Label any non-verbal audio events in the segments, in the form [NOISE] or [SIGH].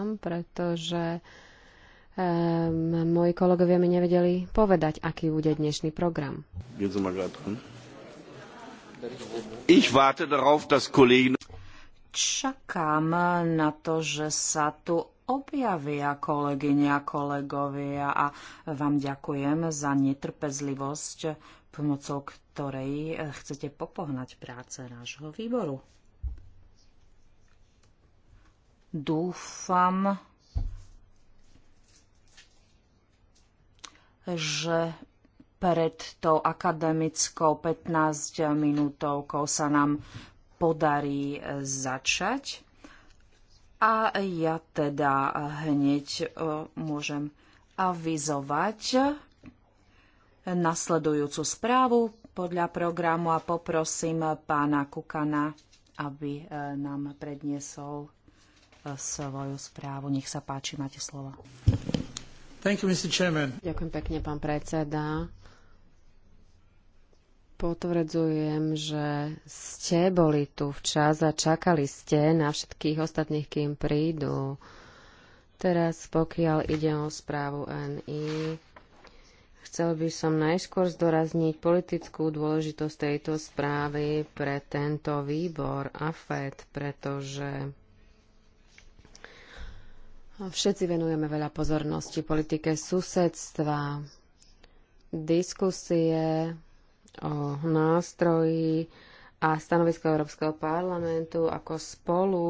Hm, pretože um, moji kolegovia mi nevedeli povedať, aký bude dnešný program. Ich warte darauf, dass Kollegen... Čakám na to, že sa tu objavia kolegyne a kolegovia a vám ďakujem za netrpezlivosť, pomocou ktorej chcete popohnať práce nášho výboru. Dúfam, že pred tou akademickou 15 minútovkou sa nám podarí e, začať. A ja teda hneď e, môžem avizovať nasledujúcu správu podľa programu a poprosím pána Kukana, aby e, nám predniesol svoju správu. Nech sa páči, máte slovo. Thank you, Mr. Chairman. Ďakujem pekne, pán predseda. Potvrdzujem, že ste boli tu včas a čakali ste na všetkých ostatných, kým prídu. Teraz, pokiaľ ide o správu NI, Chcel by som najskôr zdorazniť politickú dôležitosť tejto správy pre tento výbor AFED, pretože No, všetci venujeme veľa pozornosti politike susedstva, diskusie o nástroji a stanovisko Európskeho parlamentu ako spolu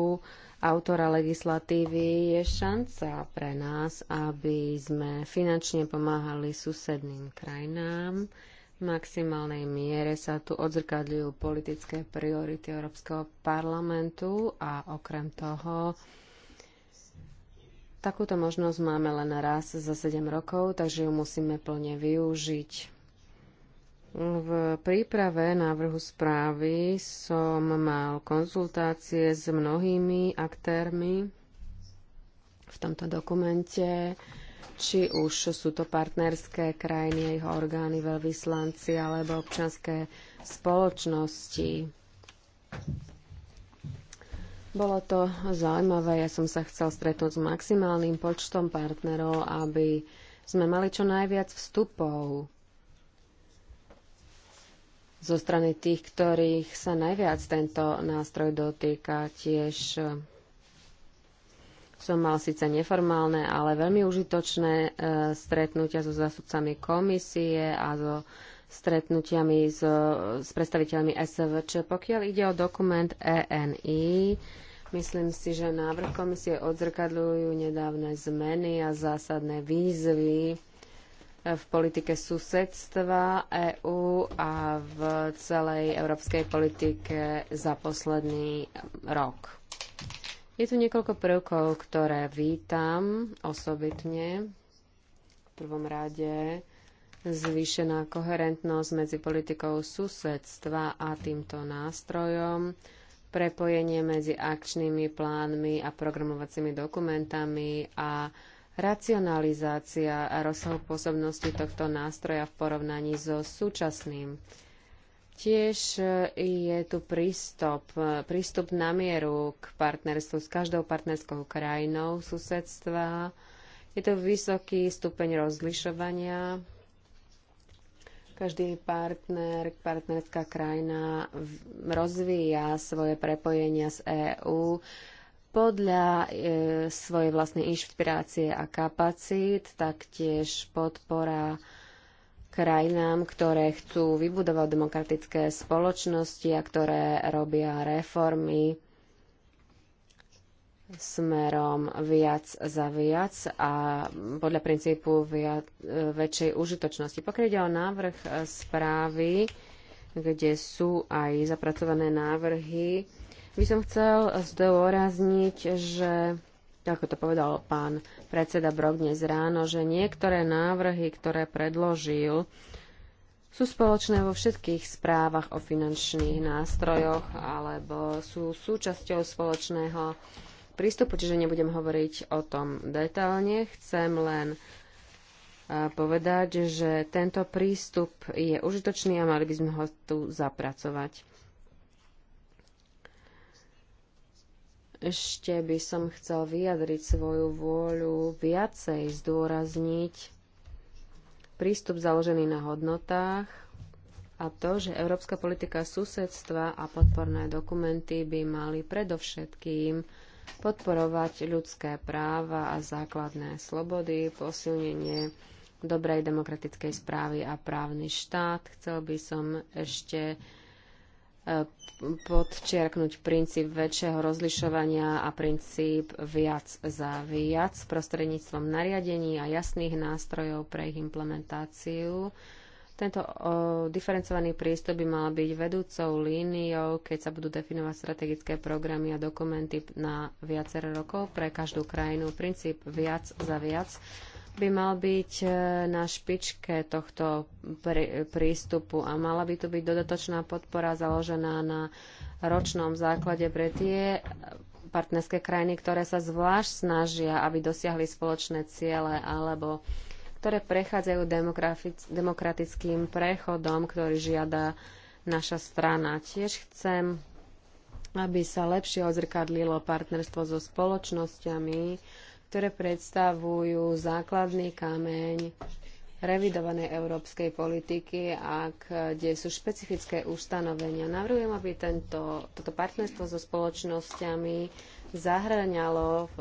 autora legislatívy je šanca pre nás, aby sme finančne pomáhali susedným krajinám. V maximálnej miere sa tu odzrkadľujú politické priority Európskeho parlamentu a okrem toho Takúto možnosť máme len raz za 7 rokov, takže ju musíme plne využiť. V príprave návrhu správy som mal konzultácie s mnohými aktérmi v tomto dokumente, či už sú to partnerské krajiny, jeho orgány, veľvyslanci alebo občanské spoločnosti. Bolo to zaujímavé. Ja som sa chcel stretnúť s maximálnym počtom partnerov, aby sme mali čo najviac vstupov zo strany tých, ktorých sa najviac tento nástroj dotýka. Tiež eh, som mal síce neformálne, ale veľmi užitočné eh, stretnutia so zasudcami komisie a so stretnutiami s, s predstaviteľmi SVČ. Pokiaľ ide o dokument ENI, myslím si, že návrh komisie odzrkadľujú nedávne zmeny a zásadné výzvy v politike susedstva EÚ a v celej európskej politike za posledný rok. Je tu niekoľko prvkov, ktoré vítam osobitne. V prvom rade zvýšená koherentnosť medzi politikou susedstva a týmto nástrojom, prepojenie medzi akčnými plánmi a programovacími dokumentami a racionalizácia a rozsahu pôsobnosti tohto nástroja v porovnaní so súčasným. Tiež e, je tu prístup, e, prístup na mieru k partnerstvu s každou partnerskou krajinou susedstva. Je to vysoký stupeň rozlišovania každý partner, partnerská krajina rozvíja svoje prepojenia z EÚ podľa e, svojej vlastnej inšpirácie a kapacít, taktiež podpora krajinám, ktoré chcú vybudovať demokratické spoločnosti a ktoré robia reformy smerom viac za viac a podľa princípu viac, e, väčšej užitočnosti. Pokiaľ ide o návrh e, správy, kde sú aj zapracované návrhy, by som chcel zdôrazniť, že ako to povedal pán predseda Brok dnes ráno, že niektoré návrhy, ktoré predložil, sú spoločné vo všetkých správach o finančných nástrojoch alebo sú súčasťou spoločného prístupu, čiže nebudem hovoriť o tom detailne. Chcem len e, povedať, že tento prístup je užitočný a mali by sme ho tu zapracovať. Ešte by som chcel vyjadriť svoju vôľu viacej zdôrazniť prístup založený na hodnotách, a to, že európska politika susedstva a podporné dokumenty by mali predovšetkým podporovať ľudské práva a základné slobody, posilnenie dobrej demokratickej správy a právny štát. Chcel by som ešte e, podčiarknúť princíp väčšieho rozlišovania a princíp viac za viac prostredníctvom nariadení a jasných nástrojov pre ich implementáciu. Tento o, diferencovaný prístup by mal byť vedúcou líniou, keď sa budú definovať strategické programy a dokumenty na viacero rokov pre každú krajinu. Princíp viac za viac by mal byť e, na špičke tohto prístupu a mala by tu byť dodatočná podpora založená na ročnom základe pre tie partnerské krajiny, ktoré sa zvlášť snažia, aby dosiahli spoločné ciele alebo uh, ktoré prechádzajú demokratickým prechodom, ktorý žiada naša strana. Tiež chcem, aby sa lepšie odzrkadlilo partnerstvo so spoločnosťami, ktoré predstavujú základný kameň revidovanej európskej politiky a kde sú špecifické ustanovenia. Navrhujem, aby tento, toto partnerstvo so spoločnosťami zahŕňalo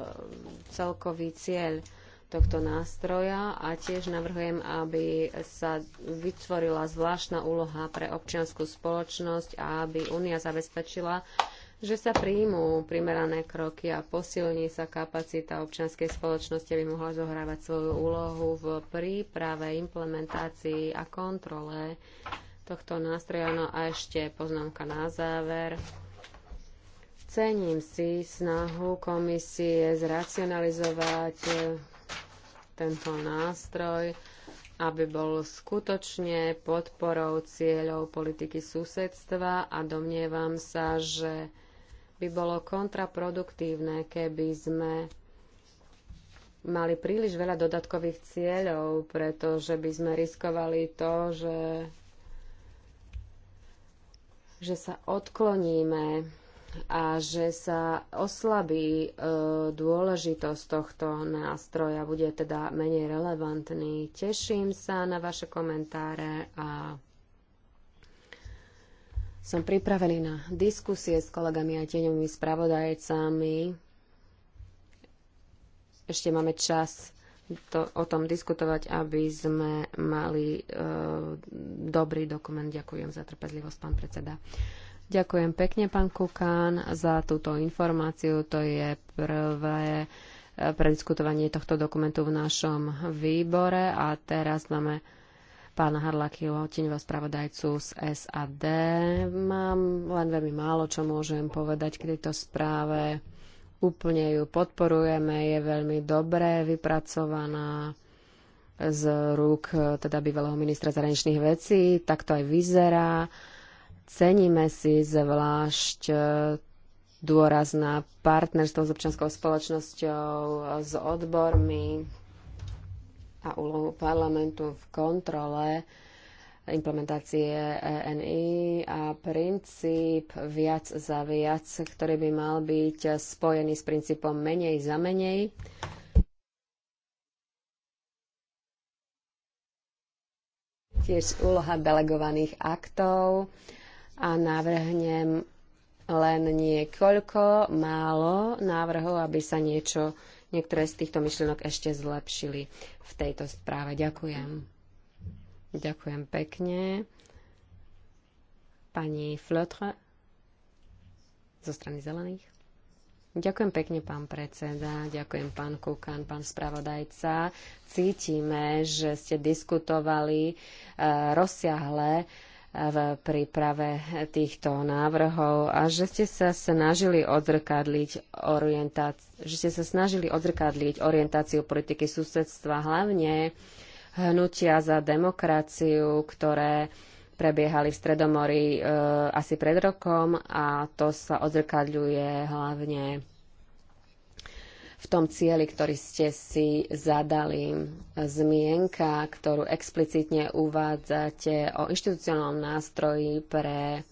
celkový cieľ tohto nástroja a tiež navrhujem, aby sa vytvorila zvláštna úloha pre občianskú spoločnosť a aby Únia zabezpečila, že sa príjmú primerané kroky a posilní sa kapacita občianskej spoločnosti, aby mohla zohrávať svoju úlohu v príprave, implementácii a kontrole tohto nástroja. No a ešte poznámka na záver. Cením si snahu komisie zracionalizovať tento nástroj, aby bol skutočne podporou cieľov politiky susedstva a domnievam sa, že by bolo kontraproduktívne, keby sme mali príliš veľa dodatkových cieľov, pretože by sme riskovali to, že že sa odkloníme a že sa oslabí e, dôležitosť tohto nástroja, bude teda menej relevantný. Teším sa na vaše komentáre a som pripravený na diskusie s kolegami a tieňovými spravodajcami. Ešte máme čas to, o tom diskutovať, aby sme mali e, dobrý dokument. Ďakujem za trpezlivosť, pán predseda. Ďakujem pekne, pán Kukán, za túto informáciu. To je prvé e, prediskutovanie tohto dokumentu v našom výbore a teraz máme pána Harlakyho, tieňového spravodajcu z SAD. Mám len veľmi málo, čo môžem povedať k tejto správe. Úplne ju podporujeme, je veľmi dobre vypracovaná z rúk e, teda bývalého ministra zahraničných vecí. Tak to aj vyzerá. Ceníme si zvlášť e, dôraz na partnerstvo s občanskou spoločnosťou, s odbormi a úlohu parlamentu v kontrole implementácie ENI a princíp viac za viac, ktorý by mal byť spojený s princípom menej za menej. Tiež úloha delegovaných aktov a navrhnem len niekoľko málo návrhov, aby sa niečo, niektoré z týchto myšlienok ešte zlepšili v tejto správe. Ďakujem. Ďakujem pekne. Pani Flotre zo strany zelených. Ďakujem pekne, pán predseda, ďakujem, pán Kukan, pán spravodajca. Cítime, že ste diskutovali e, rozsiahle v príprave týchto návrhov a že ste sa snažili odzrkadliť že ste sa snažili odzrkadliť orientáciu politiky susedstva, hlavne hnutia za demokraciu, ktoré prebiehali v Stredomorí e, asi pred rokom a to sa odzrkadľuje hlavne v tom cieli, ktorý ste si zadali. Zmienka, ktorú explicitne uvádzate o inštitucionálnom nástroji pre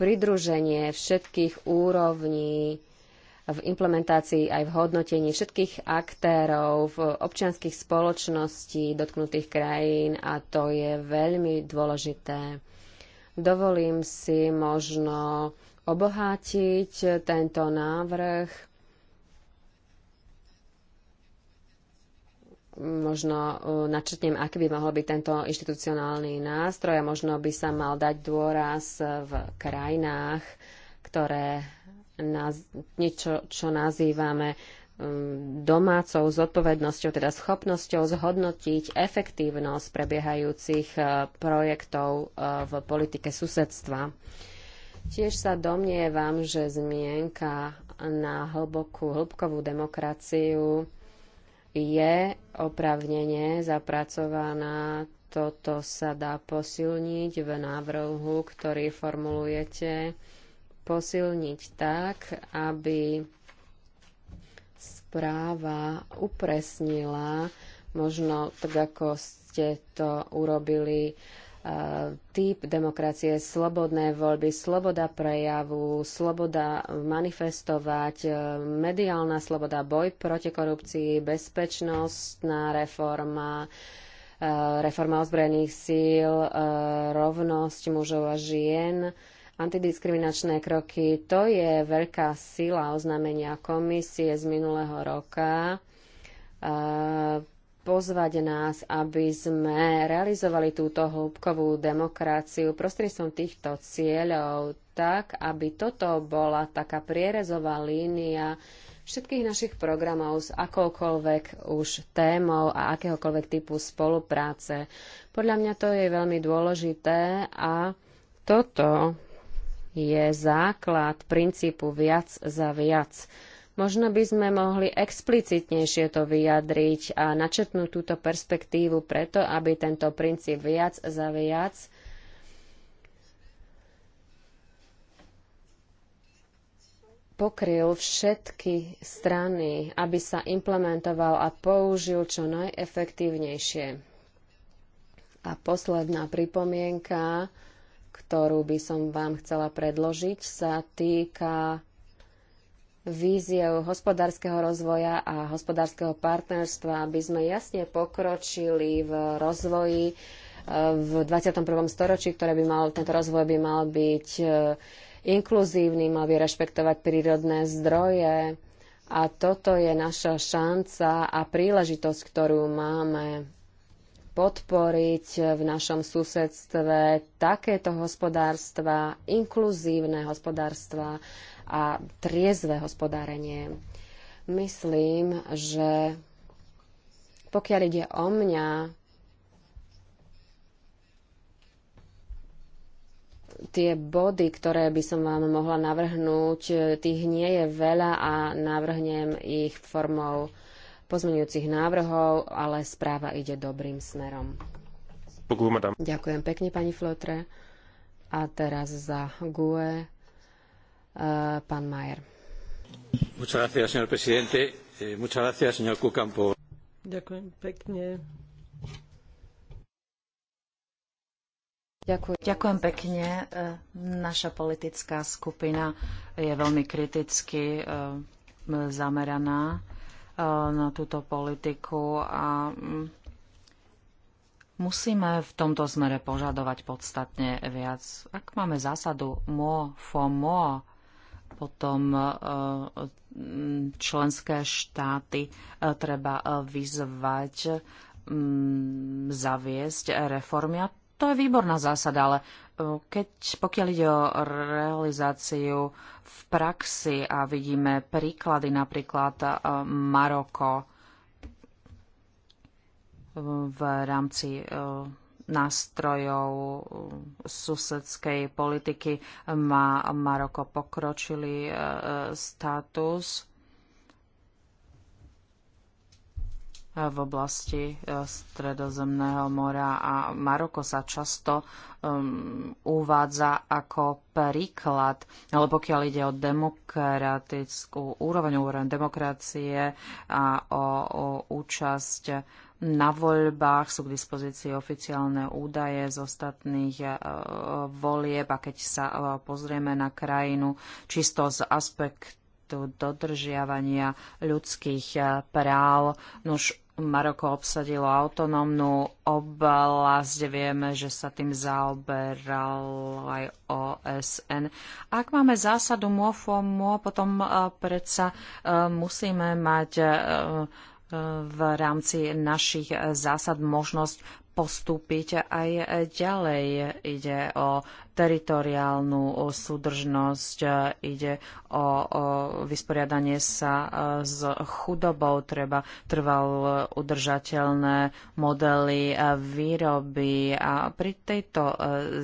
pridruženie všetkých úrovní v implementácii aj v hodnotení všetkých aktérov v občianských spoločností dotknutých krajín a to je veľmi dôležité. Dovolím si možno obohátiť tento návrh možno e, načrtnem, aký by mohol byť tento inštitucionálny nástroj a možno by sa mal dať dôraz v krajinách, ktoré naz- niečo, čo nazývame mm, domácou zodpovednosťou, teda schopnosťou zhodnotiť efektívnosť prebiehajúcich e, projektov e, v politike susedstva. Tiež sa domnievam, že zmienka na hlbokú, hĺbkovú demokraciu je opravnenie zapracovaná. Toto sa dá posilniť v návrhu, ktorý formulujete. Posilniť tak, aby správa upresnila, možno tak, ako ste to urobili Eh, typ demokracie, slobodné voľby, sloboda prejavu, sloboda manifestovať, eh, mediálna sloboda, boj proti korupcii, bezpečnostná reforma, eh, reforma ozbrojených síl, rovnosť mužov a žien, antidiskriminačné kroky. To je veľká sila oznámenia komisie z minulého roka pozvať nás, aby sme realizovali túto hĺbkovú demokraciu prostredstvom týchto cieľov tak, aby toto bola taká prierezová línia všetkých našich programov s akoukoľvek už témou a akéhokoľvek typu spolupráce. Podľa mňa to je veľmi dôležité a toto je základ princípu viac za viac Možno by sme mohli explicitnejšie to vyjadriť a načetnúť túto perspektívu preto, aby tento princíp viac za viac pokryl všetky strany, aby sa implementoval a použil čo najefektívnejšie. A posledná pripomienka, ktorú by som vám chcela predložiť, sa týka víziev hospodárskeho rozvoja a hospodárskeho partnerstva, aby sme jasne pokročili v rozvoji e, v 21. storočí, ktoré by mal, tento rozvoj by mal byť e, inkluzívny, mal by rešpektovať prírodné zdroje. A toto je naša šanca a príležitosť, ktorú máme podporiť v našom susedstve takéto hospodárstva, inkluzívne hospodárstva, a triezve hospodárenie. Myslím, že pokiaľ ide o mňa, tie body, ktoré by som vám mohla navrhnúť, tých nie je veľa a navrhnem ich formou pozmeňujúcich návrhov, ale správa ide dobrým smerom. Ďakujem pekne, pani Flotre. A teraz za GUE Eh, pán Majer. Eh, Ďakujem pekne. Ďakujem. Ďakujem. pekne. Eh, naša politická skupina je veľmi kriticky zameraná na túto politiku a mm, musíme v tomto smere požadovať podstatne viac. Ak máme zásadu more for more, potom e, e, členské štáty e, treba vyzvať mm, zaviesť reformy. A to je výborná zásada, ale keď, pokiaľ ide o realizáciu v praxi a vidíme príklady, napríklad Maroko v rámci nástrojov um, susedskej politiky má Maroko pokročilý uh, status uh, v oblasti uh, Stredozemného mora a Maroko sa často um, uvádza ako príklad, ale pokiaľ ide o demokratickú úroveň, úroveň demokracie a o, o účasť na voľbách, sú k dispozícii oficiálne údaje z ostatných e, volieb a keď sa e, pozrieme na krajinu čisto z aspektu dodržiavania ľudských e, práv, už Maroko obsadilo autonómnu oblasť. Vieme, že sa tým zaoberal aj OSN. Ak máme zásadu MOFOMO, potom predsa musíme mať v rámci našich zásad možnosť postúpiť aj ďalej. Ide o teritoriálnu súdržnosť, ide o, o vysporiadanie sa e, s chudobou, treba trval udržateľné modely e, výroby a pri tejto e,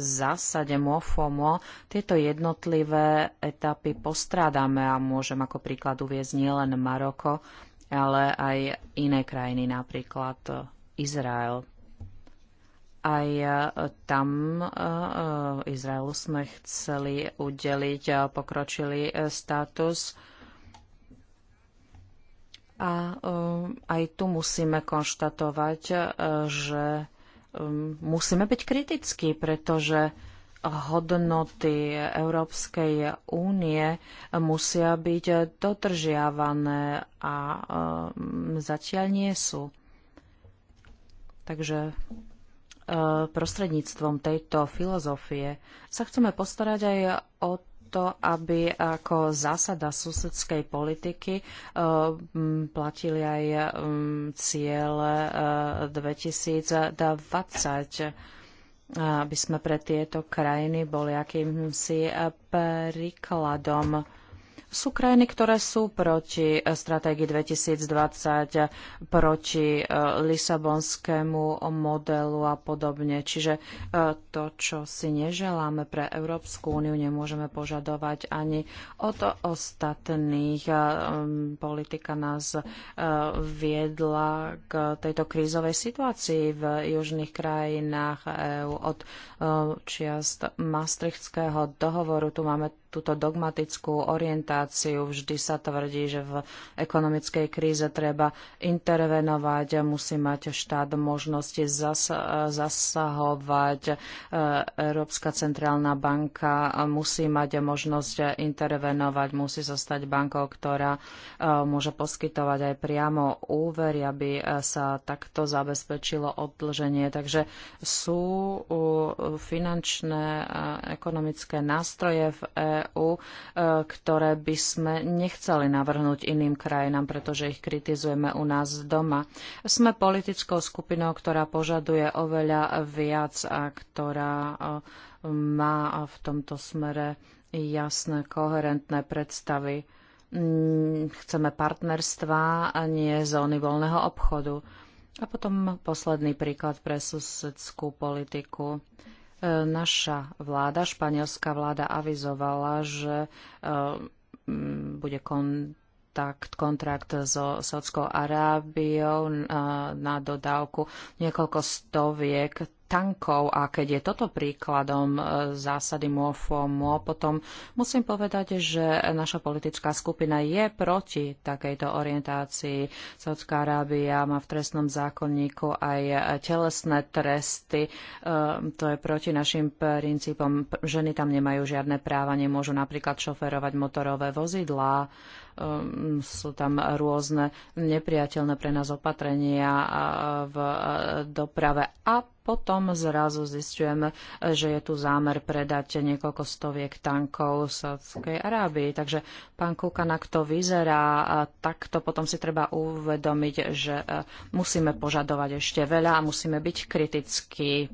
zásade MOFOMO tieto jednotlivé etapy postrádame a môžem ako príklad uviezť nielen Maroko, ale aj iné krajiny, napríklad e, Izrael. Aj e, tam e, Izraelu sme chceli udeliť pokročilý status. A aj tu musíme konštatovať, že musíme byť kritickí, pretože hodnoty Európskej únie musia byť dodržiavané a um, zatiaľ nie sú. Takže uh, prostredníctvom tejto filozofie sa chceme postarať aj o to, aby ako zásada susedskej politiky uh, platili aj um, ciele 2020 uh, aby sme pre tieto krajiny boli akýmsi príkladom. Sú krajiny, ktoré sú proti eh, stratégii 2020, eh, proti eh, lisabonskému modelu a podobne. Čiže to, čo si neželáme pre Európsku úniu, nemôžeme požadovať ani od ostatných. Mm, politika nás viedla k tejto krízovej situácii v južných krajinách EÚ od čiast Maastrichtského dohovoru. Tu máme túto dogmatickú orientáciu demokraciu. Vždy sa tvrdí, že v ekonomickej kríze treba intervenovať, musí mať štát možnosti zas zasahovať. E, Európska centrálna banka musí mať možnosť intervenovať, musí sa stať bankou, ktorá e, môže poskytovať aj priamo úvery, aby e, sa takto zabezpečilo odlženie. Takže sú finančné a ekonomické nástroje v EÚ, ktoré by by sme nechceli navrhnúť iným krajinám, pretože ich kritizujeme u nás doma. Sme politickou skupinou, ktorá požaduje oveľa viac a ktorá má v tomto smere jasné, koherentné predstavy. Mm, chceme partnerstva a nie zóny voľného obchodu. A potom posledný príklad pre susedskú politiku. E, naša vláda, španielská vláda avizovala, že e, bude kon kontakt, kontrakt so Sodskou Arábiou na, na dodávku niekoľko stoviek tankov a keď je toto príkladom e, zásady MOFOMO, potom musím povedať, že naša politická skupina je proti takejto orientácii. Saudská Arábia má v trestnom zákonníku aj telesné tresty. E, to je proti našim princípom. Ženy tam nemajú žiadne práva, nemôžu napríklad šoferovať motorové vozidlá Ehm, sú tam rôzne nepriateľné pre nás opatrenia v doprave a potom zrazu zistujeme, že je tu zámer predať niekoľko stoviek tankov Sádskej Arábii. Takže, pán Kukan, ak to vyzerá takto, potom si treba uvedomiť, že e, musíme požadovať ešte veľa a musíme byť kritickí.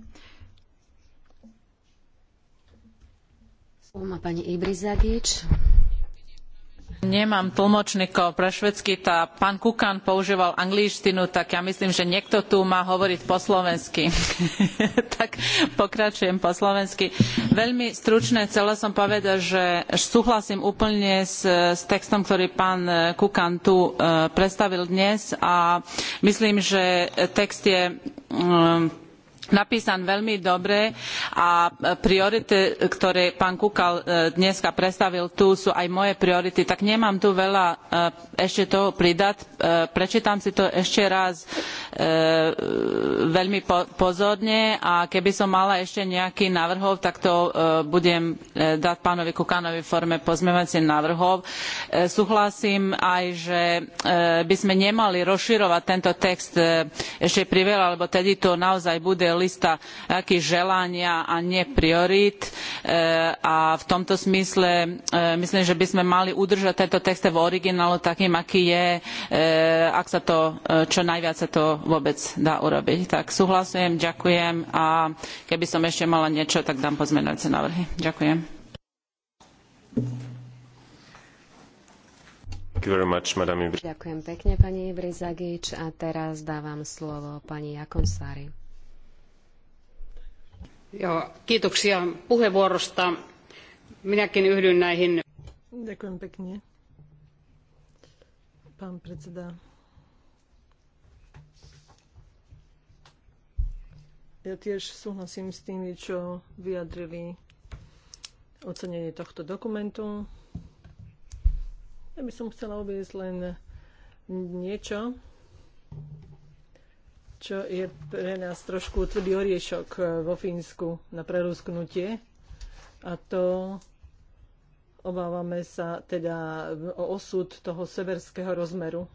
má pani Ibrizagič. Nemám tlmočníkov pre švedsky, tá pán Kukan používal angličtinu, tak ja myslím, že niekto tu má hovoriť po slovensky. [LAUGHS] tak pokračujem po slovensky. Veľmi stručne chcela som povedať, že súhlasím úplne s, s textom, ktorý pán Kukan tu e, predstavil dnes a myslím, že text je e, napísan veľmi dobre a priority, ktoré pán Kukal e, dnes predstavil tu, sú aj moje priority, tak nemám tu veľa e, ešte toho pridať. E, prečítam si to ešte raz veľmi pozorne a keby som mala ešte nejaký návrhov, tak to budem dať pánovi Kukanovi v forme pozmevacích návrhov. Súhlasím aj, že by sme nemali rozširovať tento text ešte priveľa, lebo tedy to naozaj bude lista akých želania a nie priorít e, a v tomto smysle e, myslím že by sme mali udržať tento text v origináli takým aký je e, ak sa to čo najviac sa to vôbec dá urobiť. tak súhlasujem ďakujem a keby som ešte mala niečo tak dám pozmeňujúce návrhy. ďakujem. Ďakujem pekne, pani Ibrizagič. A teraz dávam slovo pani Jakonsári. Joo, kiitoksia puheenvuorosta. Minäkin yhdyn näihin. Ďakujem pekne. Pán predseda. Ja tiež súhlasím s tými, čo vyjadrili ocenenie tohto dokumentu. Ja by som chcela len niečo, čo je pre nás trošku tvrdý oriešok e, vo Fínsku na prerusknutie. A to obávame sa teda o osud toho severského rozmeru.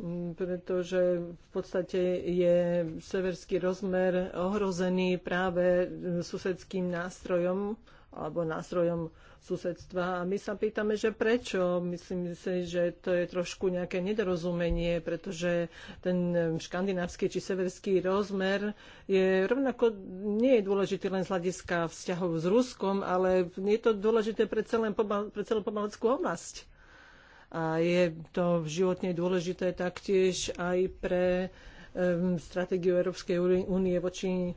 Mm, pretože v podstate je severský rozmer ohrozený práve e, susedským nástrojom alebo nástrojom susedstva. A my sa pýtame, že prečo. Myslím si, že to je trošku nejaké nedorozumenie, pretože ten škandinávsky či severský rozmer je rovnako nie je dôležitý len z hľadiska vzťahov s Ruskom, ale je to dôležité pre, celé, pre celú pomalickú oblasť. A je to životne dôležité taktiež aj pre um, stratégiu Európskej únie voči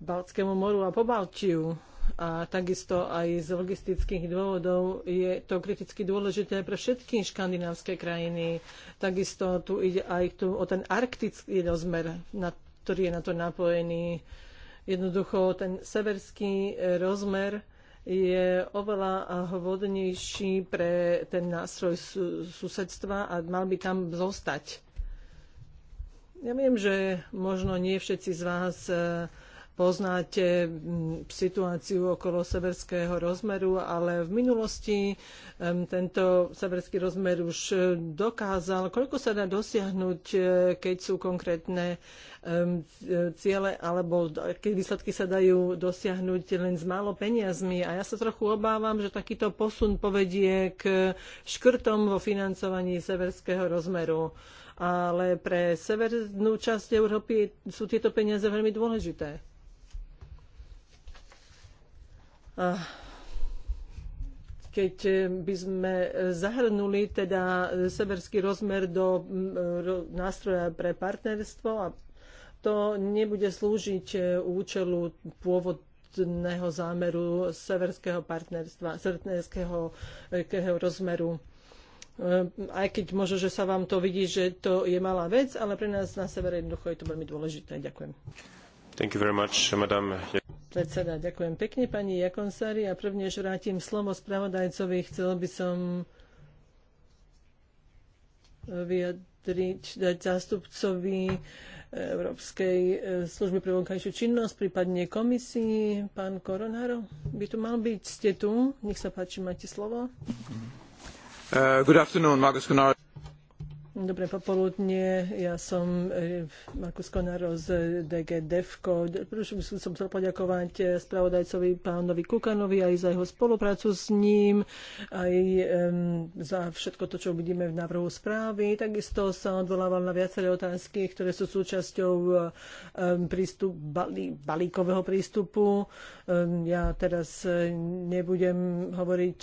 Baltskému moru a po Baltiu a takisto aj z logistických dôvodov je to kriticky dôležité pre všetky škandinávské krajiny. Takisto tu ide aj tu o ten arktický rozmer, na, ktorý je na to napojený. Jednoducho ten severský rozmer je oveľa vhodnejší pre ten nástroj susedstva a mal by tam zostať. Ja viem, že možno nie všetci z vás eh, poznáte mm, situáciu okolo severského rozmeru, ale v minulosti tento severský rozmer už e, dokázal, koľko sa dá dosiahnuť, e, keď sú konkrétne e, ciele alebo keď výsledky sa dajú dosiahnuť len s málo peniazmi. A ja sa trochu obávam, že takýto posun povedie k škrtom vo financovaní severského rozmeru. Ale pre severnú časť Európy sú tieto peniaze veľmi dôležité. Ah. keď eh, by sme eh, zahrnuli teda eh, severský rozmer do mm, nástroja pre partnerstvo a to nebude slúžiť účelu pôvodného zámeru severského partnerstva, severského rozmeru aj keď možno, že sa vám to vidí, že to je malá vec, ale pre nás na severe jednoducho je to veľmi dôležité. Ďakujem. Thank you very much, madam. Predseda, ďakujem pekne pani Jakonsári a než vrátim slovo spravodajcovi. Chcel by som vyjadriť dať zástupcovi eh, Európskej eh, služby pre vonkajšiu činnosť, prípadne komisii. Pán Koronaro, by tu mal byť, ste tu. Nech sa páči, máte slovo. Uh, good afternoon, Marcus Koronaro. Dobré popoludne, ja som e, Markus Konaro z DG DEVKO. Prvom som chcel poďakovať e, spravodajcovi pánovi Kukanovi aj za jeho spoluprácu s ním, aj za všetko to, čo vidíme v návrhu správy. Takisto sa odvolával na viaceré otázky, ktoré sú súčasťou e, prístup, balí, balíkového prístupu. Ja teraz nebudem hovoriť,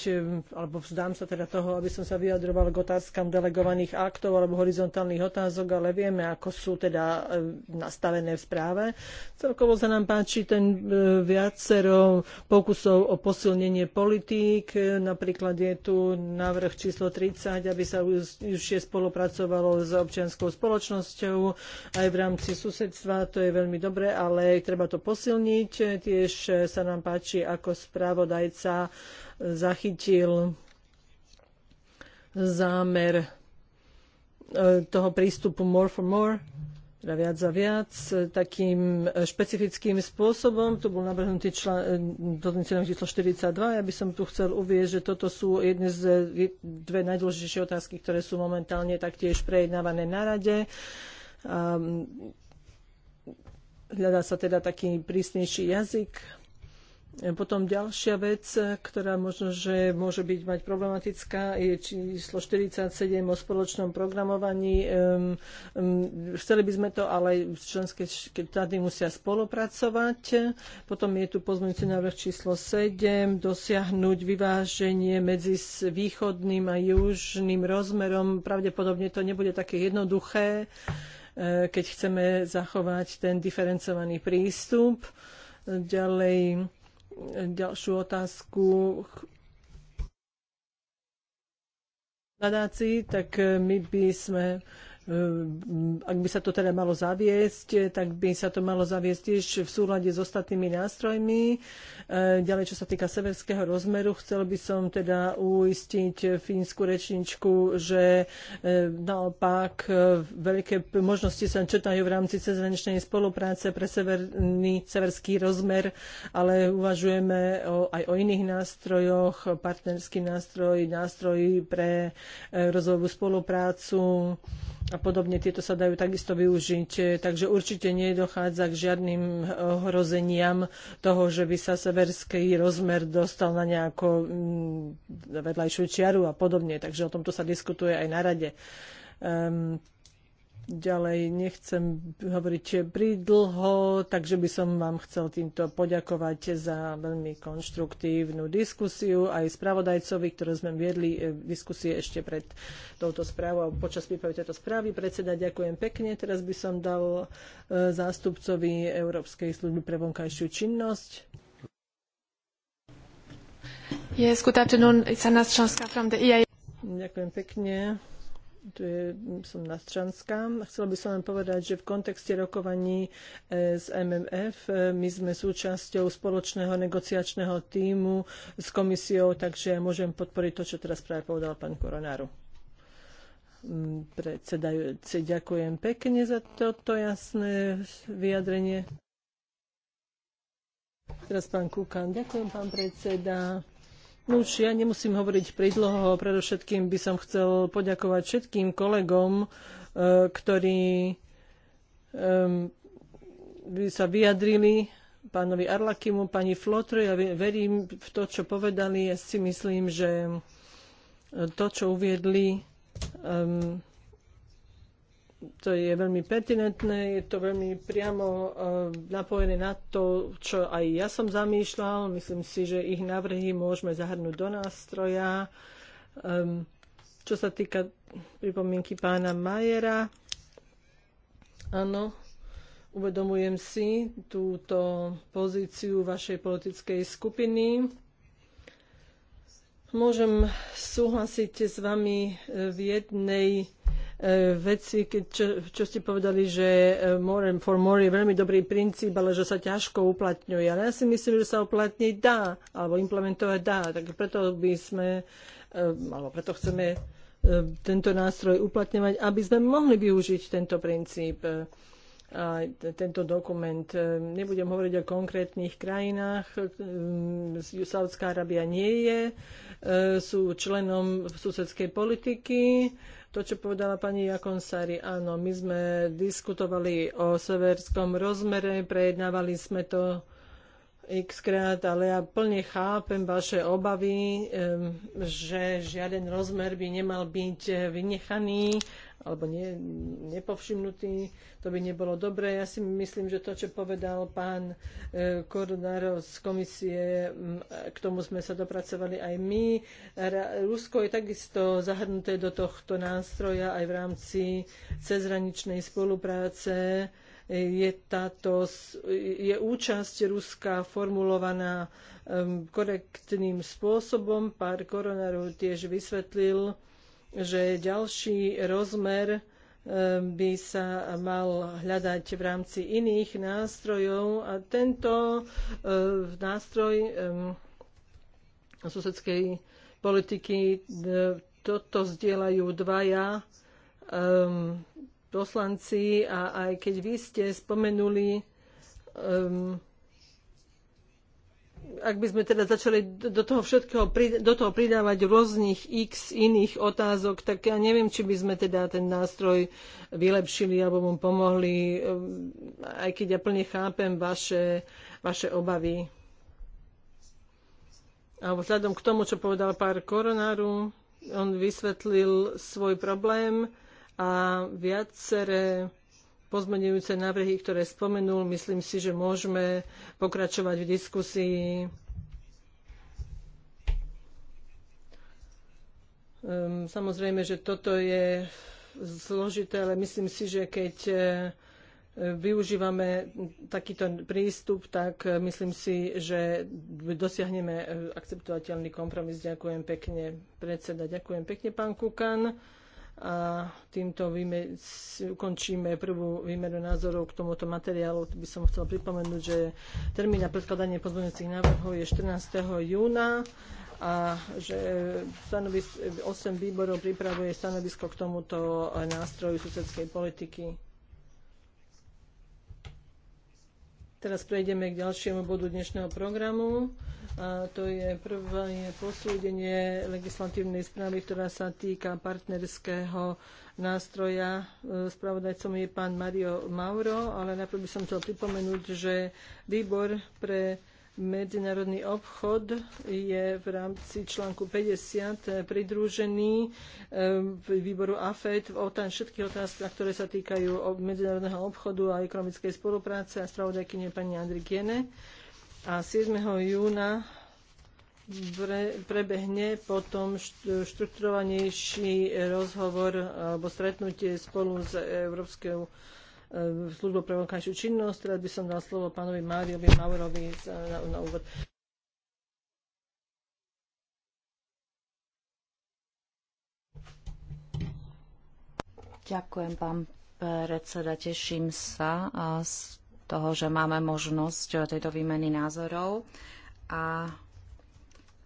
alebo vzdám sa teda toho, aby som sa vyjadroval k otázkam delegovaných aktov, alebo horizontálnych otázok, ale vieme, ako sú teda e, nastavené v správe. Celkovo sa nám páči ten e, viacero pokusov o posilnenie politík. E, napríklad je tu návrh číslo 30, aby sa užšie spolupracovalo s občianskou spoločnosťou aj v rámci susedstva. To je veľmi dobré, ale treba to posilniť. Tiež sa nám páči, ako správodajca zachytil zámer E, toho prístupu more for more, teda viac za viac, e, takým špecifickým spôsobom. Tu bol navrhnutý článok e, číslo 42. Ja by som tu chcel uvieť, že toto sú jedne z dve najdôležitejšie otázky, ktoré sú momentálne taktiež prejednávané na rade. Um, hľadá sa teda taký prísnejší jazyk potom ďalšia vec, ktorá možno, že môže byť mať problematická, je číslo 47 o spoločnom programovaní. Um, um, chceli by sme to, ale členské štáty musia spolupracovať. Potom je tu pozmeňujúci návrh číslo 7, dosiahnuť vyváženie medzi východným a južným rozmerom. Pravdepodobne to nebude také jednoduché, e, keď chceme zachovať ten diferencovaný prístup. Ďalej ďalšiu otázku Nadáci, tak my by sme ak by sa to teda malo zaviesť, tak by sa to malo zaviesť tiež v súlade s ostatnými nástrojmi. Eh, ďalej, čo sa týka severského rozmeru, chcel by som teda uistiť fínsku rečničku, že eh, naopak eh, veľké možnosti sa četajú v rámci cezhraničnej spolupráce pre severný, severský rozmer, ale uvažujeme o, aj o iných nástrojoch, partnerský nástroj, nástroj pre rozvojovú spoluprácu a podobne, tieto sa dajú takisto využiť. E, takže určite nedochádza k žiadnym ohrozeniam toho, že by sa severský rozmer dostal na nejakú mm, vedľajšiu čiaru a podobne. Takže o tomto sa diskutuje aj na rade. Um, ďalej nechcem hovoriť pridlho, takže by som vám chcel týmto poďakovať za veľmi konštruktívnu diskusiu aj spravodajcovi, ktoré sme viedli eh, diskusie ešte pred touto správou a počas prípravy tejto správy. Predseda, ďakujem pekne. Teraz by som dal eh, zástupcovi Európskej služby pre vonkajšiu činnosť. Yes, good afternoon. It's Anna from the EIA. Ďakujem pekne tu je, som Strčanská. Chcela by som len povedať, že v kontexte rokovaní z e, MMF e, my sme súčasťou spoločného negociačného týmu s komisiou, takže môžem podporiť to, čo teraz práve povedal pán Koronáru. Mm, predsedajúci, ďakujem pekne za toto jasné vyjadrenie. Teraz pán Kukan. Ďakujem, pán predseda. Nuž, ja nemusím hovoriť pridlho, predovšetkým by som chcel poďakovať všetkým kolegom, e, ktorí by sa vyjadrili pánovi Arlakimu, pani Flotru. Ja verím v to, čo povedali. Ja si myslím, že to, čo uviedli, um, to je veľmi pertinentné, je to veľmi priamo e, napojené na to, čo aj ja som zamýšľal. Myslím si, že ich návrhy môžeme zahrnúť do nástroja. Ehm, čo sa týka pripomienky pána Majera, áno, uvedomujem si túto pozíciu vašej politickej skupiny. Môžem súhlasiť s vami e, v jednej E, veci, keď, čo, čo ste povedali, že e, more for more je veľmi dobrý princíp, ale že sa ťažko uplatňuje. Ale ja si myslím, že sa uplatniť dá, alebo implementovať dá. Tak preto by sme, e, alebo preto chceme tento nástroj uplatňovať, aby sme mohli využiť tento princíp a tento dokument. Nebudem hovoriť o konkrétnych krajinách. Saudská Arábia nie je. Sú členom susedskej politiky. To, čo povedala pani Jakonsári, áno, my sme diskutovali o severskom rozmere, prejednávali sme to x krát, ale ja plne chápem vaše obavy, že žiaden rozmer by nemal byť eh, vynechaný alebo ne, nepovšimnutý. To by nebolo dobré. Ja si myslím, že to, čo povedal pán eh, koordinátor z komisie, k tomu sme sa dopracovali aj my. Rusko je takisto zahrnuté do tohto nástroja aj v rámci cezhraničnej spolupráce je, táto, je účasť Ruska formulovaná korektným spôsobom. Pár Koronárov tiež vysvetlil, že ďalší rozmer by sa mal hľadať v rámci iných nástrojov a tento e, nástroj susedskej politiky e, toto zdieľajú dvaja poslanci a aj keď vy ste spomenuli um, ak by sme teda začali do toho všetkého do toho pridávať rôznych x iných otázok, tak ja neviem, či by sme teda ten nástroj vylepšili alebo mu pomohli, ehm, aj keď ja plne chápem vaše, vaše obavy. A vzhľadom k tomu, čo povedal pár koronáru, on vysvetlil svoj problém a viaceré pozmenujúce návrhy, ktoré spomenul, myslím si, že môžeme pokračovať v diskusii. Ehm, samozrejme, že toto je zložité, ale myslím si, že keď e, využívame takýto prístup, tak e, myslím si, že dosiahneme e, akceptovateľný kompromis. Ďakujem pekne, predseda. Ďakujem pekne, pán Kukan a týmto vyme, ukončíme prvú výmenu názorov k tomuto materiálu. By som chcela pripomenúť, že termín na predkladanie pozmeňujúcich návrhov je 14. júna a že 8 e, výborov pripravuje stanovisko k tomuto e, nástroju susedskej politiky. Teraz prejdeme k ďalšiemu bodu dnešného programu. A to je prvé posúdenie legislatívnej správy, ktorá sa týka partnerského nástroja. Spravodajcom je pán Mario Mauro, ale najprv by som chcel pripomenúť, že výbor pre medzinárodný obchod je v rámci článku 50 pridružený e, výboru AFED v otán, všetkých otázkach, ktoré sa týkajú medzinárodného obchodu a ekonomickej spolupráce a spravodajkyne pani Andrikiene. Kiene a 7. júna prebehne potom štrukturovanejší rozhovor alebo stretnutie spolu s Európskou e, službou pre vonkajšiu činnosť. Teraz by som dal slovo pánovi Máriovi Maurovi na, na úvod. Ďakujem, pán predseda. Teším sa z toho, že máme možnosť tejto výmeny názorov a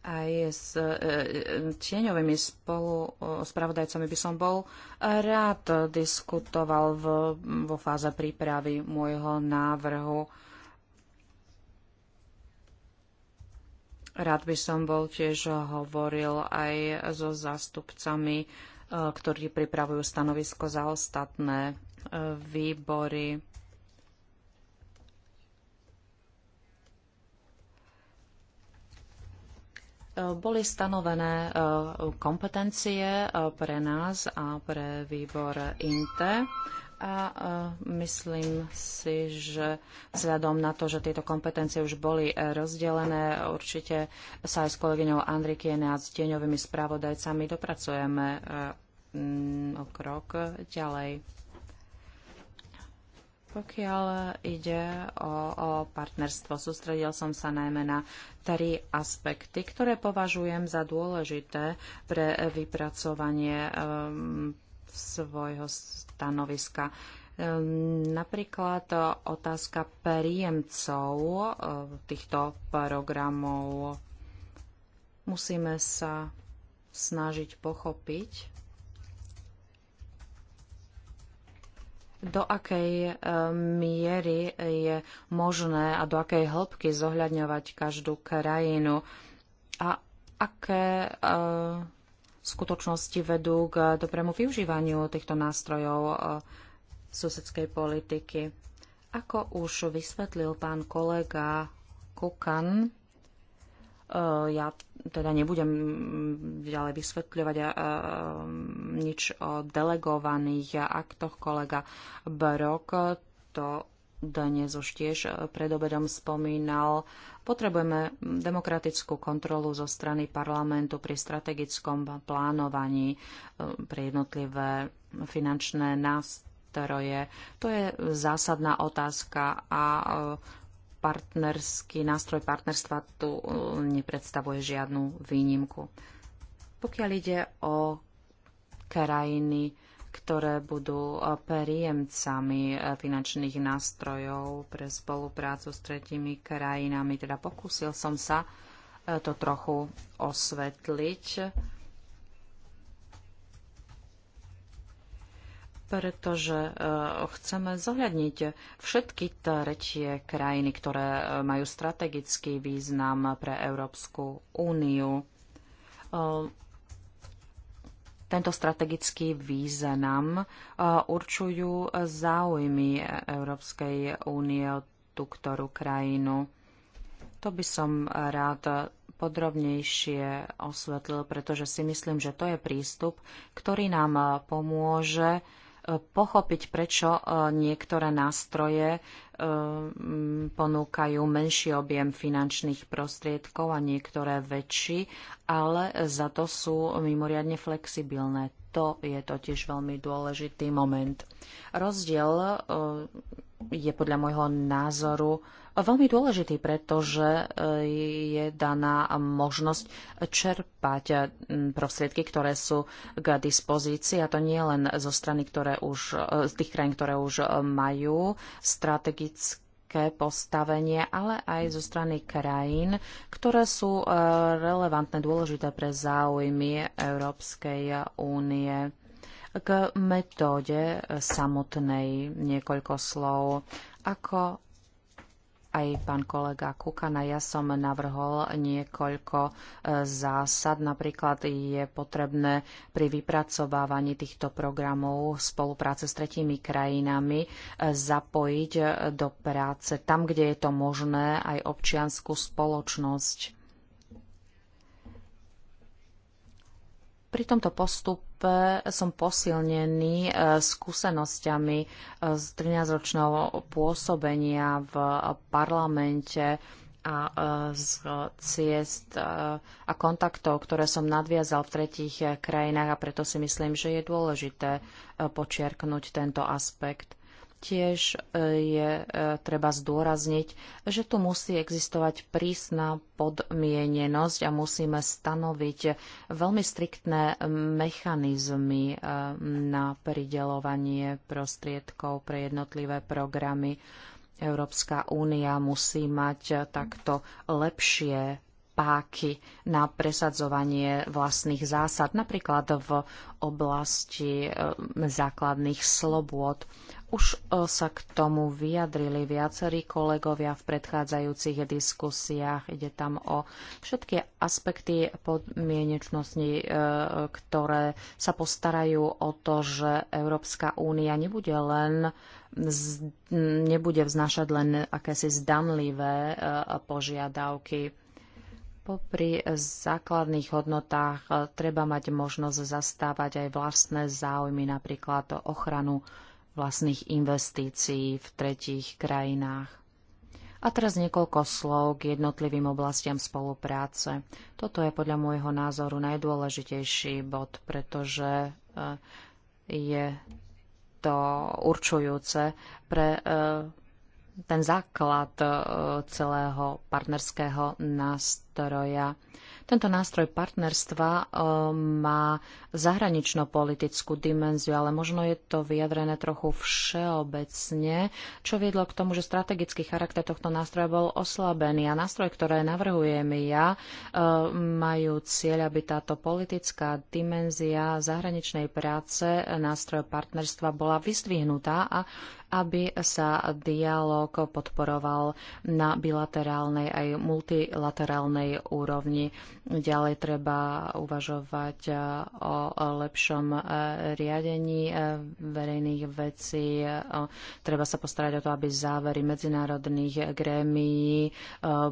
aj s e, e, tieňovými spolu spravodajcami by som bol rád diskutoval v, vo fáze prípravy môjho návrhu. Rád by som bol tiež hovoril aj so zástupcami, e, ktorí pripravujú stanovisko za ostatné výbory. boli stanovené e, kompetencie e, pre nás a pre výbor INTE a e, myslím si, že vzhľadom na to, že tieto kompetencie už boli rozdelené, určite sa aj s kolegyňou Andrikiene a s tieňovými spravodajcami dopracujeme o krok ďalej. Pokiaľ ide o, o partnerstvo, sústredil som sa najmä na tri aspekty, ktoré považujem za dôležité pre vypracovanie um, svojho stanoviska. Um, napríklad otázka príjemcov uh, týchto programov. Musíme sa snažiť pochopiť, do akej e, miery je možné a do akej hĺbky zohľadňovať každú krajinu a aké e, skutočnosti vedú k dobrému využívaniu týchto nástrojov e, susedskej politiky. Ako už vysvetlil pán kolega Kukan, Eh, ja teda nebudem ďalej vysvetľovať eh, nič o delegovaných aktoch. Kolega Brok to dnes už tiež eh, pred obedom spomínal. Potrebujeme demokratickú kontrolu zo strany parlamentu pri strategickom plánovaní pre jednotlivé finančné nástroje. To je zásadná otázka a partnerský nástroj partnerstva tu uh, nepredstavuje žiadnu výnimku. Pokiaľ ide o krajiny, ktoré budú uh, príjemcami uh, finančných nástrojov pre spoluprácu s tretimi krajinami. Teda pokúsil som sa to trochu osvetliť pretože e, chceme zohľadniť všetky tretie krajiny, ktoré e, majú strategický význam pre Európsku úniu. E, tento strategický význam určujú záujmy Európskej únie o tú ktorú krajinu. To by som rád podrobnejšie osvetlil, pretože si myslím, že to je prístup, ktorý nám pomôže pochopiť, prečo e, niektoré nástroje e, ponúkajú menší objem finančných prostriedkov a niektoré väčší, ale za to sú mimoriadne flexibilné. To je totiž veľmi dôležitý moment. Rozdiel e, je podľa môjho názoru veľmi dôležitý, pretože e, je daná možnosť čerpať e, prostriedky, ktoré sú k dispozícii, a to nie len zo strany, ktoré už, z tých krajín, ktoré už majú strategické rovnaké postavenie, ale aj zo strany krajín, ktoré sú e, relevantné, dôležité pre záujmy Európskej únie. K metóde samotnej niekoľko slov. Ako aj pán kolega Kukana. Ja som navrhol niekoľko e, zásad. Napríklad je potrebné pri vypracovávaní týchto programov spolupráce s tretími krajinami e, zapojiť e, do práce tam, kde je to možné, aj občianskú spoločnosť. Pri tomto postupe Európe som posilnený e, skúsenosťami z e, 13-ročného pôsobenia v parlamente a e, z ciest a kontaktov, ktoré som nadviazal v tretích krajinách a preto si myslím, že je dôležité počiarknúť tento aspekt. Tiež e, je e, treba zdôrazniť, že tu musí existovať prísna podmienenosť a musíme stanoviť veľmi striktné mechanizmy e, na pridelovanie prostriedkov pre jednotlivé programy. Európska únia musí mať takto lepšie páky na presadzovanie vlastných zásad, napríklad v oblasti základných slobôd. Už e, sa k tomu vyjadrili viacerí kolegovia v predchádzajúcich diskusiách. Ide tam o všetky aspekty podmienečnosti, e, ktoré sa postarajú o to, že Európska únia nebude len nebude vznášať len akési zdanlivé e, požiadavky. Pri základných hodnotách treba mať možnosť zastávať aj vlastné záujmy, napríklad ochranu vlastných investícií v tretích krajinách. A teraz niekoľko slov k jednotlivým oblastiam spolupráce. Toto je podľa môjho názoru najdôležitejší bod, pretože eh, je to určujúce pre eh, ten základ eh, celého partnerského nástroja. Tento nástroj partnerstva e, má zahranično-politickú dimenziu, ale možno je to vyjadrené trochu všeobecne, čo viedlo k tomu, že strategický charakter tohto nástroja bol oslabený. A nástroj, ktoré navrhujem ja, e, majú cieľ, aby táto politická dimenzia zahraničnej práce nástroja partnerstva bola vystvihnutá. a aby sa dialog podporoval na bilaterálnej aj multilaterálnej úrovni. Ďalej treba uvažovať o lepšom riadení verejných vecí. Treba sa postarať o to, aby závery medzinárodných grémií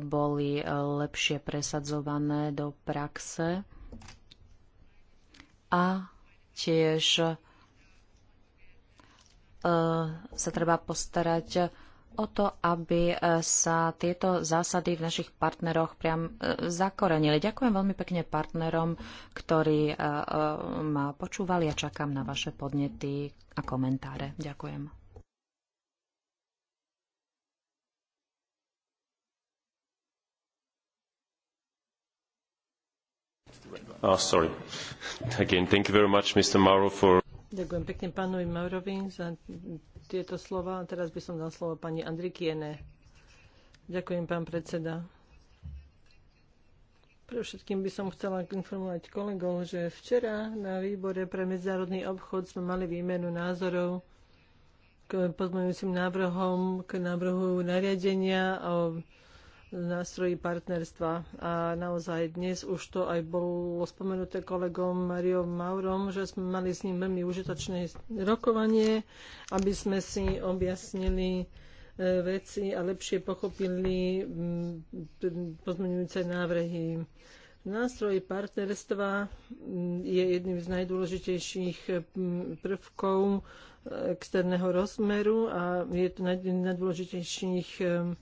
boli lepšie presadzované do praxe. A tiež Eh, sa treba postarať o to, aby eh, sa tieto zásady v našich partneroch priam eh, zakorenili. Ďakujem veľmi pekne partnerom, ktorí ma počúvali a čakám na vaše podnety a komentáre. Ďakujem. Oh, sorry. [LAUGHS] Again, thank you very much, Mr. Mauro, for Ďakujem pekne pánovi Maurovi za tieto slova. Teraz by som dal slovo pani Andrikiene. Ďakujem, pán predseda. Pre všetkým by som chcela informovať kolegov, že včera na výbore pre medzinárodný obchod sme mali výmenu názorov k pozmeňujúcim návrhom, k návrhu nariadenia o nástroji partnerstva. A naozaj dnes už to aj bolo spomenuté kolegom Mariom Maurom, že sme mali s ním veľmi užitočné rokovanie, aby sme si objasnili e, veci a lepšie pochopili pozmeňujúce návrhy. Nástroj partnerstva je jedným z najdôležitejších prvkov e, externého rozmeru a je to z najdôležitejších e,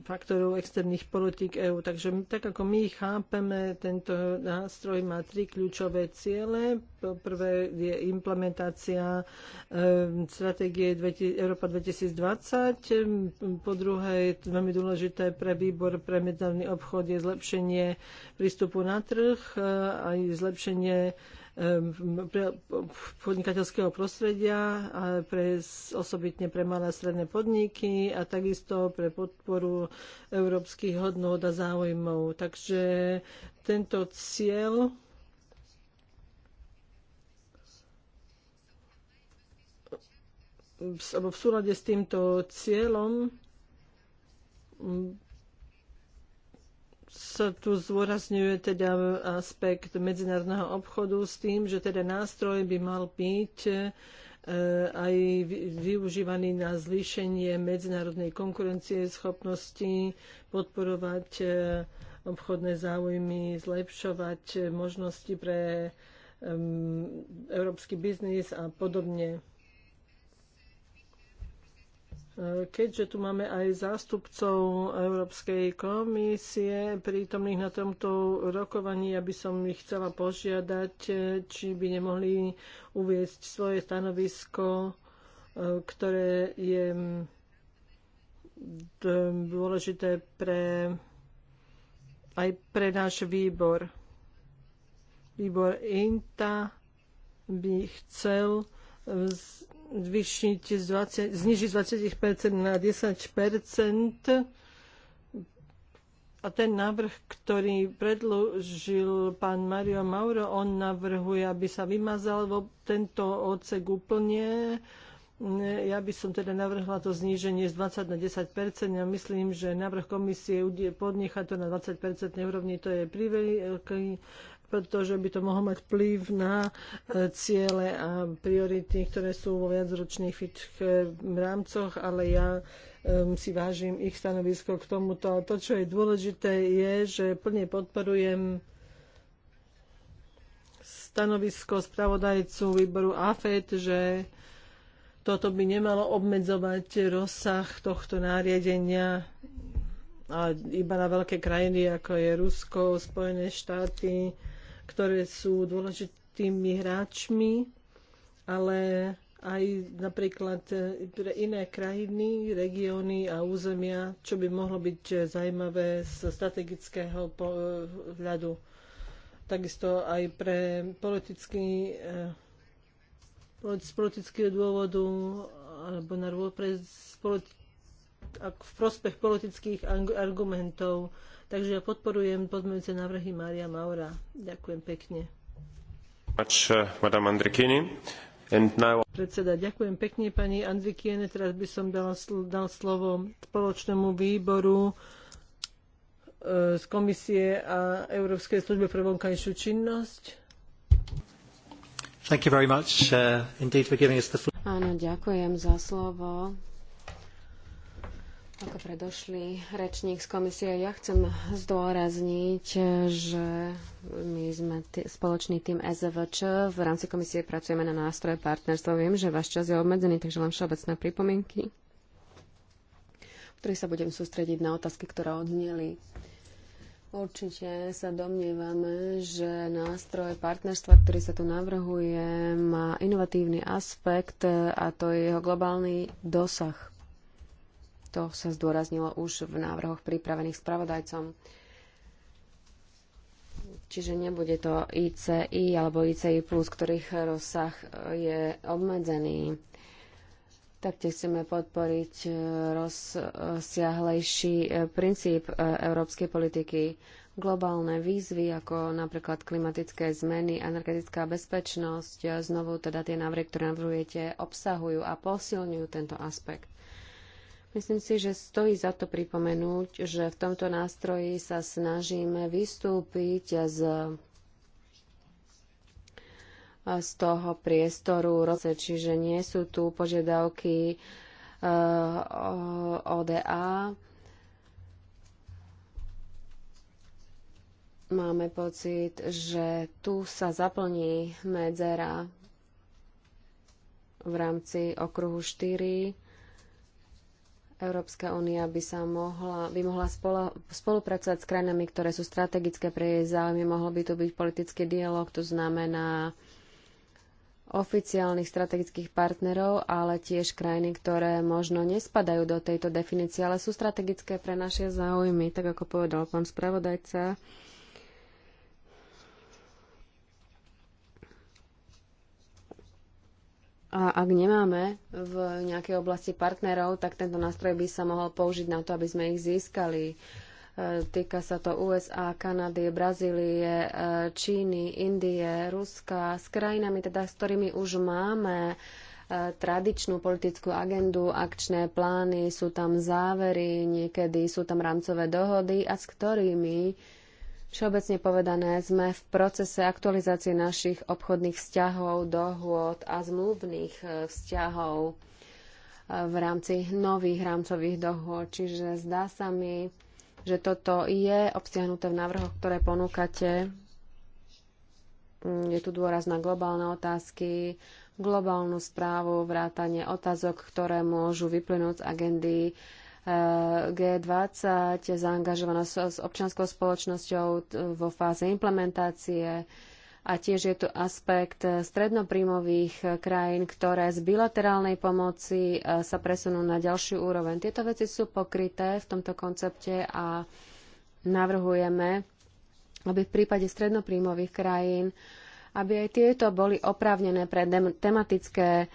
faktorov externých politik EÚ. Takže tak ako my chápeme, tento nástroj má tri kľúčové ciele. Prvé je implementácia ehm, stratégie Európa 2020. Po druhé, je veľmi dôležité pre výbor pre medzinárodný obchod je zlepšenie prístupu na trh, eh, aj zlepšenie podnikateľského prostredia, a pre, osobitne pre malé a stredné podniky a takisto pre podporu európskych hodnot a záujmov. Takže tento cieľ v súlade s týmto cieľom sa tu zdôrazňuje teda aspekt medzinárodného obchodu s tým, že teda nástroj by mal byť e, aj využívaný na zvýšenie medzinárodnej konkurencie schopnosti podporovať e, obchodné záujmy, zlepšovať možnosti pre um, európsky biznis a podobne. Keďže tu máme aj zástupcov Európskej komisie prítomných na tomto rokovaní, by som ich chcela požiadať, či by nemohli uviesť svoje stanovisko, ktoré je dôležité pre, aj pre náš výbor. Výbor INTA by chcel zvýšiť z 20, znižiť z 20% na 10%. A ten návrh, ktorý predložil pán Mario Mauro, on navrhuje, aby sa vymazal vo tento odsek úplne. Ja by som teda navrhla to zníženie z 20 na 10 Ja myslím, že návrh komisie podnecha to na 20 úrovni, to je priveľký pretože by to mohlo mať vplyv na e, ciele a priority, ktoré sú vo viacročných e, rámcoch, ale ja e, si vážim ich stanovisko k tomuto. A to, čo je dôležité, je, že plne podporujem stanovisko spravodajcu výboru AFET, že toto by nemalo obmedzovať rozsah tohto nariadenia iba na veľké krajiny, ako je Rusko, Spojené štáty, ktoré sú dôležitými hráčmi, ale aj napríklad e, pre iné krajiny, regióny a územia, čo by mohlo byť zaujímavé z strategického pohľadu. Takisto aj pre politický, e, z politického dôvodu alebo na, pre, v prospech politických argumentov Takže ja podporujem pozmeňujúce návrhy Mária Maura. Ďakujem pekne. Much, uh, Madame Andrikini. Now... Predseda, ďakujem pekne pani Andrikiene. Teraz by som dal, dal slovo spoločnému výboru e, z Komisie a Európskej službe pre vonkajšiu činnosť. Thank you very much, uh, indeed for giving us the... Áno, ďakujem za slovo. Ako predošli rečník z komisie, ja chcem zdôrazniť, že my sme tý, spoločný tým SVČ. V rámci komisie pracujeme na nástroje partnerstva. Viem, že váš čas je obmedzený, takže len všeobecné pripomienky, v ktorých sa budem sústrediť na otázky, ktoré odnieli. Určite sa domnievame, že nástroj partnerstva, ktorý sa tu navrhuje, má inovatívny aspekt a to je jeho globálny dosah to sa zdôraznilo už v návrhoch pripravených spravodajcom. Čiže nebude to ICI alebo ICI+, ktorých rozsah je obmedzený. Taktiež chceme podporiť e, rozsiahlejší e, princíp e, európskej politiky. Globálne výzvy, ako napríklad klimatické zmeny, energetická bezpečnosť, znovu teda tie návrhy, ktoré navrhujete, obsahujú a posilňujú tento aspekt. Myslím si, že stojí za to pripomenúť, že v tomto nástroji sa snažíme vystúpiť z, z toho priestoru, čiže nie sú tu požiadavky eh, ODA. Máme pocit, že tu sa zaplní medzera v rámci okruhu 4 Európska únia by sa mohla, by mohla spolupracovať s krajinami, ktoré sú strategické pre jej záujmy. Mohol by tu byť politický dialog, to znamená oficiálnych strategických partnerov, ale tiež krajiny, ktoré možno nespadajú do tejto definície, ale sú strategické pre naše záujmy, tak ako povedal pán spravodajca. Uh, A ak nemáme v nejakej oblasti partnerov, tak tento nástroj by sa mohol použiť na to, aby sme ich získali. E, týka sa to USA, Kanady, Brazílie, e, Číny, Indie, Ruska, s krajinami, teda, s ktorými už máme e, tradičnú politickú agendu, akčné plány, sú tam závery, niekedy sú tam rámcové dohody a s ktorými Všeobecne povedané, sme v procese aktualizácie našich obchodných vzťahov, dohôd a zmluvných e, vzťahov e, v rámci nových rámcových dohôd. Čiže zdá sa mi, že toto je obsiahnuté v návrhoch, ktoré ponúkate. Mm, je tu dôraz na globálne otázky, globálnu správu, vrátanie otázok, ktoré môžu vyplynúť z agendy G20, zaangažovanosť s občianskou spoločnosťou vo fáze implementácie a tiež je tu aspekt strednopríjmových krajín, ktoré z bilaterálnej pomoci e, sa presunú na ďalší úroveň. Tieto veci sú pokryté v tomto koncepte a navrhujeme, aby v prípade strednopríjmových krajín aby aj tieto boli oprávnené pre tematické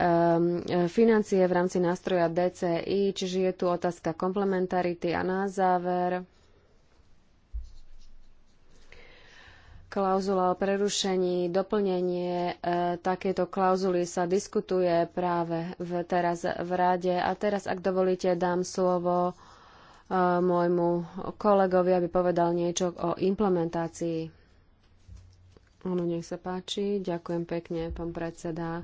Ehm, financie v rámci nástroja DCI, čiže je tu otázka komplementarity a na záver klauzula o prerušení, doplnenie e, takéto klauzuly sa diskutuje práve v, teraz v rade. A teraz, ak dovolíte, dám slovo e, môjmu kolegovi, aby povedal niečo o implementácii. Ono, nech sa páči. Ďakujem pekne, pán predseda.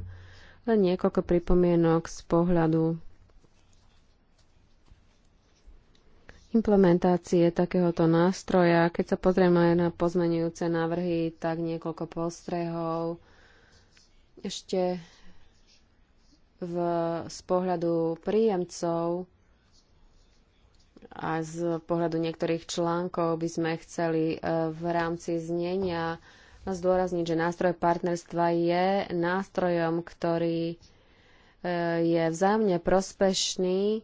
Len niekoľko pripomienok z pohľadu implementácie takéhoto nástroja. Keď sa pozrieme aj na pozmenujúce návrhy, tak niekoľko postrehov. Ešte v, z pohľadu príjemcov a z pohľadu niektorých článkov by sme chceli eh, v rámci znenia zdôrazniť, že nástroj partnerstva je nástrojom, ktorý e, je vzájomne prospešný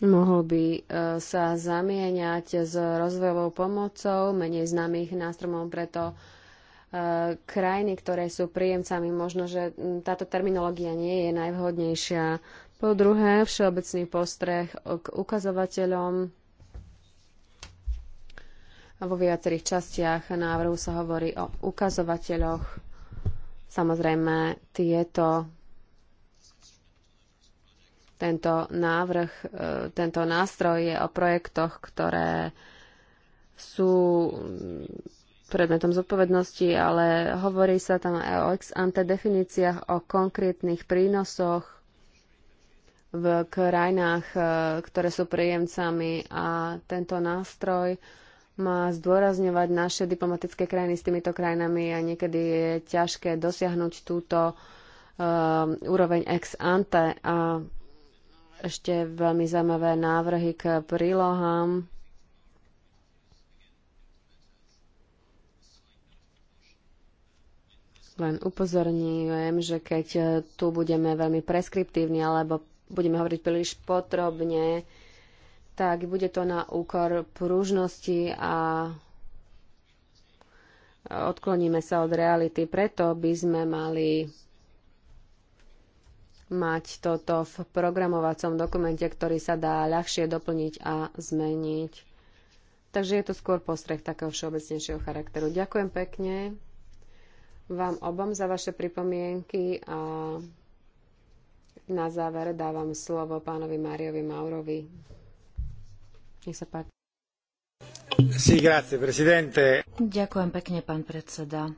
Mohol by e, sa zamieňať s rozvojovou pomocou menej známych nástromov, preto e, krajiny, ktoré sú príjemcami, možno, že táto terminológia nie je najvhodnejšia. Po druhé, všeobecný postreh k ukazovateľom vo viacerých častiach návrhu sa hovorí o ukazovateľoch. Samozrejme, tieto tento návrh, e, tento nástroj je o projektoch, ktoré sú predmetom zodpovednosti, ale hovorí sa tam aj o ex ante definíciách, o konkrétnych prínosoch v krajinách, e, ktoré sú príjemcami a tento nástroj má zdôrazňovať naše diplomatické krajiny s týmito krajinami a niekedy je ťažké dosiahnuť túto uh, úroveň ex ante a ešte veľmi zaujímavé návrhy k prílohám. Len upozorňujem, že keď tu budeme veľmi preskriptívni alebo budeme hovoriť príliš potrobne, tak bude to na úkor pružnosti a odkloníme sa od reality. Preto by sme mali mať toto v programovacom dokumente, ktorý sa dá ľahšie doplniť a zmeniť. Takže je to skôr postreh takého všeobecnejšieho charakteru. Ďakujem pekne vám obom za vaše pripomienky a na záver dávam slovo pánovi Máriovi Maurovi. Nech sa páči. Sí, grazie, presidente. Ďakujem pekne, pán predseda.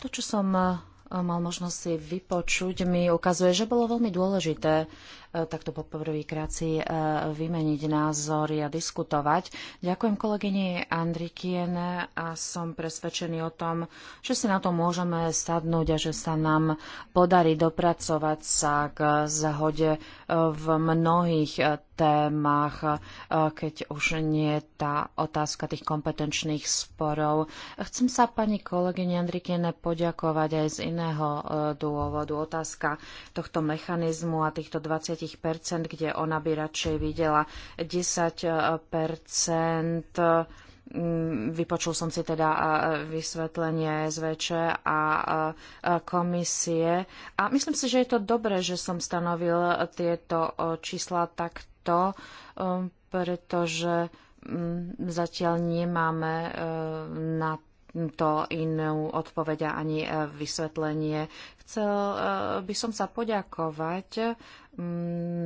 To, čo som eh, mal možnosť si vypočuť, mi ukazuje, že bolo veľmi dôležité E, takto poprvýkrát si e, vymeniť názory a diskutovať. Ďakujem kolegyni Andrikiene a som presvedčený o tom, že si na to môžeme sadnúť a že sa nám podarí dopracovať sa k zhode e, v mnohých témach, keď už nie je tá otázka tých kompetenčných sporov. Chcem sa pani kolegyne Andrikiene poďakovať aj z iného dôvodu. Otázka tohto mechanizmu a týchto 20 kde ona by radšej videla 10 Vypočul som si teda vysvetlenie SVČ a komisie. A myslím si, že je to dobré, že som stanovil tieto čísla takto, um, pretože mm, zatiaľ nemáme e, na to inú odpoveď ani e, vysvetlenie Chcel eh, by som sa poďakovať mm,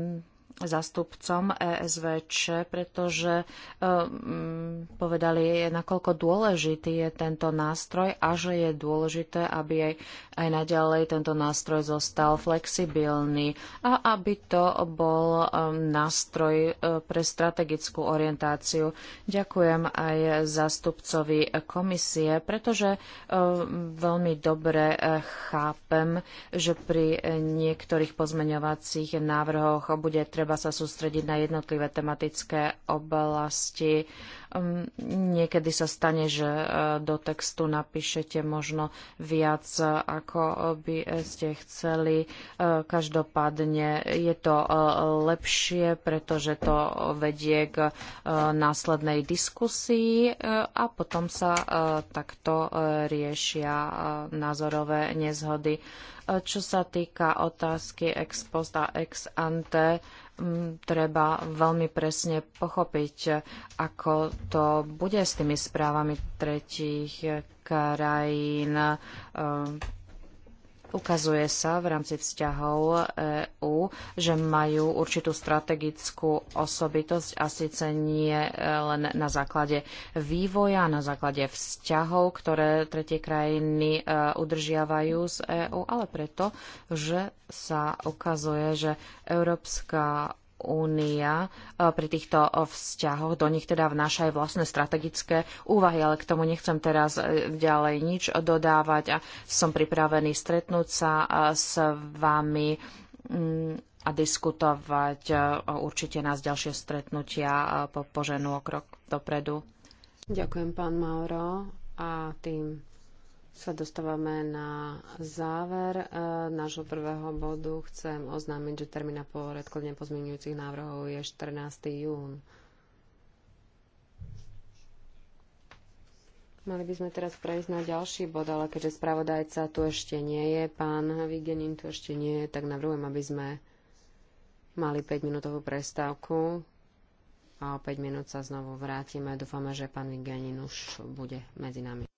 zastupcom ESVČ, pretože um, povedali, nakoľko dôležitý je tento nástroj a že je dôležité, aby aj, aj naďalej tento nástroj zostal flexibilný a aby to bol um, nástroj um, pre strategickú orientáciu. Ďakujem aj zastupcovi komisie, pretože veľmi dobre chápem, že pri niektorých pozmeňovacích návrhoch bude treba treba sa sústrediť na jednotlivé tematické oblasti. Um, niekedy sa stane, že uh, do textu napíšete možno viac, uh, ako by ste chceli. Uh, každopádne je to lepšie, pretože to vedie k následnej diskusii a potom sa takto riešia názorové nezhody. Čo sa týka otázky ex post a ex ante, treba veľmi presne pochopiť, ako to bude s tými správami tretích krajín ehm, Ukazuje sa v rámci vzťahov EÚ, že majú určitú strategickú osobitosť a síce nie e, len na základe vývoja, na základe vzťahov, ktoré tretie krajiny e, udržiavajú z EÚ, ale preto, že sa ukazuje, že Európska únia e, pri týchto e, vzťahoch do nich teda vnáša aj vlastné strategické úvahy, ale k tomu nechcem teraz e, ďalej nič dodávať a som pripravený stretnúť sa s vami mm, a diskutovať. Určite nás ďalšie stretnutia poženú o krok dopredu. Ďakujem, pán Mauro. A tým sa dostávame na záver eh, nášho prvého bodu. Chcem oznámiť, že termín na predkladne pozmeňujúcich návrhov je 14. jún. Mali by sme teraz prejsť na ďalší bod, ale keďže spravodajca tu ešte nie je, pán Vigenin tu ešte nie je, tak navrhujem, aby sme mali 5-minútovú prestávku a o 5 minút sa znovu vrátime. Dúfame, že pán Vigenin už bude medzi nami.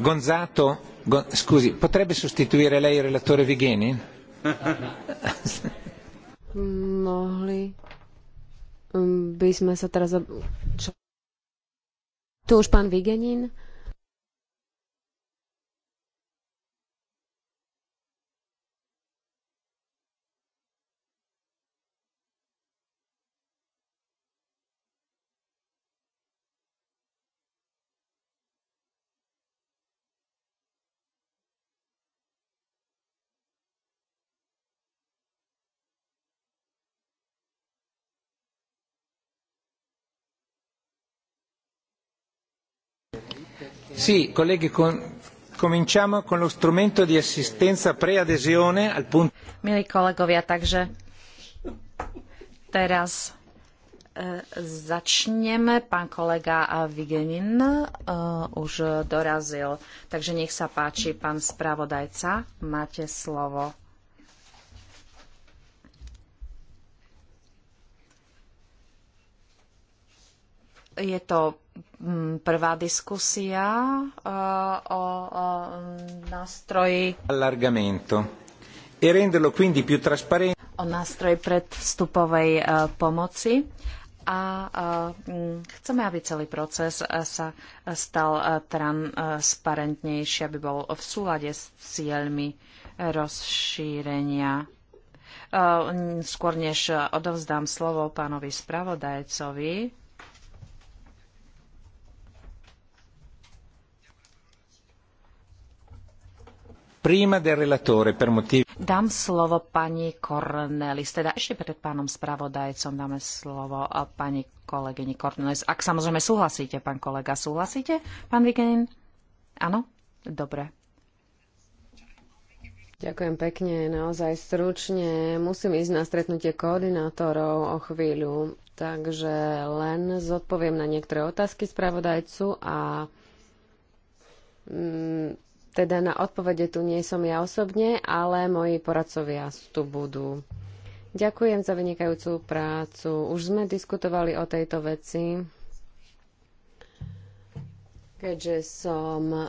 Gonzato, Gon, scusi, potrebbe sostituire lei il relatore Vigenin? Mohli um, by sme sa teraz... Čo? Tu už pán Vigenin. Sì, colleghi, con... cominciamo con lo strumento di assistenza preadesione al punto... Milí kolegovia, takže teraz e, začneme. Pán kolega Vigenin e, už dorazil. Takže nech sa páči, pán spravodajca, máte slovo. Je to Mm, prvá diskusia eh, o, nástroji e renderlo quindi più trasparente o nástroj predvstupovej eh, pomoci a eh, mm, chceme, aby celý proces sa stal transparentnejší, aby bol v súlade s cieľmi rozšírenia. Skôr než odovzdám slovo pánovi spravodajcovi, prima del relatore per motivi... Dám slovo pani Cornelis, teda ešte pred pánom spravodajcom dáme slovo pani kolegyni Cornelis. Ak samozrejme súhlasíte, pán kolega, súhlasíte, pán Vigenin? Áno? Dobre. Ďakujem pekne, naozaj stručne. Musím ísť na stretnutie koordinátorov o chvíľu, takže len zodpoviem na niektoré otázky spravodajcu a mm, teda na odpovede tu nie som ja osobne, ale moji poradcovia tu budú. Ďakujem za vynikajúcu prácu. Už sme diskutovali o tejto veci. Keďže som uh,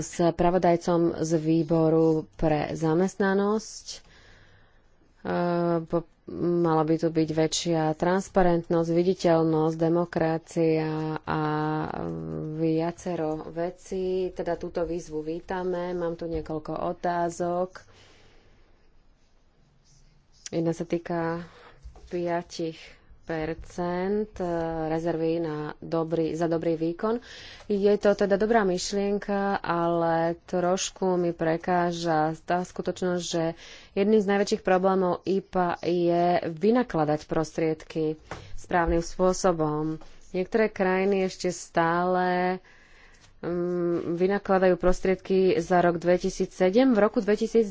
s pravodajcom z výboru pre zamestnanosť, uh, po mala by tu byť väčšia transparentnosť, viditeľnosť, demokracia a viacero vecí. Teda túto výzvu vítame. Mám tu niekoľko otázok. Jedna sa týka piatich Eh, rezervy na dobrý, za dobrý výkon. Je to teda dobrá myšlienka, ale trošku mi prekáža tá skutočnosť, že jedným z najväčších problémov IPA je vynakladať prostriedky správnym spôsobom. Niektoré krajiny ešte stále mm, vynakladajú prostriedky za rok 2007 v roku 2012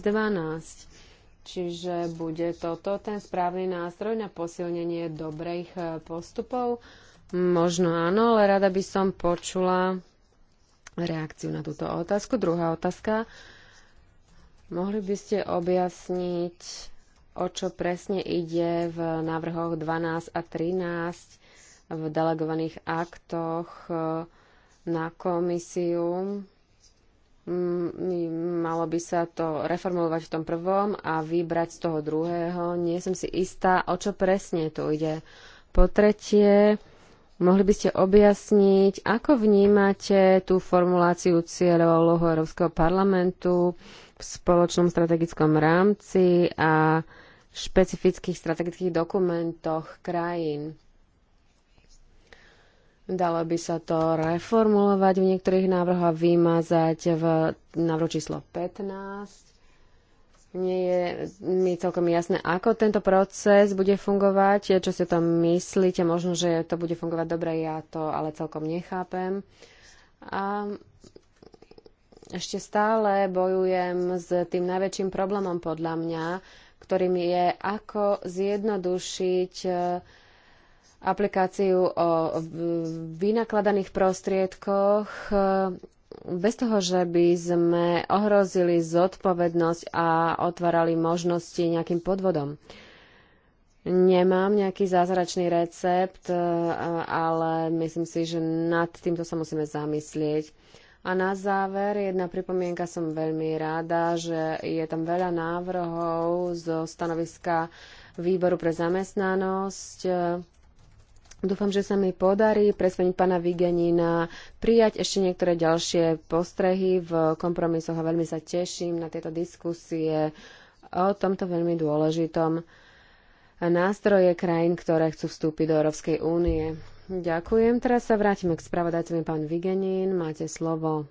Čiže bude toto ten správny nástroj na posilnenie dobrých e, postupov? Možno áno, ale rada by som počula reakciu na túto otázku. Druhá otázka. Mohli by ste objasniť, o čo presne ide v návrhoch 12 a 13 v delegovaných aktoch e, na komisiu? Mm, malo by sa to reformulovať v tom prvom a vybrať z toho druhého. Nie som si istá, o čo presne tu ide. Po tretie, mohli by ste objasniť, ako vnímate tú formuláciu cieľov úlohu Európskeho parlamentu v spoločnom strategickom rámci a špecifických strategických dokumentoch krajín Dalo by sa to reformulovať v niektorých návrhoch a vymazať v návrhu číslo 15. Nie je mi celkom jasné, ako tento proces bude fungovať, čo si o tom myslíte. Možno, že to bude fungovať dobre, ja to ale celkom nechápem. A ešte stále bojujem s tým najväčším problémom podľa mňa, ktorým je, ako zjednodušiť aplikáciu o vynakladaných prostriedkoch e, bez toho, že by sme ohrozili zodpovednosť a otvárali možnosti nejakým podvodom. Nemám nejaký zázračný recept, e, ale myslím si, že nad týmto sa musíme zamyslieť. A na záver jedna pripomienka som veľmi rada, že je tam veľa návrhov zo stanoviska výboru pre zamestnanosť Dúfam, že sa mi podarí presvedčiť pána Vigenina prijať ešte niektoré ďalšie postrehy v kompromisoch a veľmi sa teším na tieto diskusie o tomto veľmi dôležitom nástroje krajín, ktoré chcú vstúpiť do Európskej únie. Ďakujem. Teraz sa vrátime k spravodajcovi pán Vigenin. Máte slovo.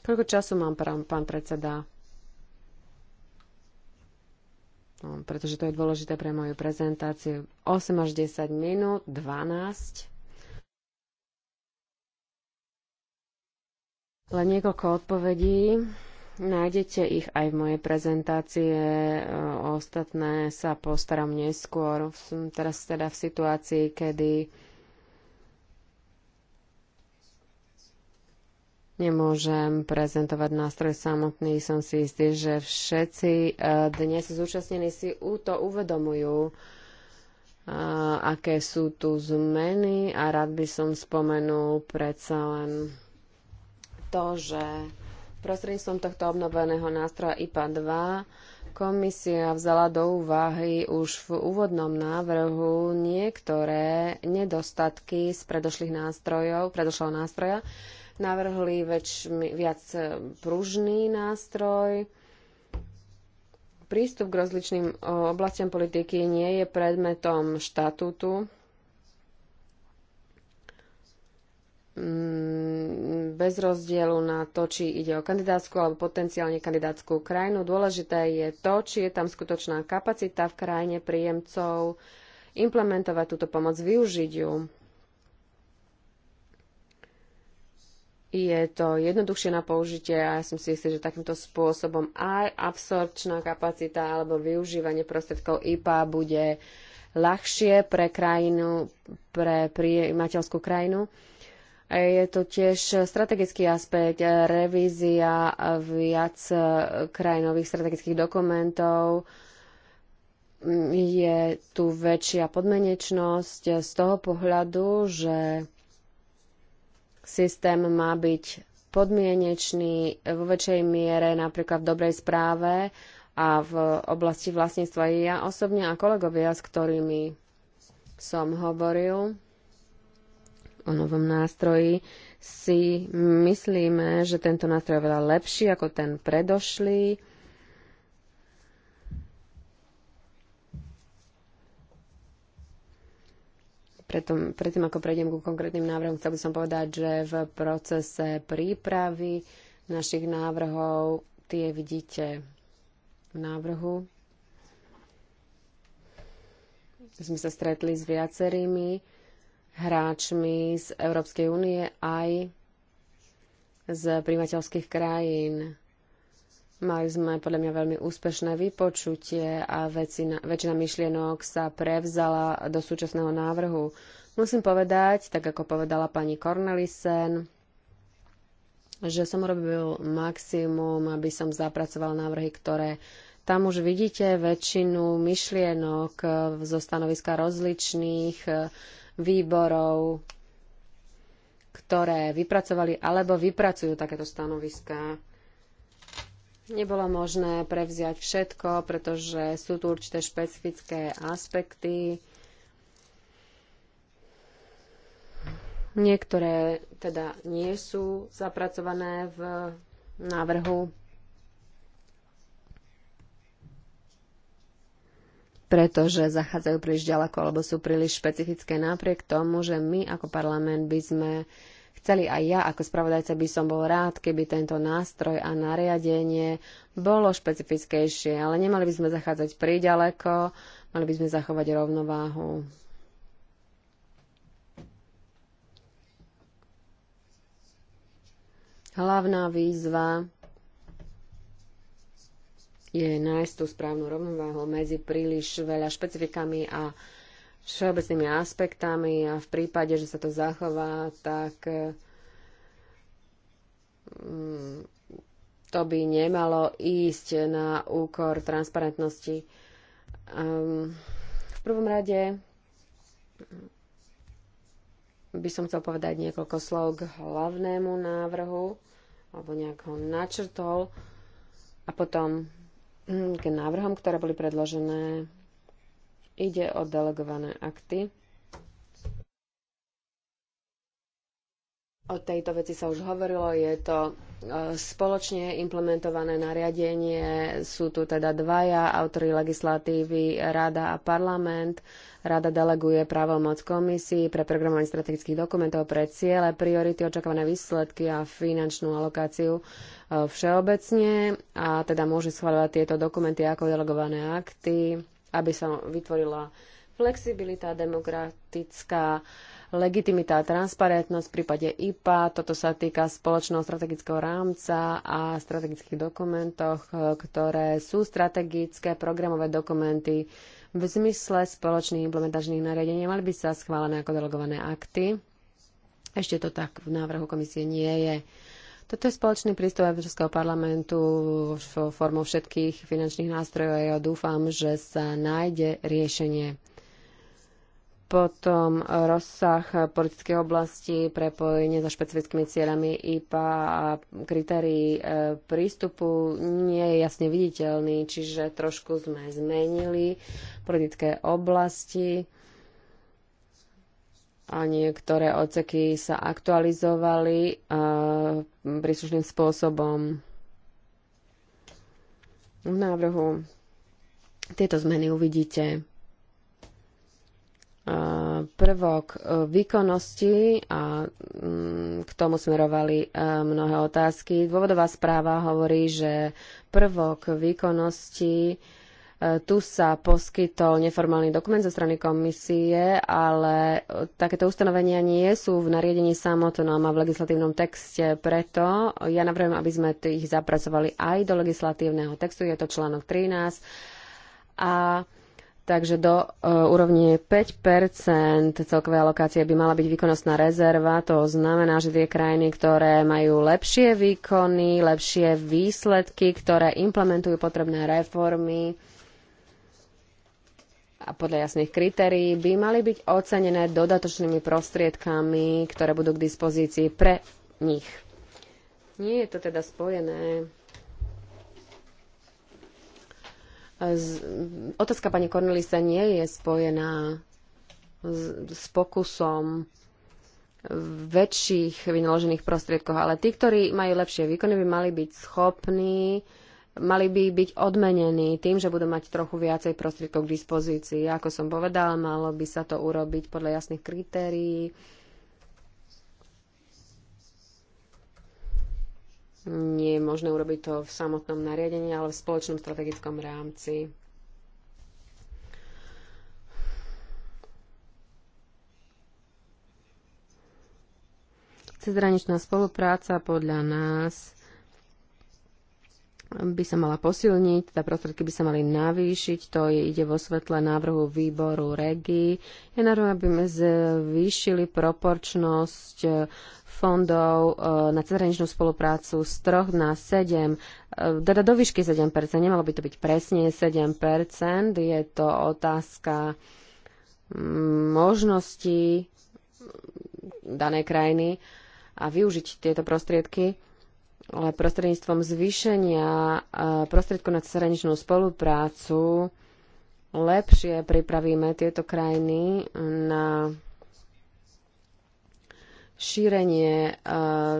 Koľko času mám, pán predseda? Ehm, pretože to je dôležité pre moju prezentáciu. 8 až 10 minút, 12. Len niekoľko odpovedí. Nájdete ich aj v mojej prezentácie, ostatné sa postaram neskôr. Som teraz teda v situácii, kedy Nemôžem prezentovať nástroj samotný, som si istý, že všetci e, dnes zúčastnení si to uvedomujú, e, aké sú tu zmeny a rád by som spomenul predsa len to, že prostredníctvom tohto obnoveného nástroja IPA 2 komisia vzala do úvahy už v úvodnom návrhu niektoré nedostatky z predošlých nástrojov, predošlého nástroja, navrhli väč, viac e, pružný nástroj. Prístup k rozličným e, oblastiam politiky nie je predmetom štatútu. Mm, bez rozdielu na to, či ide o kandidátsku alebo potenciálne kandidátskú krajinu. Dôležité je to, či je tam skutočná kapacita v krajine príjemcov implementovať túto pomoc, využiť ju. je to jednoduchšie na použitie a ja som si istý, že takýmto spôsobom aj absorpčná kapacita alebo využívanie prostriedkov IPA bude ľahšie pre krajinu, pre prijímateľskú krajinu. Je to tiež strategický aspekt, revízia viac krajinových strategických dokumentov, je tu väčšia podmenečnosť z toho pohľadu, že Systém má byť podmienečný vo väčšej miere napríklad v dobrej správe a v oblasti vlastníctva. Ja osobne a kolegovia, s ktorými som hovoril o novom nástroji, si myslíme, že tento nástroj je veľa lepší ako ten predošlý Pretom, predtým, ako prejdem ku konkrétnym návrhom, chcel by som povedať, že v procese prípravy našich návrhov tie vidíte v návrhu. Sme sa stretli s viacerými hráčmi z Európskej únie aj z primateľských krajín. Mali sme podľa mňa veľmi úspešné vypočutie a väčšina, väčšina myšlienok sa prevzala do súčasného návrhu. Musím povedať, tak ako povedala pani Cornelissen, že som robil maximum, aby som zapracoval návrhy, ktoré tam už vidíte väčšinu myšlienok zo stanoviska rozličných výborov, ktoré vypracovali alebo vypracujú takéto stanoviská. Nebolo možné prevziať všetko, pretože sú tu určité špecifické aspekty. Niektoré teda nie sú zapracované v návrhu. pretože zachádzajú príliš ďaleko alebo sú príliš špecifické napriek tomu, že my ako parlament by sme uh, chceli aj ja ako spravodajca by som bol rád, keby tento nástroj a nariadenie bolo špecifickejšie, ale nemali by sme zachádzať príďaleko, mali by sme zachovať rovnováhu. Hlavná výzva je nájsť tú správnu rovnováhu medzi príliš veľa špecifikami a všeobecnými aspektami a v prípade, že sa to zachová, tak mm, to by nemalo ísť na úkor transparentnosti. Ehm, v prvom rade by som chcel povedať niekoľko slov k hlavnému návrhu, alebo nejak ho načrtol, a potom mm, k návrhom, ktoré boli predložené Ide o delegované akty. O tejto veci sa už hovorilo, je to e, spoločne implementované nariadenie. Sú tu teda dvaja autory legislatívy, Rada a parlament. Rada deleguje právomoc komisii pre programovanie strategických dokumentov pre ciele, priority, očakávané výsledky a finančnú alokáciu e, všeobecne a teda môže schváľovať tieto dokumenty ako delegované akty aby sa vytvorila flexibilita, demokratická legitimita a transparentnosť v prípade IPA. Toto sa týka spoločného strategického rámca a strategických dokumentoch, ktoré sú strategické programové dokumenty v zmysle spoločných implementačných nariadení. Mali by sa schválené ako delegované akty. Ešte to tak v návrhu komisie nie je. Toto je spoločný prístup Európskeho parlamentu formou všetkých finančných nástrojov a ja dúfam, že sa nájde riešenie. Potom rozsah politickej oblasti, prepojenie so špecifickými cieľami IPA a kritérií e, prístupu nie je jasne viditeľný, čiže trošku sme zmenili politické oblasti a niektoré oceky sa aktualizovali príslušným spôsobom v návrhu. Tieto zmeny uvidíte. Prvok e, výkonnosti a mm, k tomu smerovali e, mnohé otázky. Dôvodová správa hovorí, že prvok výkonnosti tu sa poskytol neformálny dokument zo strany komisie, ale takéto ustanovenia nie sú v nariadení samotnom a v legislatívnom texte. Preto ja navrhujem, aby sme ich zapracovali aj do legislatívneho textu. Je to článok 13. A Takže do e, úrovne 5 celkovej alokácie by mala byť výkonnostná rezerva. To znamená, že tie krajiny, ktoré majú lepšie výkony, lepšie výsledky, ktoré implementujú potrebné reformy, a podľa jasných kritérií by mali byť ocenené dodatočnými prostriedkami, ktoré budú k dispozícii pre nich. Nie je to teda spojené. Z, otázka pani Cornelisa nie je spojená s, s pokusom väčších vynaložených prostriedkoch, ale tí, ktorí majú lepšie výkony, by mali byť schopní uh, mali by byť odmenení tým, že budú mať trochu viacej prostriedkov k dispozícii. Ako som povedala, malo by sa to urobiť podľa jasných kritérií. Nie je možné urobiť to v samotnom nariadení, ale v spoločnom strategickom rámci. Cezhraničná spolupráca podľa nás by sa mala posilniť, teda prostriedky by sa mali navýšiť, to je, ide vo svetle návrhu výboru REGI. Je navrhujem, aby sme zvýšili proporčnosť e, fondov e, na cezhraničnú spoluprácu z 3 na 7, e, teda do výšky 7%, nemalo by to byť presne 7%, je to otázka mm, možností danej krajiny a využiť tieto prostriedky prostredníctvom zvýšenia eh, prostriedku na cezhraničnú spoluprácu lepšie pripravíme tieto krajiny na šírenie eh,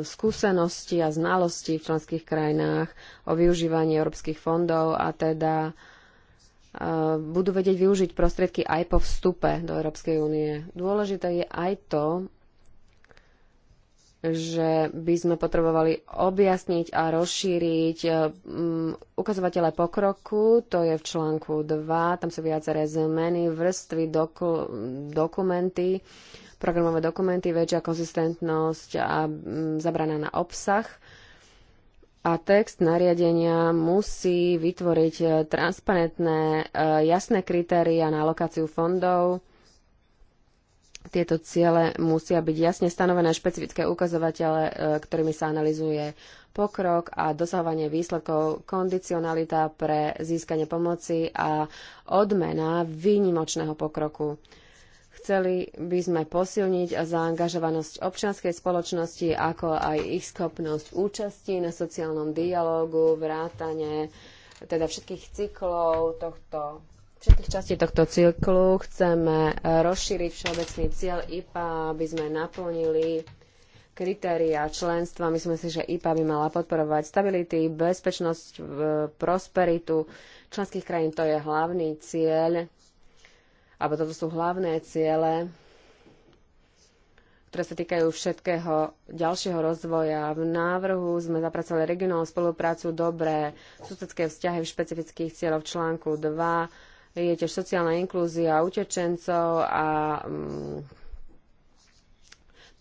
skúseností a znalostí v členských krajinách o využívaní európskych fondov a teda eh, budú vedieť využiť prostriedky aj po vstupe do Európskej únie. Dôležité je aj to, že by sme potrebovali objasniť a rozšíriť eh, ukazovatele pokroku, to je v článku 2, tam sú viaceré zmeny, vrstvy, doku, dokumenty, programové dokumenty, väčšia konzistentnosť a zabraná na obsah. A text nariadenia musí vytvoriť eh, transparentné, eh, jasné kritéria na lokáciu fondov, tieto ciele musia byť jasne stanovené špecifické ukazovatele, e, ktorými sa analizuje pokrok a dosahovanie výsledkov, kondicionalita pre získanie pomoci a odmena výnimočného pokroku. Chceli by sme posilniť a zaangažovanosť občianskej spoločnosti, ako aj ich schopnosť účasti na sociálnom dialógu, vrátane teda všetkých cyklov tohto všetkých častí tohto cyklu chceme eh, rozšíriť všeobecný cieľ IPA, aby sme naplnili kritéria členstva. Myslím si, že IPA by mala podporovať stability, bezpečnosť, prosperitu členských krajín. To je hlavný cieľ, alebo toto sú hlavné ciele, ktoré sa týkajú všetkého ďalšieho rozvoja. V návrhu sme zapracovali regionálnu spoluprácu, dobré susedské vzťahy v špecifických cieľoch článku 2 je tiež sociálna inklúzia utečencov a um,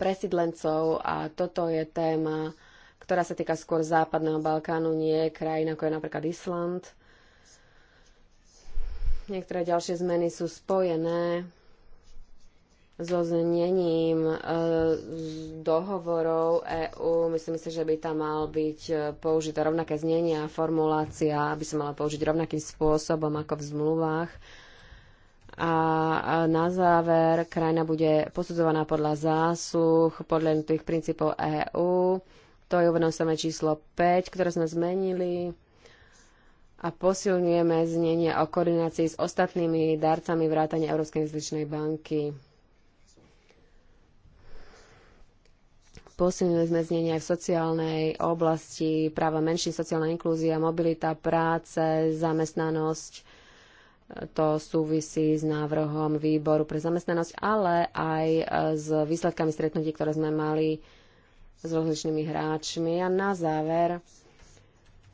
a toto je téma, ktorá sa týka skôr Západného Balkánu, nie krajín ako je napríklad Island. Niektoré ďalšie zmeny sú spojené so znením e, dohovorov EÚ. Myslím si, že by tam mal byť e, použité rovnaké znenie a formulácia aby sa mala použiť rovnakým spôsobom ako v zmluvách. A na záver krajina bude posudzovaná podľa zásluh, podľa tých princípov EÚ. To je uvedomstvené číslo 5, ktoré sme zmenili a posilňujeme znenie o koordinácii s ostatnými darcami vrátane Európskej investičnej banky. posilnili sme znenie aj v sociálnej oblasti, práva menší, sociálna inklúzia, mobilita, práce, zamestnanosť. To súvisí s návrhom výboru pre zamestnanosť, ale aj e, s výsledkami stretnutí, ktoré sme mali s rozličnými hráčmi. A na záver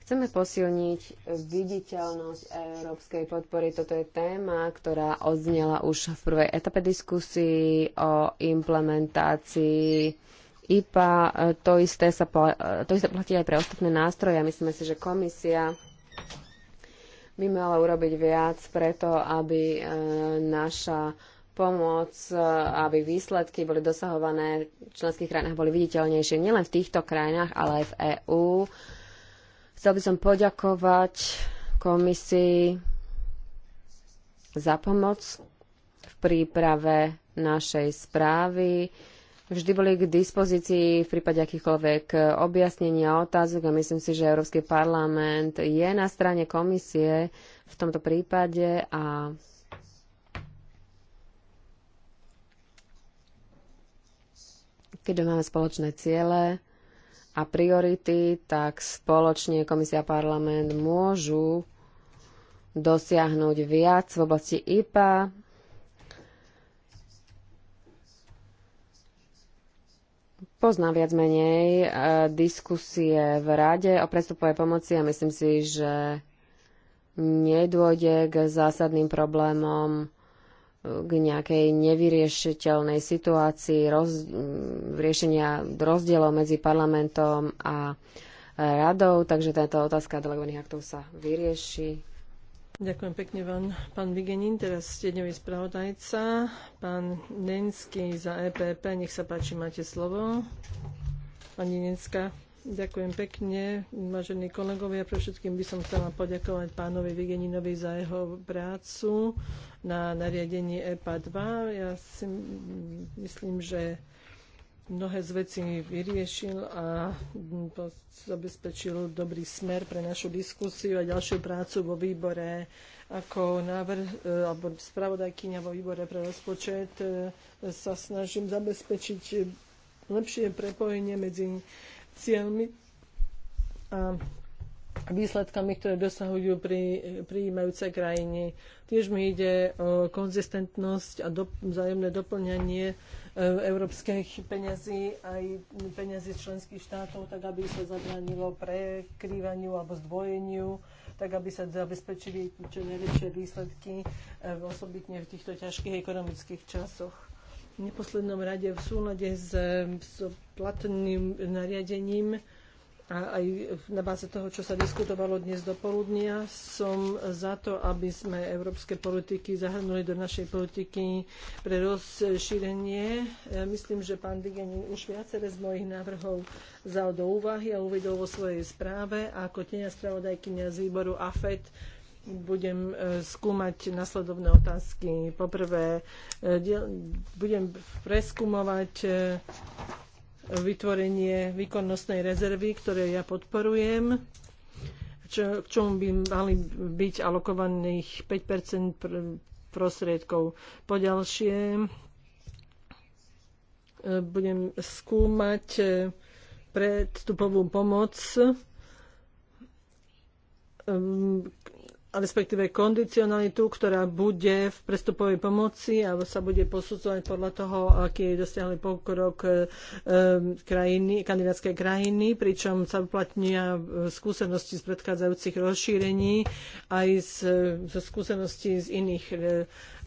chceme posilniť viditeľnosť európskej podpory. Toto je téma, ktorá odznela už v prvej etape diskusii o implementácii IPA, e, to isté, sa, e, to isté platí aj pre ostatné nástroje. Myslíme si, že komisia by mala urobiť viac preto, aby e, naša pomoc, aby výsledky boli dosahované v členských krajinách boli viditeľnejšie, nielen v týchto krajinách, ale aj v EÚ. Chcel by som poďakovať komisii za pomoc v príprave našej správy vždy boli k dispozícii v prípade akýchkoľvek eh, objasnení a otázok a myslím si, že Európsky parlament je na strane komisie v tomto prípade a keďže máme spoločné ciele a priority, tak spoločne komisia a parlament môžu dosiahnuť viac v oblasti IPA Poznám viac menej e, diskusie v Rade o prestupovej pomoci a myslím si, že nedôjde k zásadným problémom e, k nejakej nevyriešiteľnej situácii roz, riešenia rozdielov medzi parlamentom a radou, takže táto otázka delegovaných aktov sa vyrieši. Ďakujem pekne vám, pán Vigenin. Teraz stedňový spravodajca, pán Nenský za EPP. Nech sa páči, máte slovo. Pani Nenská. Ďakujem pekne, vážení kolegovia. Pre všetkým by som chcela poďakovať pánovi Vigeninovi za jeho prácu na nariadení EPA 2. Ja si myslím, že mnohé z vecí vyriešil a zabezpečil dobrý smer pre našu diskusiu a ďalšiu prácu vo výbore ako návrh e, alebo spravodajkyňa vo výbore pre rozpočet e, sa snažím zabezpečiť lepšie prepojenie medzi cieľmi a výsledkami, ktoré dosahujú pri prijímajúce krajiny. Tiež mi ide o konzistentnosť a do, vzájomné doplňanie E, európskych peňazí aj peňazí členských štátov, tak aby sa zabránilo prekrývaniu alebo zdvojeniu, tak aby sa zabezpečili čo najväčšie výsledky, e, osobitne v týchto ťažkých ekonomických časoch. V neposlednom rade v súlade s, e, s platným nariadením a aj na báze toho, čo sa diskutovalo dnes do poludnia, som za to, aby sme európske politiky zahrnuli do našej politiky pre rozšírenie. Myslím, že pán Digeni už viaceré z mojich návrhov vzal do úvahy a uvedol vo svojej správe a ako tenia spravodajkynia z výboru AFET budem e, skúmať nasledovné otázky. Poprvé, e, budem preskúmovať e, vytvorenie výkonnostnej rezervy, ktoré ja podporujem, čo, k čomu by mali byť alokovaných 5 pr- prostriedkov. Poďalšie e, budem skúmať e, predstupovú pomoc, e, respektíve kondicionalitu, ktorá bude v prestupovej pomoci a sa bude posudzovať podľa toho, aký je dosiahli pokrok e, e, krajiny, kandidátskej krajiny, pričom sa uplatnia e, skúsenosti z predchádzajúcich rozšírení aj z, zo skúseností z iných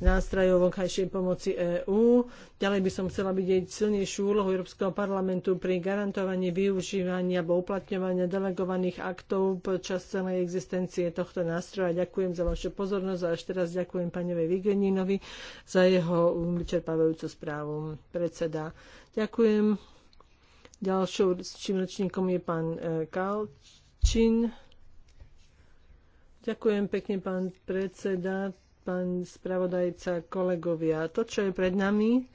nástrojov vonkajšej pomoci EÚ. Ďalej by som chcela vidieť silnejšiu úlohu Európskeho parlamentu pri garantovaní využívania alebo uplatňovania delegovaných aktov počas celej existencie tohto nástroja. Ďakujem za vašu pozornosť a ešte raz ďakujem pánovi Vigeninovi za jeho vyčerpávajúcu správu predseda. Ďakujem. Ďalšou rečníkom je pán e, Kalčin. Ďakujem pekne, pán predseda pán spravodajca, kolegovia. To, čo je pred nami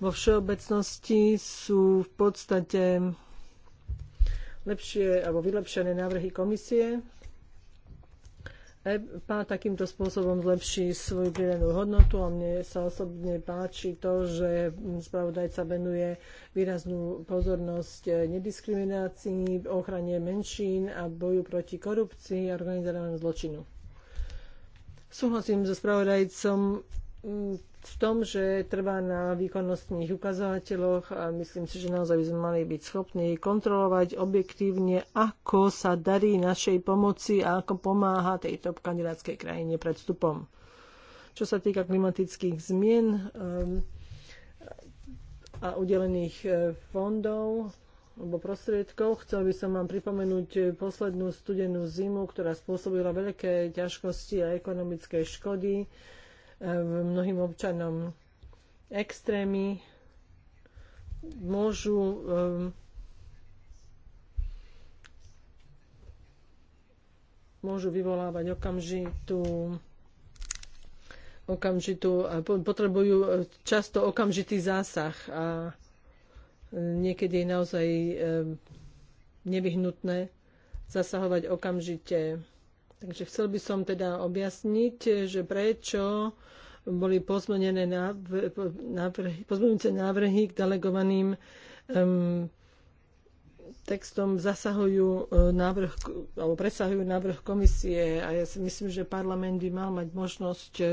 vo všeobecnosti, sú v podstate lepšie alebo vylepšené návrhy komisie. EPA takýmto spôsobom zlepší svoju pridanú hodnotu a mne sa osobne páči to, že spravodajca venuje výraznú pozornosť nediskriminácii, ochrane menšín a boju proti korupcii a organizovanému zločinu. Súhlasím so spravodajcom mm, v tom, že trvá na výkonnostných ukazovateľoch a myslím si, že naozaj by sme mali byť schopní kontrolovať objektívne, ako sa darí našej pomoci a ako pomáha tejto kandidátskej krajine pred vstupom. Čo sa týka klimatických zmien ehm, a udelených e, fondov, alebo prostriedkov. Chcel by som vám pripomenúť eh, poslednú studenú zimu, ktorá spôsobila veľké ťažkosti a ekonomické škody eh, mnohým občanom. Extrémy môžu ehm, môžu vyvolávať okamžitú okamžitú, eh, potrebujú často okamžitý zásah a niekedy je naozaj eh, nevyhnutné zasahovať okamžite. Takže chcel by som teda objasniť, že prečo boli pozmenené návrhy, pozmenujúce návrhy k delegovaným um, textom zasahujú e, návrh, alebo presahujú návrh komisie a ja si myslím, že parlament by mal mať možnosť e,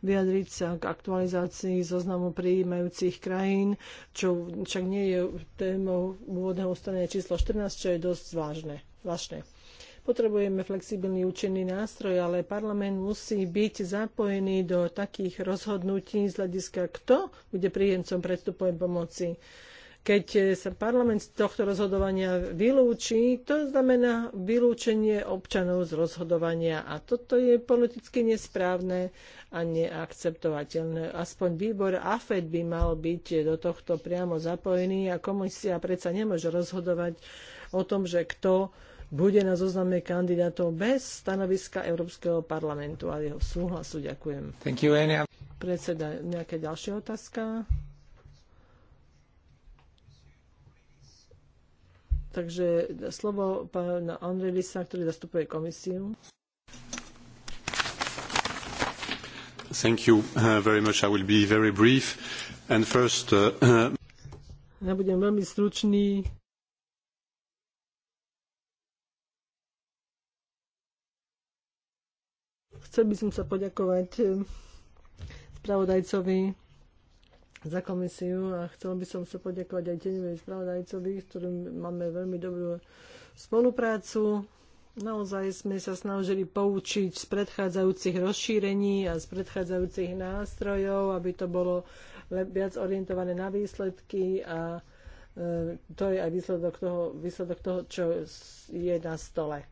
vyjadriť sa k aktualizácii zoznamu prijímajúcich krajín, čo však nie je témou úvodného ustanovenia číslo 14, čo je dosť vážne. Vážne. Potrebujeme flexibilný účinný nástroj, ale parlament musí byť zapojený do takých rozhodnutí z hľadiska, kto bude príjemcom predstupovej pomoci keď e, sa parlament z tohto rozhodovania vylúči, to znamená vylúčenie občanov z rozhodovania a toto je politicky nesprávne a neakceptovateľné. Aspoň výbor AFED by mal byť do tohto priamo zapojený a komisia predsa nemôže rozhodovať o tom, že kto bude na zozname kandidátov bez stanoviska Európskeho parlamentu a jeho súhlasu. Ďakujem. Thank you, Predseda, nejaká ďalšia otázka? Takže slovo pána Andrej Lisa, ktorý zastupuje komisiu. Thank you uh, very much. I will be very brief. And first, uh, uh ja budem veľmi stručný. Chcel by som sa poďakovať eh, spravodajcovi za komisiu a chcel by som sa poďakovať aj tenovej spravodajcovi, s ktorým máme veľmi dobrú spoluprácu. Naozaj sme sa snažili poučiť z predchádzajúcich rozšírení a z predchádzajúcich nástrojov, aby to bolo viac orientované na výsledky a e, to je aj výsledok toho, výsledok toho, čo je na stole.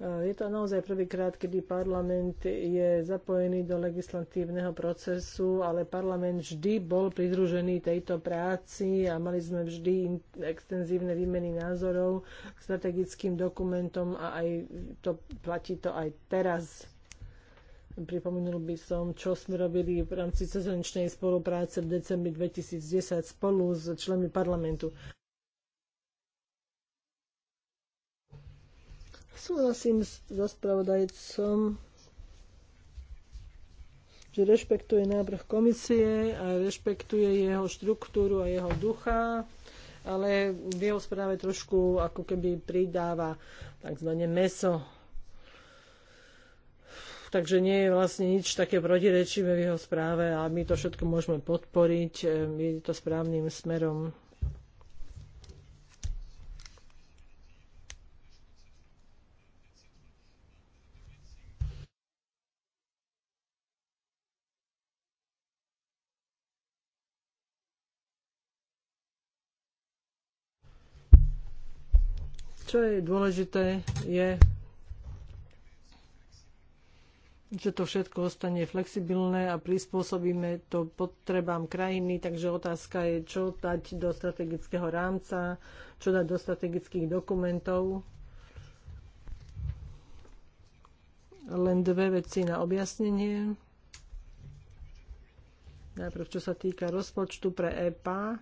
Je to naozaj prvýkrát, kedy parlament je zapojený do legislatívneho procesu, ale parlament vždy bol pridružený tejto práci a mali sme vždy extenzívne výmeny názorov k strategickým dokumentom a aj to, platí to aj teraz. Pripomenul by som, čo sme robili v rámci cezhraničnej spolupráce v decembri 2010 spolu s členmi parlamentu. Súhlasím so spravodajcom, že rešpektuje návrh komisie a rešpektuje jeho štruktúru a jeho ducha, ale v jeho správe trošku ako keby pridáva tzv. meso. Takže nie je vlastne nič také protirečivé v jeho správe a my to všetko môžeme podporiť. Je eh, to správnym smerom. Čo je dôležité, je, že to všetko ostane flexibilné a prispôsobíme to potrebám krajiny, takže otázka je, čo dať do strategického rámca, čo dať do strategických dokumentov. Len dve veci na objasnenie. Najprv, čo sa týka rozpočtu pre EPA,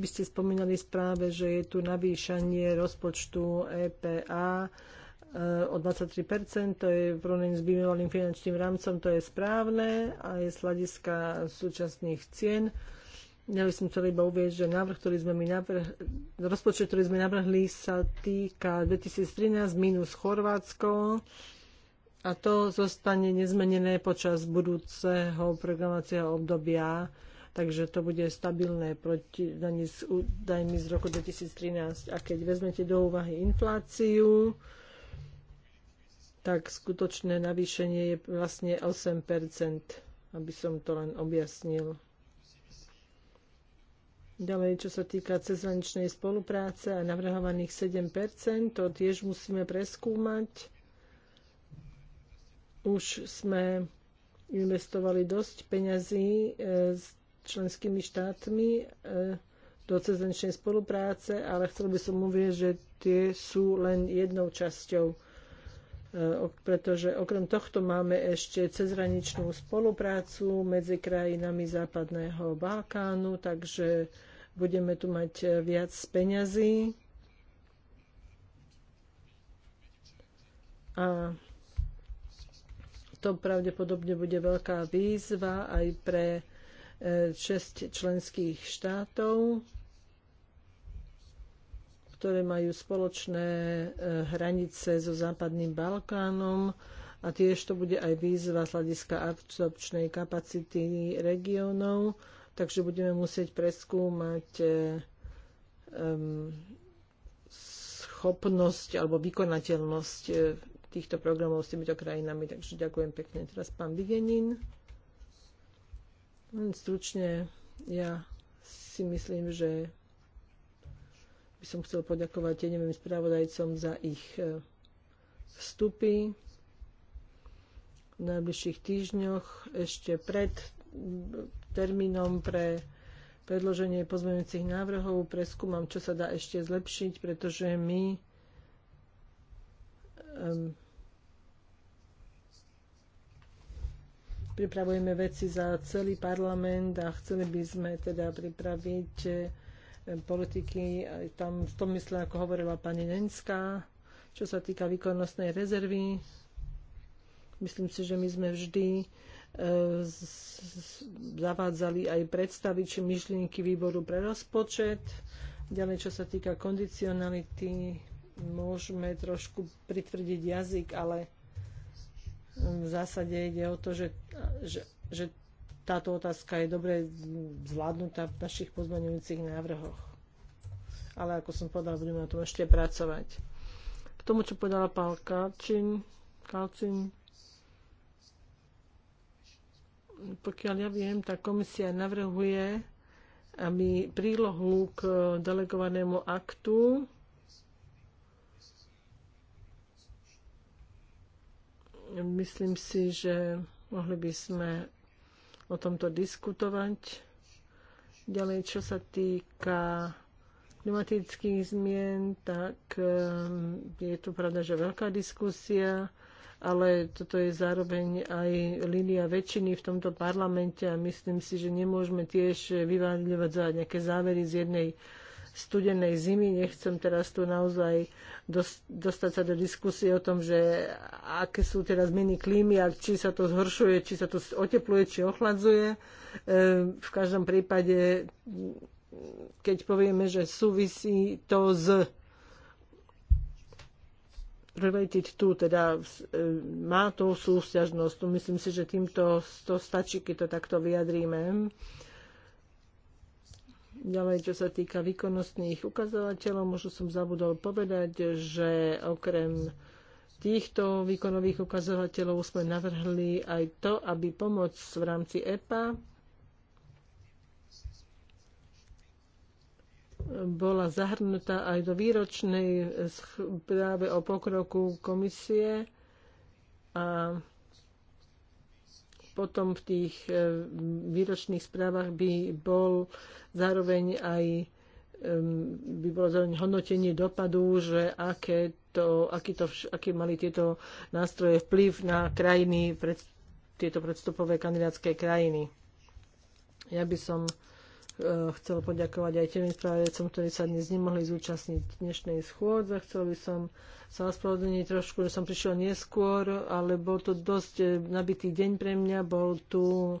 by ste spomínali správe, že je tu navýšanie rozpočtu EPA e, o 23%, to je porovnaní s bývalým finančným rámcom, to je správne a je z hľadiska súčasných cien. Ja by som chcel iba uvieť, že návrh, ktorý sme my navrhli, rozpočet, ktorý sme navrhli, sa týka 2013 minus Chorvátsko a to zostane nezmenené počas budúceho programovacieho obdobia takže to bude stabilné proti daní z roku 2013. A keď vezmete do úvahy infláciu, tak skutočné navýšenie je vlastne 8 aby som to len objasnil. Ďalej, čo sa týka cezhraničnej spolupráce a navrhovaných 7 to tiež musíme preskúmať. Už sme investovali dosť peňazí e, z členskými štátmi e, do cezenčnej spolupráce, ale chcel by som uvieť, že tie sú len jednou časťou, e, pretože okrem tohto máme ešte cezhraničnú spoluprácu medzi krajinami Západného Balkánu, takže budeme tu mať e, viac peňazí. A to pravdepodobne bude veľká výzva aj pre 6 členských štátov, ktoré majú spoločné e, hranice so Západným Balkánom a tiež to bude aj výzva z hľadiska absorpčnej kapacity regiónov, takže budeme musieť preskúmať e, schopnosť alebo vykonateľnosť e, týchto programov s týmito krajinami. Takže ďakujem pekne. Teraz pán Vigenin. Len stručne, ja si myslím, že by som chcel poďakovať tenevým spravodajcom za ich e, vstupy. V najbližších týždňoch ešte pred mm, termínom pre predloženie pozmeňujúcich návrhov preskúmam, čo sa dá ešte zlepšiť, pretože my um, pripravujeme veci za celý parlament a chceli by sme teda pripraviť e, politiky tam v tom mysle, ako hovorila pani Nenská, čo sa týka výkonnostnej rezervy. Myslím si, že my sme vždy e, zavádzali aj predstavy či myšlienky výboru pre rozpočet. Ďalej, čo sa týka kondicionality, môžeme trošku pritvrdiť jazyk, ale v zásade ide o to, že, že, že táto otázka je dobre zvládnutá v našich pozmeňujúcich návrhoch. Ale ako som povedala, budeme na tom ešte pracovať. K tomu, čo povedala pán Kalčin, Kalčin pokiaľ ja viem, tá komisia navrhuje aby prílohu k delegovanému aktu Myslím si, že mohli by sme o tomto diskutovať. Ďalej, čo sa týka klimatických zmien, tak ehm, je tu pravda, že veľká diskusia, ale toto je zároveň aj línia väčšiny v tomto parlamente a myslím si, že nemôžeme tiež vyváľovať za nejaké závery z jednej studenej zimy. Nechcem teraz tu naozaj dostať sa do diskusie o tom, že aké sú teraz zmeny klímy a či sa to zhoršuje, či sa to otepluje, či ochladzuje. E, v každom prípade, keď povieme, že súvisí to s related to, teda e, má to súťažnosť. Myslím si, že týmto to stačí, keď to takto vyjadríme. Ďalej, čo sa týka výkonnostných ukazovateľov, možno som zabudol povedať, že okrem týchto výkonových ukazovateľov sme navrhli aj to, aby pomoc v rámci EPA bola zahrnutá aj do výročnej správe o pokroku komisie a potom v tých e, výročných správach by bol zároveň aj by bolo zároveň hodnotenie dopadu, že aké to, aký, to, aký mali tieto nástroje vplyv na krajiny, pred, tieto predstupové kandidátske krajiny. Ja by som Eh, chcel poďakovať aj tým spravodajcom, ktorí sa dnes nemohli zúčastniť dnešnej schôdze. Chcel by som sa ospravedlniť trošku, že som prišiel neskôr, ale bol to dosť eh, nabitý deň pre mňa. Bol tu um,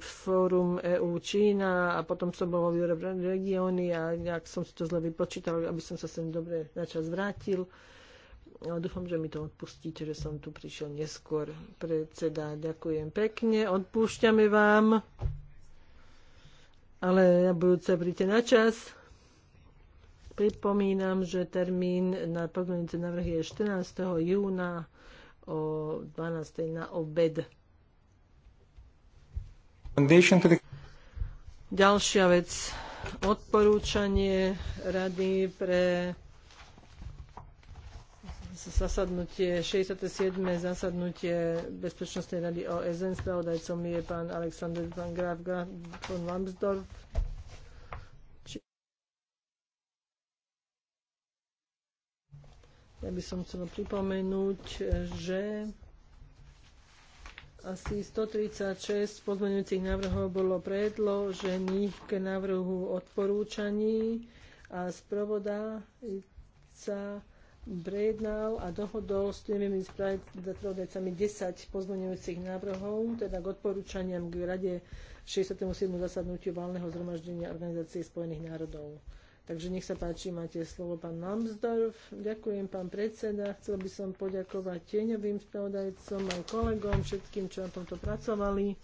fórum EU Čína a potom som bol v regióny a nejak som si to zle vypočítal, aby som sa sem dobre na čas vrátil. A dúfam, že mi to odpustíte, že som tu prišiel neskôr. Predseda, ďakujem pekne. Odpúšťame vám ale na budúce príďte na čas. Pripomínam, že termín na pozmeňujúce navrhy je 14. júna o 12. na obed. Ďalšia vec. Odporúčanie Rady pre zasadnutie, 67. zasadnutie Bezpečnostnej rady OSN. Spravodajcom je pán Alexander van Graf, von Lambsdorff. Ja by som chcela pripomenúť, že asi 136 pozmeňujúcich návrhov bolo predložených k návrhu odporúčaní a spravodajca prejednal a dohodol s tými spravodajcami 10 pozmeňujúcich návrhov, teda k odporúčaniam k rade 67. zasadnutiu valného zhromaždenia Organizácie spojených národov. Takže nech sa páči, máte slovo pán Lambsdorff. Ďakujem pán predseda. Chcel by som poďakovať tieňovým spravodajcom aj kolegom, všetkým, čo na tomto pracovali.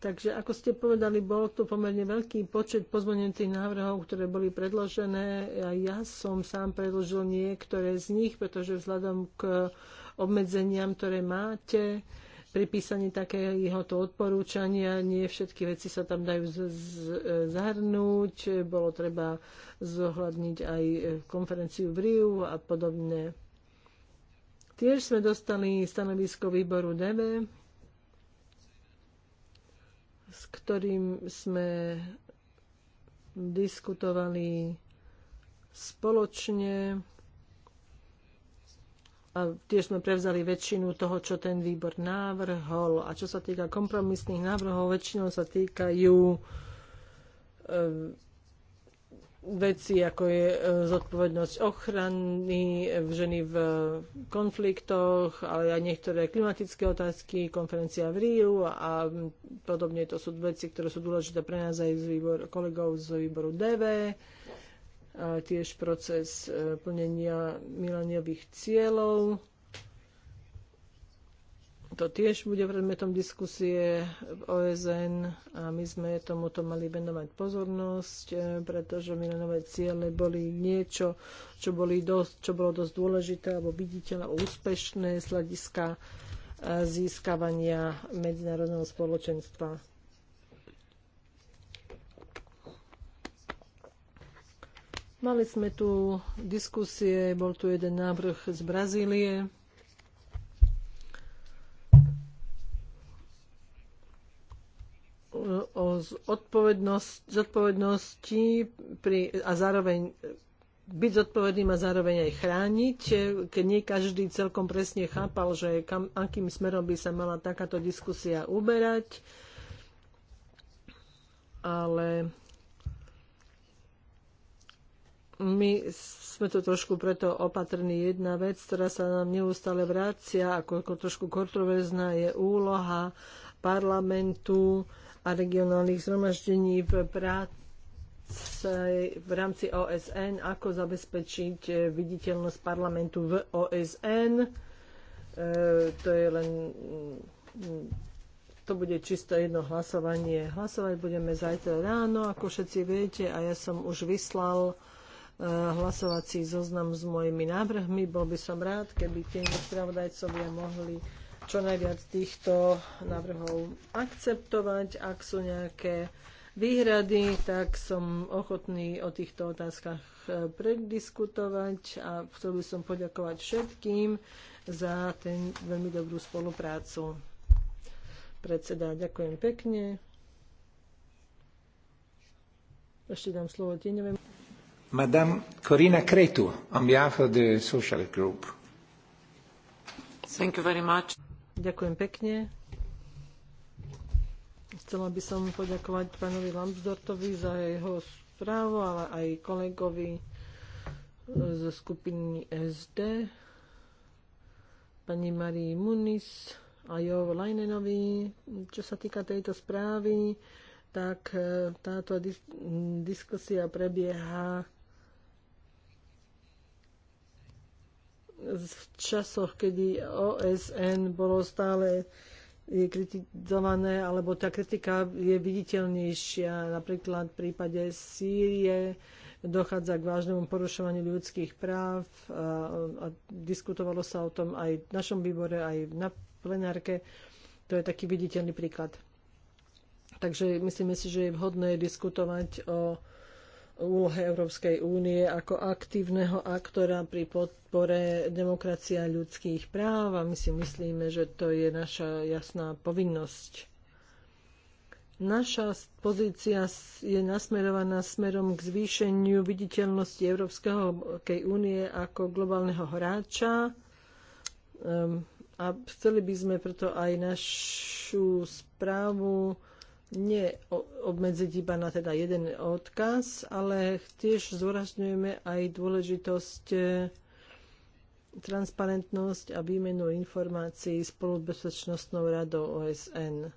Takže ako ste povedali, bol to pomerne veľký počet pozmeňujúcich návrhov, ktoré boli predložené. A ja som sám predložil niektoré z nich, pretože vzhľadom k obmedzeniam, ktoré máte, pri písaní takéhoto odporúčania nie všetky veci sa tam dajú zahrnúť. Bolo treba zohľadniť aj konferenciu v Riu a podobne. Tiež sme dostali stanovisko výboru DB s ktorým sme diskutovali spoločne a tiež sme prevzali väčšinu toho, čo ten výbor návrhol. A čo sa týka kompromisných návrhov, väčšinou sa týkajú e, veci, ako je e, zodpovednosť ochrany e, ženy v konfliktoch, ale aj niektoré klimatické otázky, konferencia v Riu a podobne. To sú veci, ktoré sú dôležité pre nás aj z výboru, kolegov z výboru DV. A e, tiež proces plnenia mileniových cieľov to tiež bude predmetom diskusie v OSN a my sme tomuto mali venovať pozornosť, e, pretože milenové ciele boli niečo, čo, boli dosť, čo bolo dosť dôležité alebo viditeľné alebo úspešné z hľadiska e, získavania medzinárodného spoločenstva. Mali sme tu diskusie, bol tu jeden návrh z Brazílie, o zodpovednosti, zodpovednosti pri, a zároveň byť zodpovedným a zároveň aj chrániť. Keď nie každý celkom presne chápal, že kam, akým smerom by sa mala takáto diskusia uberať, ale my sme tu trošku preto opatrní. Jedna vec, ktorá sa nám neustále vrácia, ako, ako trošku kontroverzná, je úloha parlamentu a regionálnych zhromaždení v práci v rámci OSN, ako zabezpečiť eh, viditeľnosť parlamentu v OSN. E, eh, to je len mm, to bude čisto jedno hlasovanie. Hlasovať budeme zajtra ráno, ako všetci viete, a ja som už vyslal eh, hlasovací zoznam s mojimi návrhmi. Bol by som rád, keby tie spravodajcovia mohli čo najviac týchto návrhov akceptovať. Ak sú nejaké výhrady, tak som ochotný o týchto otázkach e, prediskutovať a chcel by som poďakovať všetkým za ten veľmi dobrú spoluprácu. Predseda, ďakujem pekne. Ešte dám slovo tieňovým. Madame Corina Cretu, on behalf of the Social Group. Thank you very much. Ďakujem pekne. Chcela by som poďakovať pánovi Lambsdortovi za jeho správu, ale aj kolegovi e, zo skupiny SD, pani Marii Munis a Jo Lajnenovi. Čo sa týka tejto správy, tak e, táto diskusia prebieha v časoch, kedy OSN bolo stále je eh, kritizované, alebo tá kritika je viditeľnejšia. Napríklad v prípade Sýrie dochádza k vážnemu porušovaniu ľudských práv a, eh, a diskutovalo sa o tom aj v našom výbore, aj na plenárke. To je taký viditeľný príklad. Takže myslíme si, že je vhodné diskutovať o úlohe Európskej únie ako aktívneho aktora pri podpore demokracia ľudských práv a my si myslíme, že to je naša jasná povinnosť. Naša pozícia je nasmerovaná smerom k zvýšeniu viditeľnosti Európskej únie ako globálneho hráča ehm, a chceli by sme preto aj našu správu neobmedziť iba na teda jeden odkaz, ale tiež zdôrazňujeme aj dôležitosť e, transparentnosť a výmenu informácií spolu bezpečnostnou radou OSN.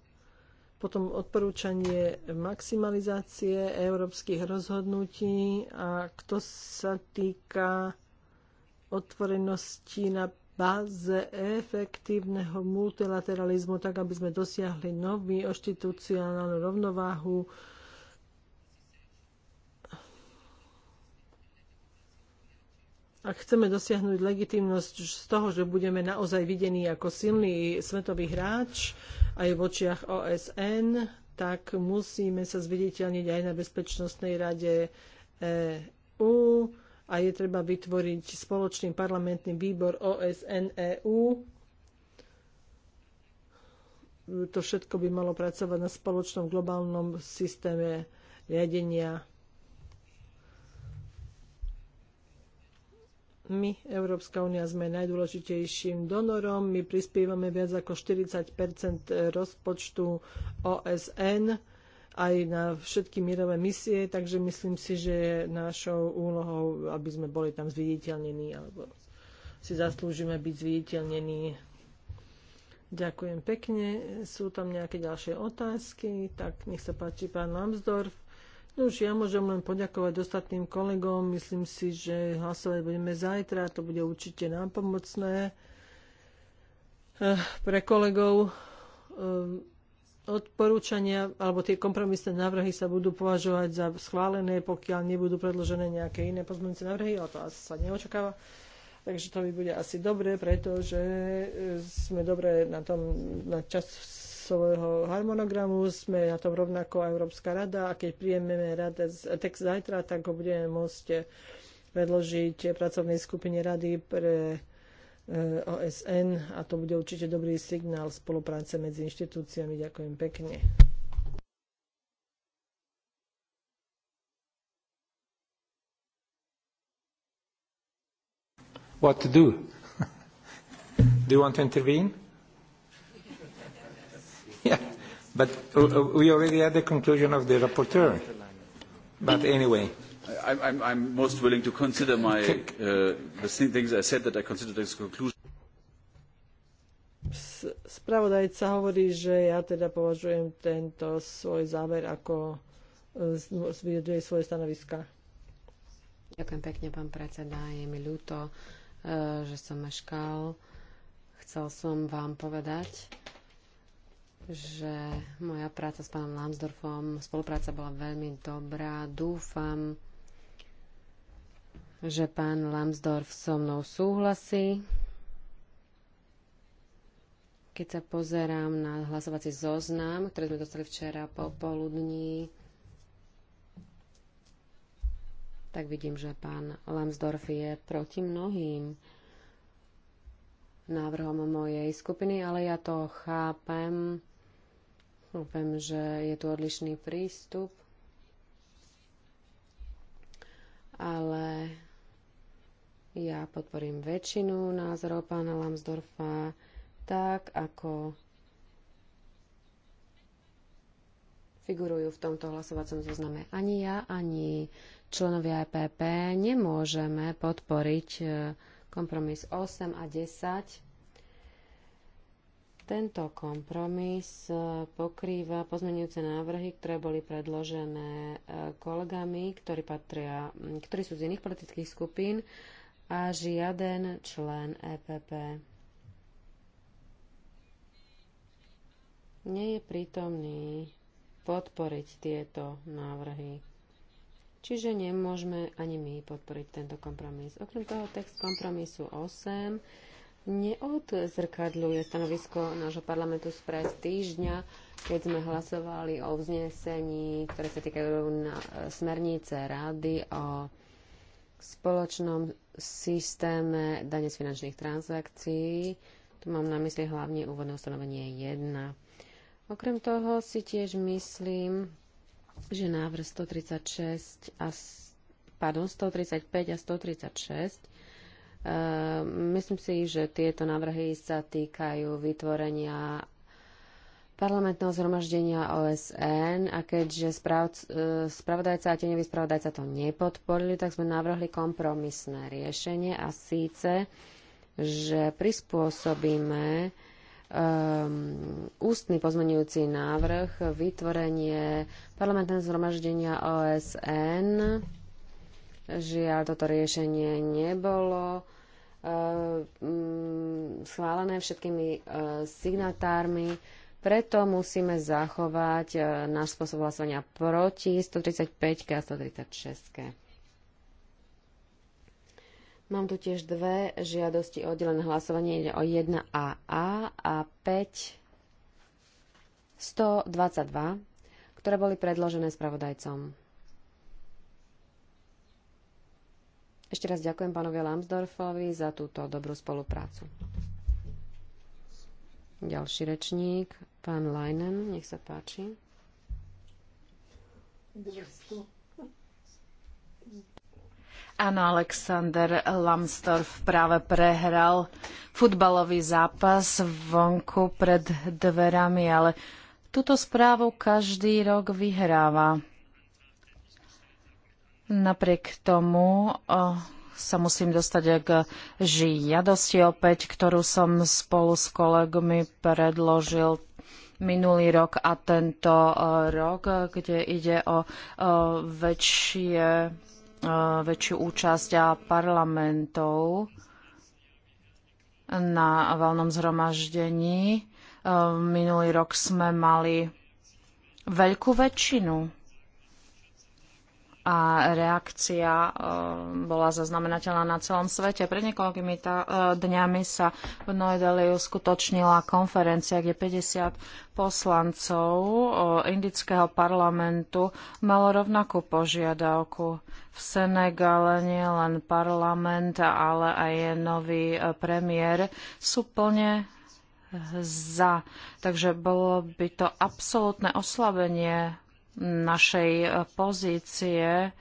Potom odporúčanie maximalizácie európskych rozhodnutí a kto sa týka otvorenosti na báze efektívneho multilateralizmu, tak aby sme dosiahli novú inštitucionálnu rovnováhu. Ak chceme dosiahnuť legitimnosť z toho, že budeme naozaj videní ako silný svetový hráč aj v očiach OSN, tak musíme sa zviditeľniť aj na Bezpečnostnej rade EU a je treba vytvoriť spoločný parlamentný výbor OSN EU. To všetko by malo pracovať na spoločnom globálnom systéme riadenia. My, Európska únia, sme najdôležitejším donorom. My prispievame viac ako 40 rozpočtu OSN aj na všetky mierové misie, takže myslím si, že je našou úlohou, aby sme boli tam zviditeľnení, alebo si zaslúžime byť zviditeľnení. Ďakujem pekne. Sú tam nejaké ďalšie otázky? Tak nech sa páči pán Lambsdorff. No už ja môžem len poďakovať ostatným kolegom. Myslím si, že hlasovať budeme zajtra. To bude určite nám pomocné. Eh, pre kolegov ehm, odporúčania alebo tie kompromisné návrhy sa budú považovať za schválené, pokiaľ nebudú predložené nejaké iné pozmeňujúce návrhy, ale to asi sa neočakáva. Takže to by bude asi dobre, pretože e, sme dobre na tom, na čas svojho harmonogramu, sme na tom rovnako Európska rada a keď príjmeme rada, text zajtra, tak ho budeme môcť predložiť pracovnej skupine rady pre E, OSN a to bude určite dobrý signál spolupráce medzi inštitúciami. Ďakujem pekne. What to do? do you want to intervene? Yeah, but uh, we already had the conclusion of the rapporteur. But anyway. I'm, I'm, I'm most willing to consider my uh, the things I said that I consider as conclusion. Spravodajca hovorí, že ja teda považujem tento svoj záver ako e, vyjadruje svoje stanoviska. Ďakujem pekne, pán predseda. Je mi ľúto, e, že som meškal. Chcel som vám povedať, že moja práca s pánom Lambsdorfom, spolupráca bola veľmi dobrá. Dúfam, že pán Lambsdorff so mnou súhlasí. Keď sa pozerám na hlasovací zoznam, ktorý sme dostali včera po poludní, tak vidím, že pán Lambsdorff je proti mnohým návrhom mojej skupiny, ale ja to chápem. Chápem, že je tu odlišný prístup, ale ja podporím väčšinu názorov pána Lambsdorfa tak, ako figurujú v tomto hlasovacom zozname. Ani ja, ani členovia EPP nemôžeme podporiť e, kompromis 8 a 10. Tento kompromis e, pokrýva pozmenujúce návrhy, ktoré boli predložené e, kolegami, ktorí, patria, ktorí sú z iných politických skupín a žiaden člen EPP nie je prítomný podporiť tieto návrhy. Čiže nemôžeme ani my podporiť tento kompromis. Okrem toho text kompromisu 8 neodzrkadľuje stanovisko nášho parlamentu z pred týždňa, keď sme hlasovali o vznesení, ktoré sa týkajú na smernice rady o spoločnom systéme dane z finančných transakcií. Tu mám na mysli hlavne úvodné ustanovenie 1. Okrem toho si tiež myslím, že návrh 136 a pardon, 135 a 136 eh, myslím si, že tieto návrhy sa týkajú vytvorenia parlamentného zhromaždenia OSN a keďže e, spravodajca a tenevý spravodajca to nepodporili, tak sme navrhli kompromisné riešenie a síce, že prispôsobíme um, ústny pozmenujúci návrh vytvorenie parlamentného zhromaždenia OSN. Žiaľ, toto riešenie nebolo ehm, schválené všetkými e, signatármi preto musíme zachovať e, náš spôsob hlasovania proti 135 a 136. Mám tu tiež dve žiadosti o oddelené hlasovanie. Ide o 1AA a 5 122, ktoré boli predložené spravodajcom. Ešte raz ďakujem pánovi Lambsdorfovi za túto dobrú spoluprácu. Ďalší rečník. Pán Leinen, nech sa páči. Áno, Alexander Lamstorf práve prehral futbalový zápas vonku pred dverami, ale túto správu každý rok vyhráva. Napriek tomu sa musím dostať k žiadosti opäť, ktorú som spolu s kolegmi predložil minulý rok a tento eh, rok, kde ide o eh, väčšie, eh, väčšiu účasť a parlamentov na valnom zhromaždení. Minulý rok sme mali veľkú väčšinu a reakcia eh, bola zaznamenateľná na celom svete. Pred niekoľkými eh, dňami sa v Noedeli uskutočnila konferencia, kde 50 poslancov eh, indického parlamentu malo rovnakú požiadavku. V Senegale nie len parlament, ale aj nový premiér sú plne za. Takže bolo by to absolútne oslabenie našej e, pozície,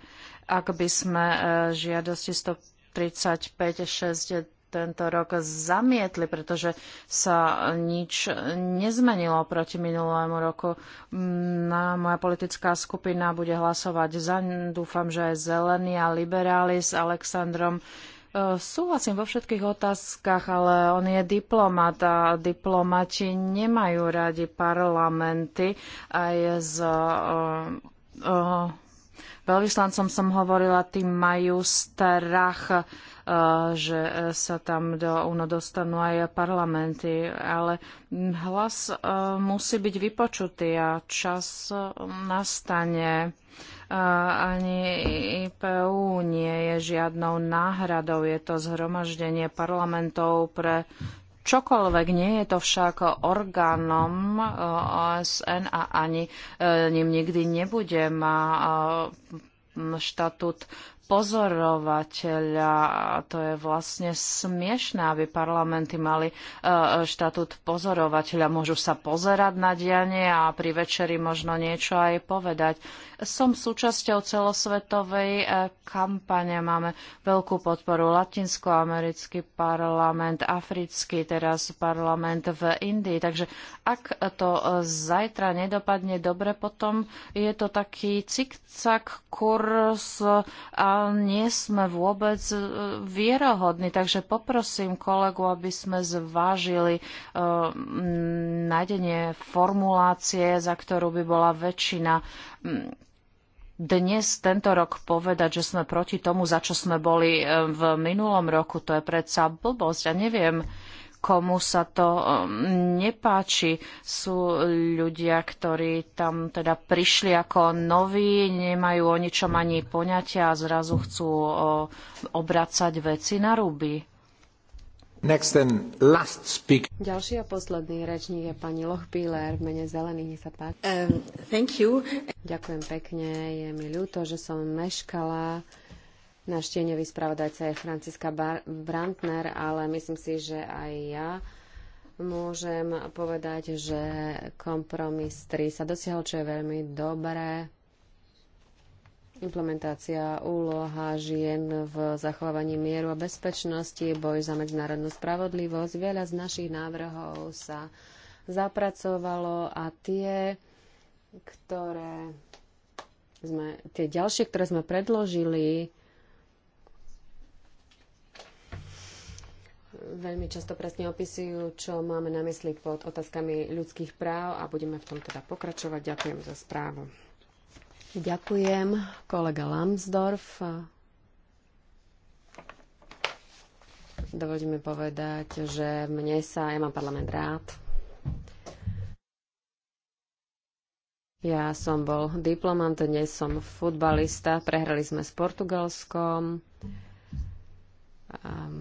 ak by sme e, žiadosti 135 6 tento rok zamietli, pretože sa nič nezmenilo proti minulému roku. Na, moja politická skupina bude hlasovať za, dúfam, že aj zelení a liberáli s Alexandrom Súhlasím vo všetkých otázkach, ale on je diplomat a diplomati nemajú radi parlamenty. Aj s uh, uh, veľvyslancom som hovorila, tým majú strach, uh, že sa tam do UNO dostanú aj parlamenty. Ale hlas musí byť vypočutý a čas nastane ani IPU nie je žiadnou náhradou. Je to zhromaždenie parlamentov pre čokoľvek. Nie je to však orgánom e, OSN a ani e, ním nikdy nebude. Má e, štatút pozorovateľa. To je vlastne smiešné, aby parlamenty mali štatút pozorovateľa. Môžu sa pozerať na dianie a pri večeri možno niečo aj povedať som súčasťou celosvetovej e, kampane. Máme veľkú podporu Latinskoamerický parlament, Africký teraz parlament v Indii. Takže ak to e, zajtra nedopadne dobre, potom je to taký cikcak kurz a nie sme vôbec e, vierohodní. Takže poprosím kolegu, aby sme zvážili nájdenie formulácie, za ktorú by bola väčšina dnes tento rok povedať, že sme proti tomu, za čo sme boli e, v minulom roku, to je predsa blbosť. Ja neviem, komu sa to e, nepáči. Sú ľudia, ktorí tam teda prišli ako noví, nemajú o ničom ani poňatia a zrazu chcú obracať veci na ruby. Ďalší a posledný rečník je pani Lochbíler v mene Zelených, nech sa páči. Um, thank you. Ďakujem pekne, je mi ľúto, že som meškala. Náš tieňový spravodajca je Franciska Brandner, ale myslím si, že aj ja môžem povedať, že kompromis 3 sa dosiahol, čo je veľmi dobré implementácia úloha žien v zachovávaní mieru a bezpečnosti, boj za medzinárodnú spravodlivosť. Veľa z našich návrhov sa zapracovalo a tie, ktoré sme, tie ďalšie, ktoré sme predložili, veľmi často presne opisujú, čo máme na mysli pod otázkami ľudských práv a budeme v tom teda pokračovať. Ďakujem za správu. Ďakujem, kolega Lambsdorff. Dovolte mi povedať, že mne sa, ja mám parlament rád. Ja som bol diplomant, dnes som futbalista, prehrali sme s Portugalskom. Um,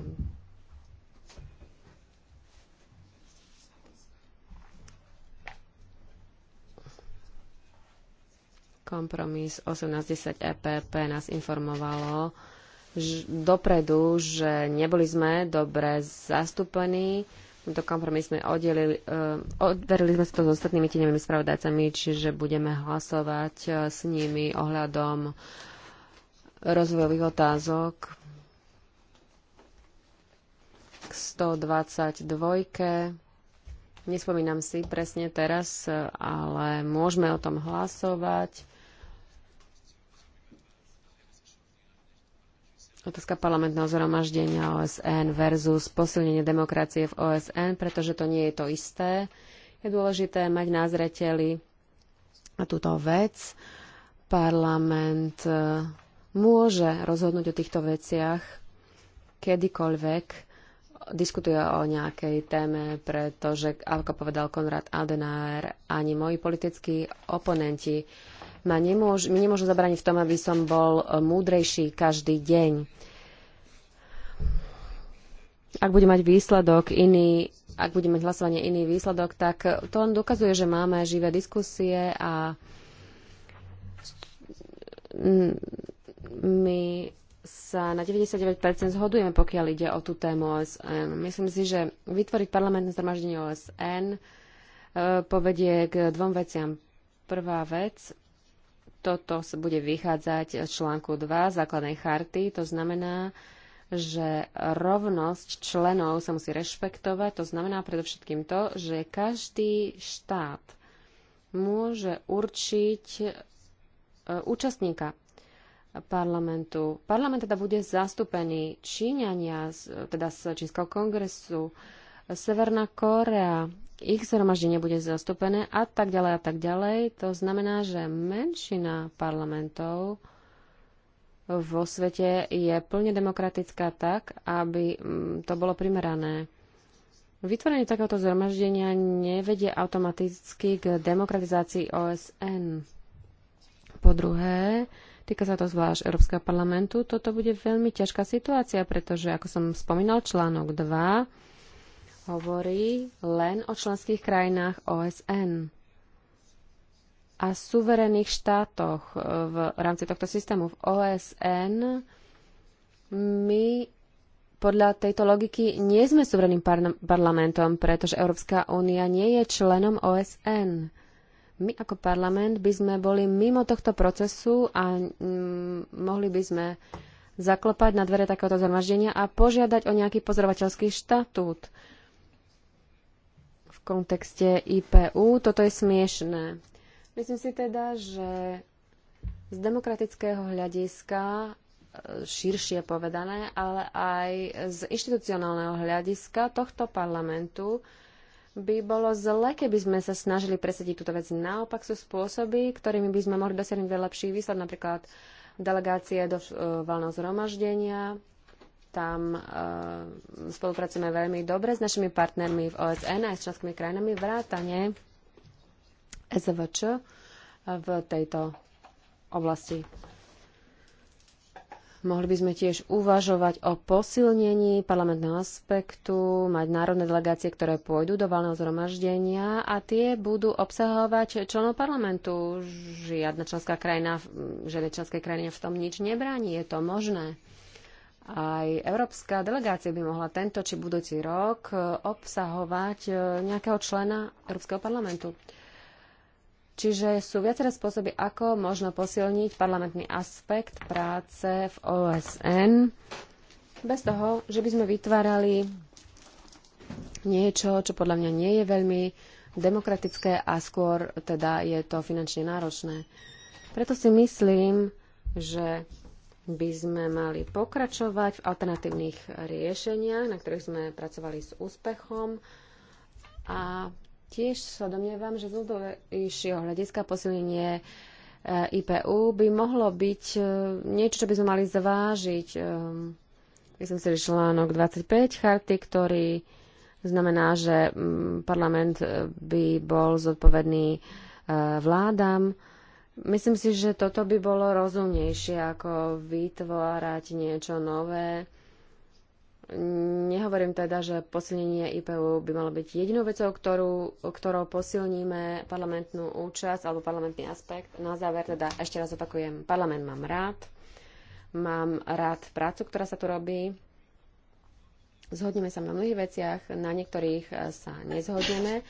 Kompromis 1810 EPP nás informovalo že dopredu, že neboli sme dobre zastúpení. Tento kompromis sme oddelili, uh, odverili sme sa to s ostatnými tieňovými spravodajcami, čiže budeme hlasovať e, s nimi ohľadom rozvojových otázok k 122. Nespomínam si presne teraz, e, ale môžeme o tom hlasovať. Otázka parlamentného zhromaždenia OSN versus posilnenie demokracie v OSN, pretože to nie je to isté. Je dôležité mať na zreteli túto vec. Parlament eh, môže rozhodnúť o týchto veciach kedykoľvek diskutuje o nejakej téme, pretože, ako povedal Konrad Adenauer, ani moji politickí oponenti ma nemôž, mi nemôžu zabrániť v tom, aby som bol e, múdrejší každý deň. Ak bude mať výsledok iný, ak bude mať hlasovanie iný výsledok, tak e, to len dokazuje, že máme živé diskusie a my sa na 99% zhodujeme, pokiaľ ide o tú tému OSN. Myslím si, že vytvoriť parlamentné zhromaždenie OSN e, povedie k dvom veciam. Prvá vec, toto bude vychádzať z článku 2 základnej charty. To znamená, že rovnosť členov sa musí rešpektovať. To znamená predovšetkým to, že každý štát môže určiť e, účastníka parlamentu. Parlament teda bude zastúpený Číňania, e, teda z Čínskeho kongresu, Severná Korea ich zhromaždenie bude zastúpené a tak ďalej a tak ďalej. To znamená, že menšina parlamentov vo svete je plne demokratická tak, aby mm, to bolo primerané. Vytvorenie takéhoto zhromaždenia nevedie automaticky k demokratizácii OSN. Po druhé, týka sa to zvlášť Európskeho parlamentu, toto bude veľmi ťažká situácia, pretože, ako som spomínal, článok 2 hovorí len o členských krajinách OSN a suverénnych štátoch v rámci tohto systému. V OSN my podľa tejto logiky nie sme suverénnym par- parlamentom, pretože Európska únia nie je členom OSN. My ako parlament by sme boli mimo tohto procesu a mm, mohli by sme zaklopať na dvere takéhoto zhromaždenia a požiadať o nejaký pozorovateľský štatút kontexte IPU. Toto je smiešné. Myslím si teda, že z demokratického hľadiska e, širšie povedané, ale aj z inštitucionálneho hľadiska tohto parlamentu by bolo zle, keby sme sa snažili presadiť túto vec. Naopak sú spôsoby, ktorými by sme mohli dosiahnuť lepší výsledok, napríklad delegácie do e, valného zhromaždenia, tam e, spolupracujeme veľmi dobre s našimi partnermi v OSN aj s členskými krajinami vrátane SVČ e, v tejto oblasti. Mohli by sme tiež uvažovať o posilnení parlamentného aspektu, mať národné delegácie, ktoré pôjdu do valného zhromaždenia a tie budú obsahovať členov parlamentu. Žiadna členská krajina, žiadne členské krajine v tom nič nebráni. Je to možné. Aj európska delegácia by mohla tento či budúci rok e, obsahovať e, nejakého člena Európskeho parlamentu. Čiže sú viaceré spôsoby, ako možno posilniť parlamentný aspekt práce v OSN bez toho, že by sme vytvárali niečo, čo podľa mňa nie je veľmi demokratické a skôr teda je to finančne náročné. Preto si myslím, že by sme mali pokračovať v alternatívnych riešeniach, na ktorých sme pracovali s úspechom. A tiež sa domnievam, že z dlhodobejšieho hľadiska posilnenie eh, IPU by mohlo byť eh, niečo, čo by sme mali zvážiť. Eh, myslím si, že článok 25 charty, ktorý znamená, že mm, parlament by bol zodpovedný vládam Myslím si, že toto by bolo rozumnejšie ako vytvárať niečo nové. Nehovorím teda, že posilnenie IPU by malo byť jedinou vecou, ktorú, ktorou posilníme parlamentnú účasť alebo parlamentný aspekt. Na záver teda ešte raz opakujem, parlament mám rád. Mám rád prácu, ktorá sa tu robí. Zhodneme sa na mnohých veciach, na niektorých sa nezhodneme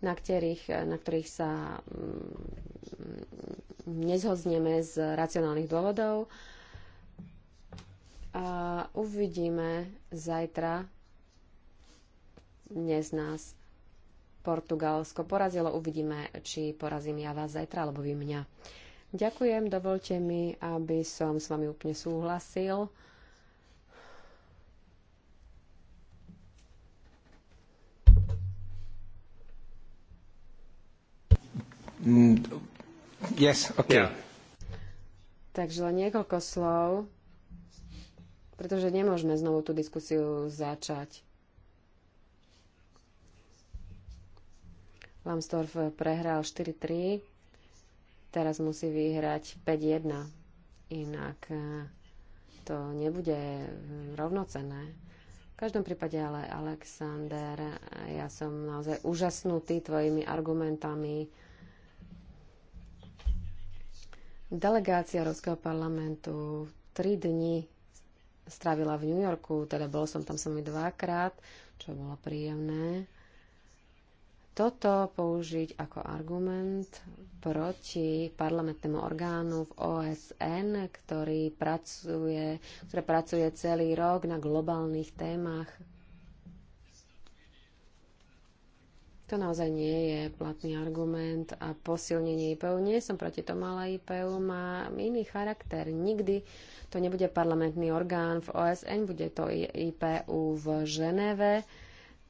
na ktorých, na ktorých sa mm, nezhodneme z racionálnych dôvodov. A uvidíme zajtra. Dnes nás Portugalsko porazilo. Uvidíme, či porazím ja vás zajtra, alebo vy mňa. Ďakujem, dovolte mi, aby som s vami úplne súhlasil. Mm, yes, okay. Yeah. Takže len niekoľko slov, pretože nemôžeme znovu tú diskusiu začať. Lambsdorff prehral 4-3, teraz musí vyhrať 5-1, inak eh, to nebude rovnocené. V každom prípade ale, Alexander, ja som naozaj úžasnutý tvojimi argumentami, Delegácia Európskeho parlamentu tri dni strávila v New Yorku, teda bol som tam sami dvakrát, čo bolo príjemné. Toto použiť ako argument proti parlamentnému orgánu v OSN, ktorý pracuje, ktorý pracuje celý rok na globálnych témach, To naozaj nie je platný argument a posilnenie IPU. Nie som proti tomu, ale IPU má iný charakter. Nikdy to nebude parlamentný orgán v OSN, bude to IPU v Ženeve,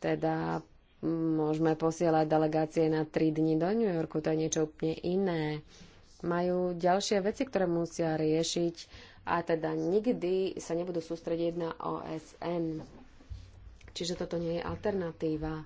teda môžeme posielať delegácie na 3 dni do New Yorku, to je niečo úplne iné. Majú ďalšie veci, ktoré musia riešiť a teda nikdy sa nebudú sústrediť na OSN. Čiže toto nie je alternatíva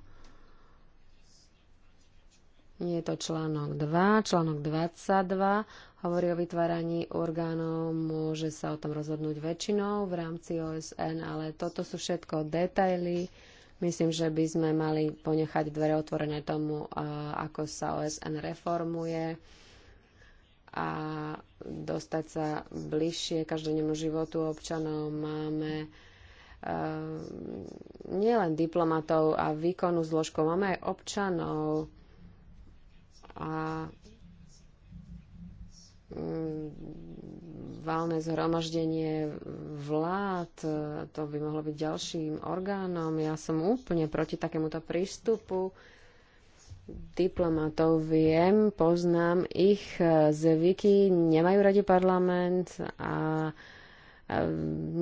je to článok 2, článok 22 hovorí o vytváraní orgánov, môže sa o tom rozhodnúť väčšinou v rámci OSN, ale toto sú všetko detaily. Myslím, že by sme mali ponechať dvere otvorené tomu, ako sa OSN reformuje a dostať sa bližšie každodennému životu občanov. Máme nielen diplomatov a výkonu zložkov, máme aj občanov, a mm, valné zhromaždenie vlád, to by mohlo byť ďalším orgánom. Ja som úplne proti takémuto prístupu. Diplomatov viem, poznám ich zvyky, nemajú radi parlament a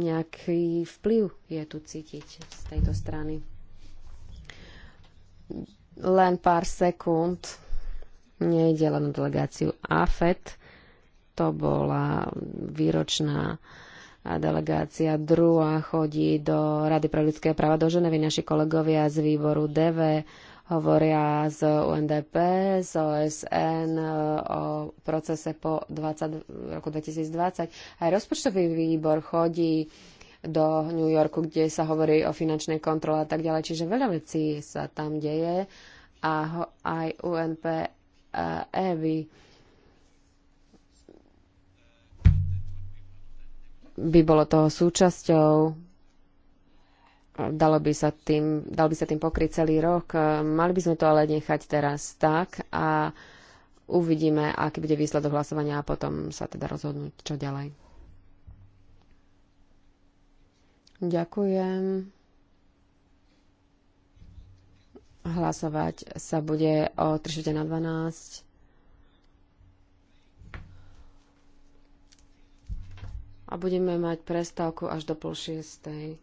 nejaký vplyv je tu cítiť z tejto strany. Len pár sekúnd Nejde len o delegáciu AFET, to bola výročná a delegácia druhá chodí do Rady pre ľudské práva do Ženevy. Naši kolegovia z výboru DV hovoria z UNDP, z OSN o procese po 20, roku 2020. Aj rozpočtový výbor chodí do New Yorku, kde sa hovorí o finančnej kontrole a tak ďalej. Čiže veľa vecí sa tam deje a aj UNP a Evy by bolo toho súčasťou. Dalo by sa tým, dal by sa tým pokryť celý rok. Mali by sme to ale nechať teraz tak a uvidíme, aký bude výsledok hlasovania a potom sa teda rozhodnúť, čo ďalej. Ďakujem. Hlasovať sa bude o 3 na 12. A budeme mať prestávku až do pol šiestej.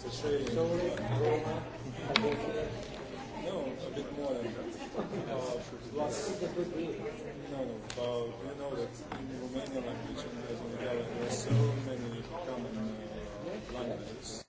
Se c'è il sole, Roma, a confine. No, a bit more than that. Uh, no, no, but you know that in Romanian language and as in Italian there are so many common uh, languages.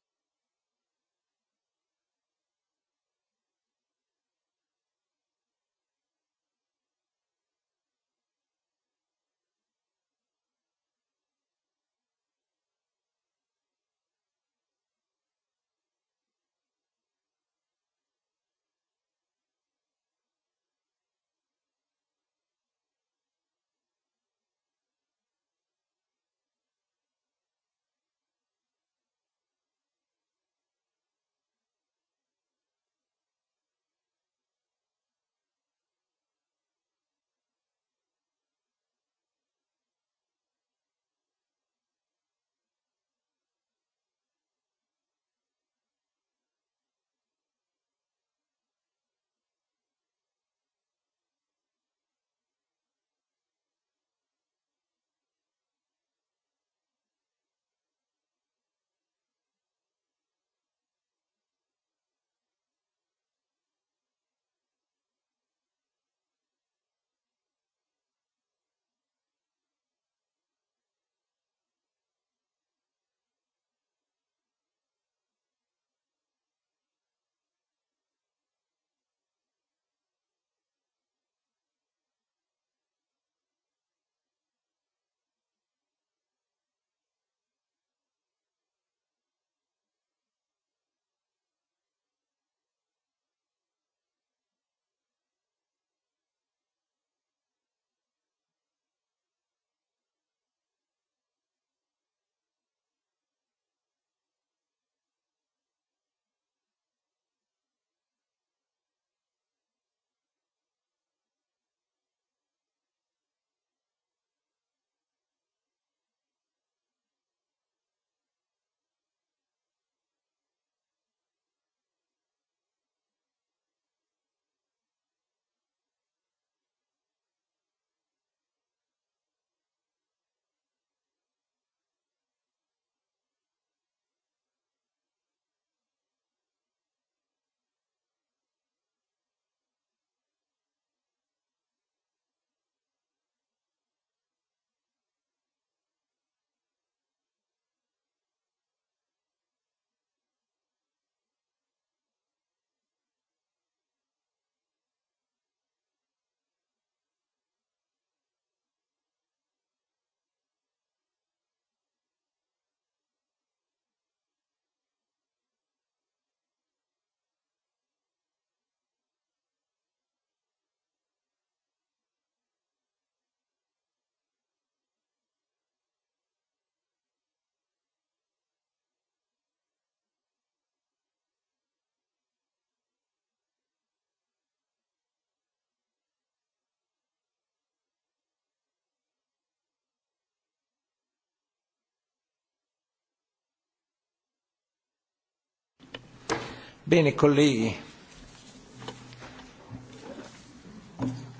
Bene, colleghi,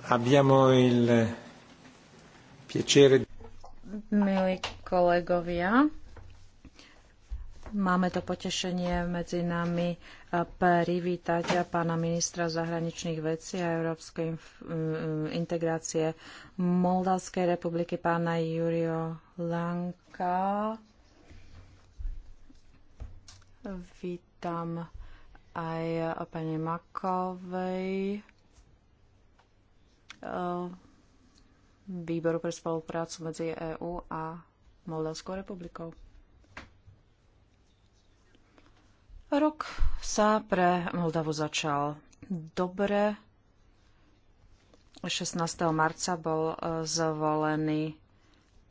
abbiamo il piacere. Milí kolegovia, máme to potešenie medzi nami eh, privítať eh, pána ministra zahraničných vecí a európskej eh, integrácie Moldavskej republiky, pána Jurio Lanka. Vítam aj eh, pani Makovej eh, výboru pre spoluprácu medzi EÚ a Moldavskou republikou. Rok sa pre Moldavu začal dobre. 16. marca bol eh, zvolený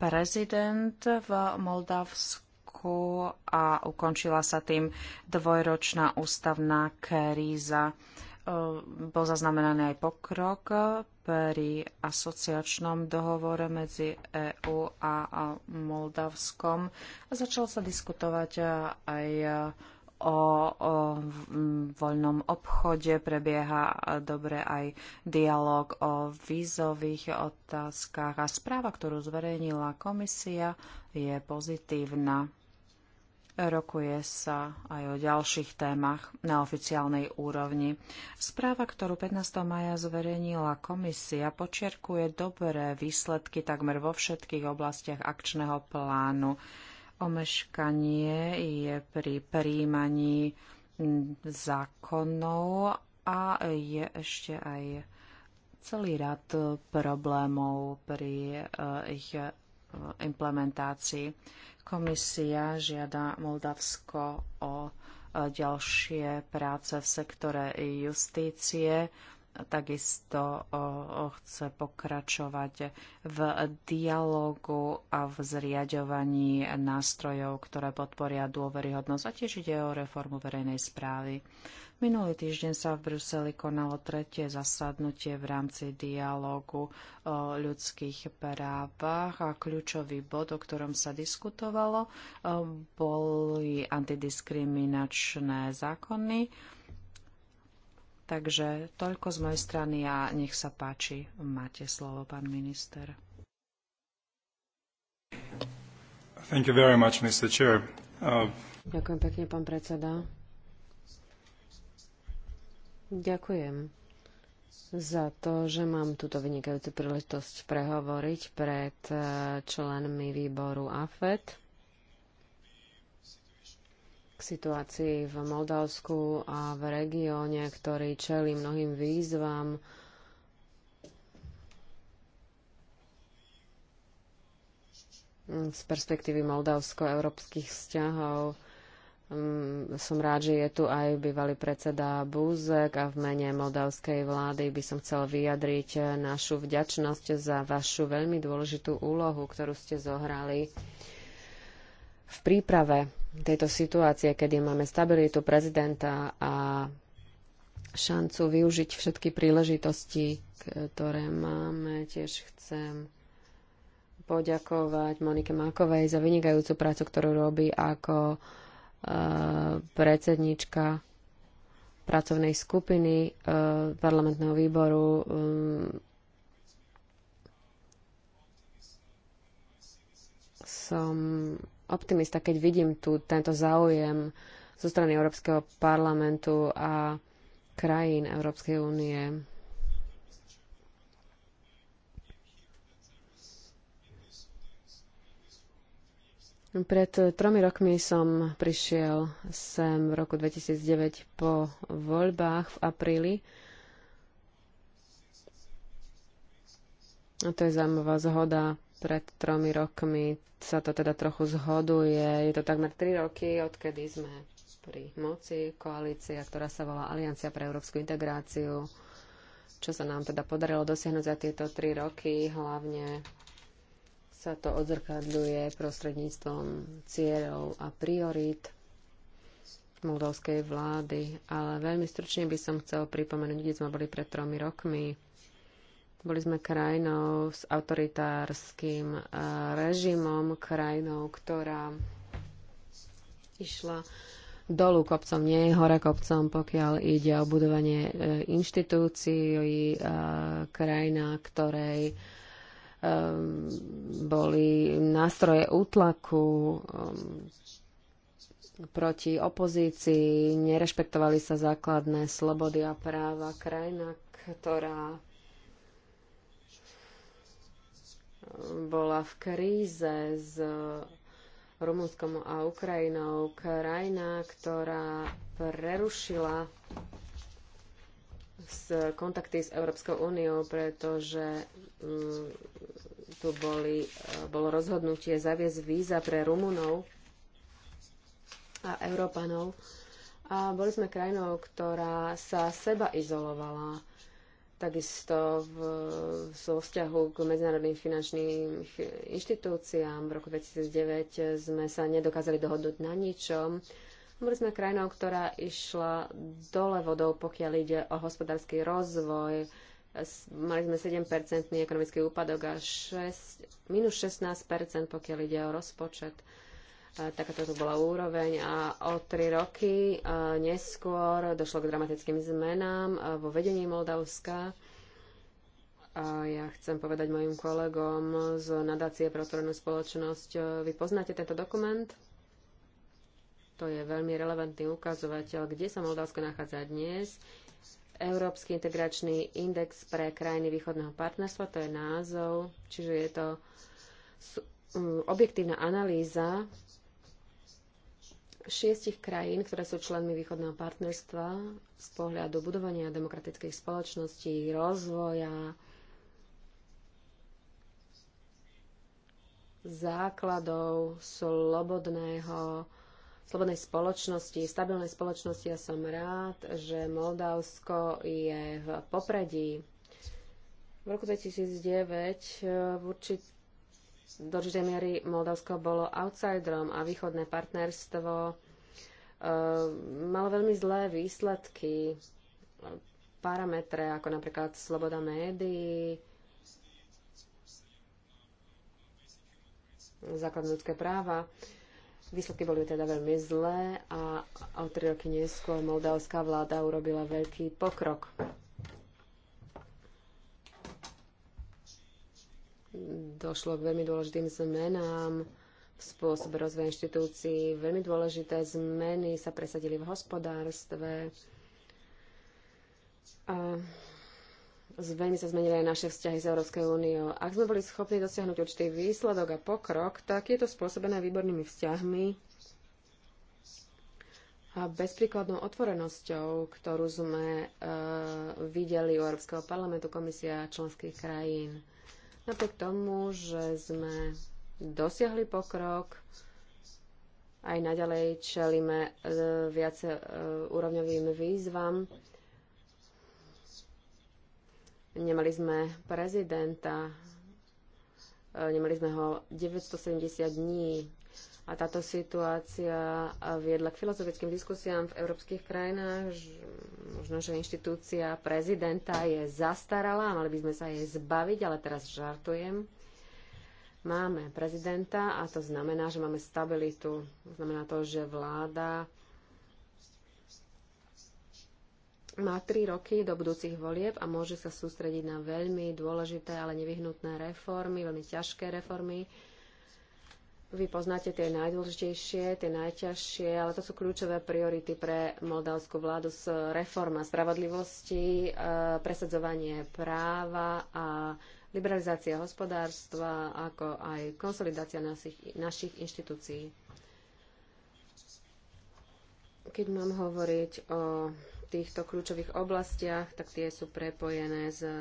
prezident v Moldavsku roku a ukončila sa tým dvojročná ústavná kríza. E, bol zaznamenaný aj pokrok pri asociačnom dohovore medzi EÚ a Moldavskom. Začalo sa diskutovať aj o, o voľnom obchode, prebieha dobre aj dialog o vízových otázkach a správa, ktorú zverejnila komisia, je pozitívna. Rokuje sa aj o ďalších témach na oficiálnej úrovni. Správa, ktorú 15. maja zverejnila komisia, počiarkuje dobré výsledky takmer vo všetkých oblastiach akčného plánu. Omeškanie je pri príjmaní zákonov a je ešte aj celý rad problémov pri eh, ich eh, implementácii. Komisia žiada Moldavsko o e, ďalšie práce v sektore justície. Takisto chce pokračovať v dialogu a v zriadovaní nástrojov, ktoré podporia dôveryhodnosť a tiež ide o reformu verejnej správy. Minulý týždeň sa v Bruseli konalo tretie zasadnutie v rámci dialógu o ľudských právach a kľúčový bod, o ktorom sa diskutovalo, boli antidiskriminačné zákony. Takže toľko z mojej strany a nech sa páči, máte slovo, pán minister. Thank you very much, Mr. Chair. Uh... Ďakujem pekne, pán predseda. Ďakujem za to, že mám túto vynikajúcu príležitosť prehovoriť pred e, členmi výboru AFET k situácii v Moldavsku a v regióne, ktorý čelí mnohým výzvam. z perspektívy moldavsko-európskych vzťahov Ehm, som rád, že je tu aj bývalý predseda Búzek a v mene moldavskej vlády by som chcel vyjadriť eh, našu vďačnosť za vašu veľmi dôležitú úlohu, ktorú ste zohrali v príprave tejto situácie, kedy máme stabilitu prezidenta a šancu využiť všetky príležitosti, ktoré máme. Tiež chcem poďakovať Monike Mákovej za vynikajúcu prácu, ktorú robí ako predsednička pracovnej skupiny e, parlamentného výboru e, som optimista, keď vidím tu tento záujem zo strany Európskeho parlamentu a krajín Európskej únie. Pred eh, tromi rokmi som prišiel sem v roku 2009 po voľbách v apríli. A to je zaujímavá zhoda. Pred tromi rokmi sa to teda trochu zhoduje. Je to takmer tri roky, odkedy sme pri moci koalícia, ktorá sa volá Aliancia pre európsku integráciu, čo sa nám teda podarilo dosiahnuť za tieto tri roky, hlavne sa to odzrkadľuje prostredníctvom cieľov a priorít moldovskej vlády, ale veľmi stručne by som chcel pripomenúť, kde sme boli pred tromi rokmi. Boli sme krajinou s autoritárskym e, režimom, krajinou, ktorá išla dolu kopcom, nie hore kopcom, pokiaľ ide o budovanie e, inštitúcií, e, krajina, ktorej Ehm, boli nástroje útlaku ehm, proti opozícii, nerešpektovali sa základné slobody a práva krajina, ktorá ehm, bola v kríze s Rumunskom a Ukrajinou, krajina, ktorá prerušila s kontakty s Európskou úniou, pretože mm, tu boli, eh, bolo rozhodnutie zaviesť víza pre Rumunov a Európanov. A boli sme krajinou, ktorá sa seba izolovala takisto v, so vzťahu k medzinárodným finančným inštitúciám. V roku 2009 sme sa nedokázali dohodnúť na ničom. Boli sme krajinou, ktorá išla dole vodou, pokiaľ ide o hospodársky rozvoj. Mali sme 7-percentný ekonomický úpadok a 6, minus 16 pokiaľ ide o rozpočet. Takáto to bola úroveň a o tri roky neskôr došlo k dramatickým zmenám vo vedení Moldavska. A ja chcem povedať mojim kolegom z nadácie pre otvorenú spoločnosť, vy poznáte tento dokument? To je veľmi relevantný ukazovateľ, kde sa Moldavsko nachádza dnes. Európsky integračný index pre krajiny východného partnerstva, to je názov, čiže je to objektívna analýza šiestich krajín, ktoré sú členmi východného partnerstva z pohľadu budovania demokratických spoločností, rozvoja, základov slobodného slobodnej spoločnosti, stabilnej spoločnosti. Ja som rád, že Moldavsko je v popredí. V roku 2009 eh, v určit- do určitej miery Moldavsko bolo outsiderom a východné partnerstvo e, malo veľmi zlé výsledky, parametre ako napríklad sloboda médií, základné ľudské práva. E, Výsledky boli teda veľmi zlé a o tri roky neskôr moldavská vláda urobila veľký pokrok. Došlo k veľmi dôležitým zmenám v spôsobe rozvoja inštitúcií. Veľmi dôležité zmeny sa presadili v hospodárstve. A veľmi sa zmenili aj naše vzťahy s Európskej úniou. Ak sme boli schopní dosiahnuť určitý výsledok a pokrok, tak je to spôsobené výbornými vzťahmi a bezpríkladnou otvorenosťou, ktorú sme e, videli u Európskeho parlamentu, komisia členských krajín. Napriek tomu, že sme dosiahli pokrok, aj naďalej čelíme e, viac e, úrovňovým výzvam. Nemali sme prezidenta, e, nemali sme ho 970 dní a táto situácia viedla k filozofickým diskusiám v európskych krajinách. Možno, že inštitúcia prezidenta je zastarala, mali by sme sa jej zbaviť, ale teraz žartujem. Máme prezidenta a to znamená, že máme stabilitu. Znamená to, že vláda má tri roky do budúcich volieb a môže sa sústrediť na veľmi dôležité, ale nevyhnutné reformy, veľmi ťažké reformy. Vy poznáte tie najdôležitejšie, tie najťažšie, ale to sú kľúčové priority pre moldavskú vládu s reforma spravodlivosti, e, presadzovanie práva a liberalizácia hospodárstva, ako aj konsolidácia našich, našich inštitúcií. Keď mám hovoriť o týchto kľúčových oblastiach, tak tie sú prepojené s e,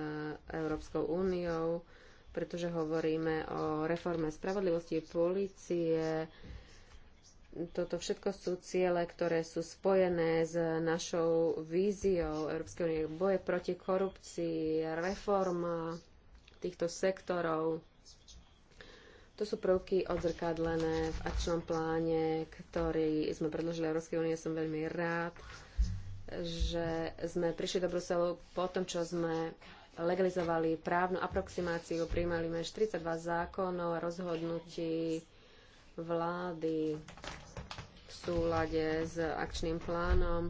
Európskou úniou, pretože hovoríme o reforme spravodlivosti policie. Toto všetko sú ciele, ktoré sú spojené s našou víziou Európskej únie. Boje proti korupcii, reforma týchto sektorov. To sú prvky odzrkadlené v akčnom pláne, ktorý sme predložili Európskej únie. Som veľmi rád, že sme prišli do Bruselu po tom, čo sme legalizovali právnu aproximáciu, prijímali sme 42 zákonov a rozhodnutí vlády v súlade s akčným plánom.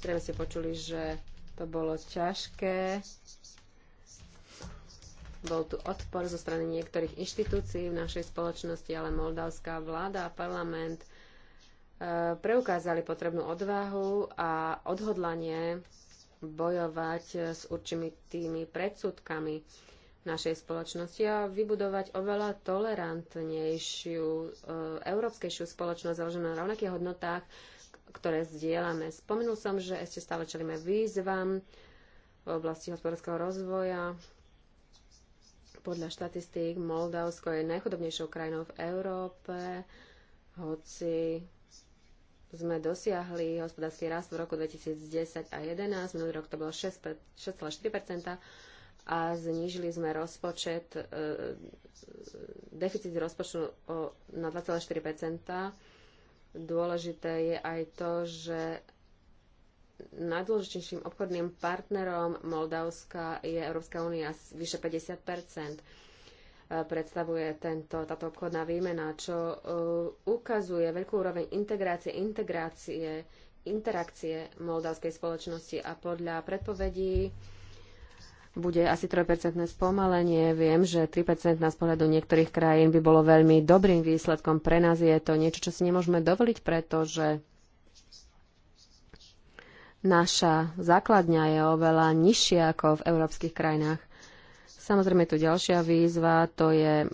Treba ste počuli, že to bolo ťažké. Bol tu odpor zo strany niektorých inštitúcií v našej spoločnosti, ale moldavská vláda a parlament preukázali potrebnú odvahu a odhodlanie bojovať s určitými predsudkami našej spoločnosti a vybudovať oveľa tolerantnejšiu, e, európskejšiu spoločnosť založenú na rovnakých hodnotách, ktoré zdieľame. Spomenul som, že ešte stále čelíme výzvam v oblasti hospodárskeho rozvoja. Podľa štatistík Moldavsko je najchudobnejšou krajinou v Európe, hoci sme dosiahli hospodársky rast v roku 2010 a 2011, minulý rok to bolo 6,4 a znížili sme rozpočet, e, deficit rozpočtu na 2,4 Dôležité je aj to, že najdôležitejším obchodným partnerom Moldavska je Európska únia vyše 50 predstavuje tento, táto obchodná výmena, čo uh, ukazuje veľkú úroveň integrácie, integrácie, interakcie moldavskej spoločnosti a podľa predpovedí bude asi 3% spomalenie. Viem, že 3% z pohľadu niektorých krajín by bolo veľmi dobrým výsledkom. Pre nás je to niečo, čo si nemôžeme dovoliť, pretože naša základňa je oveľa nižšia ako v európskych krajinách. Samozrejme je tu ďalšia výzva, to je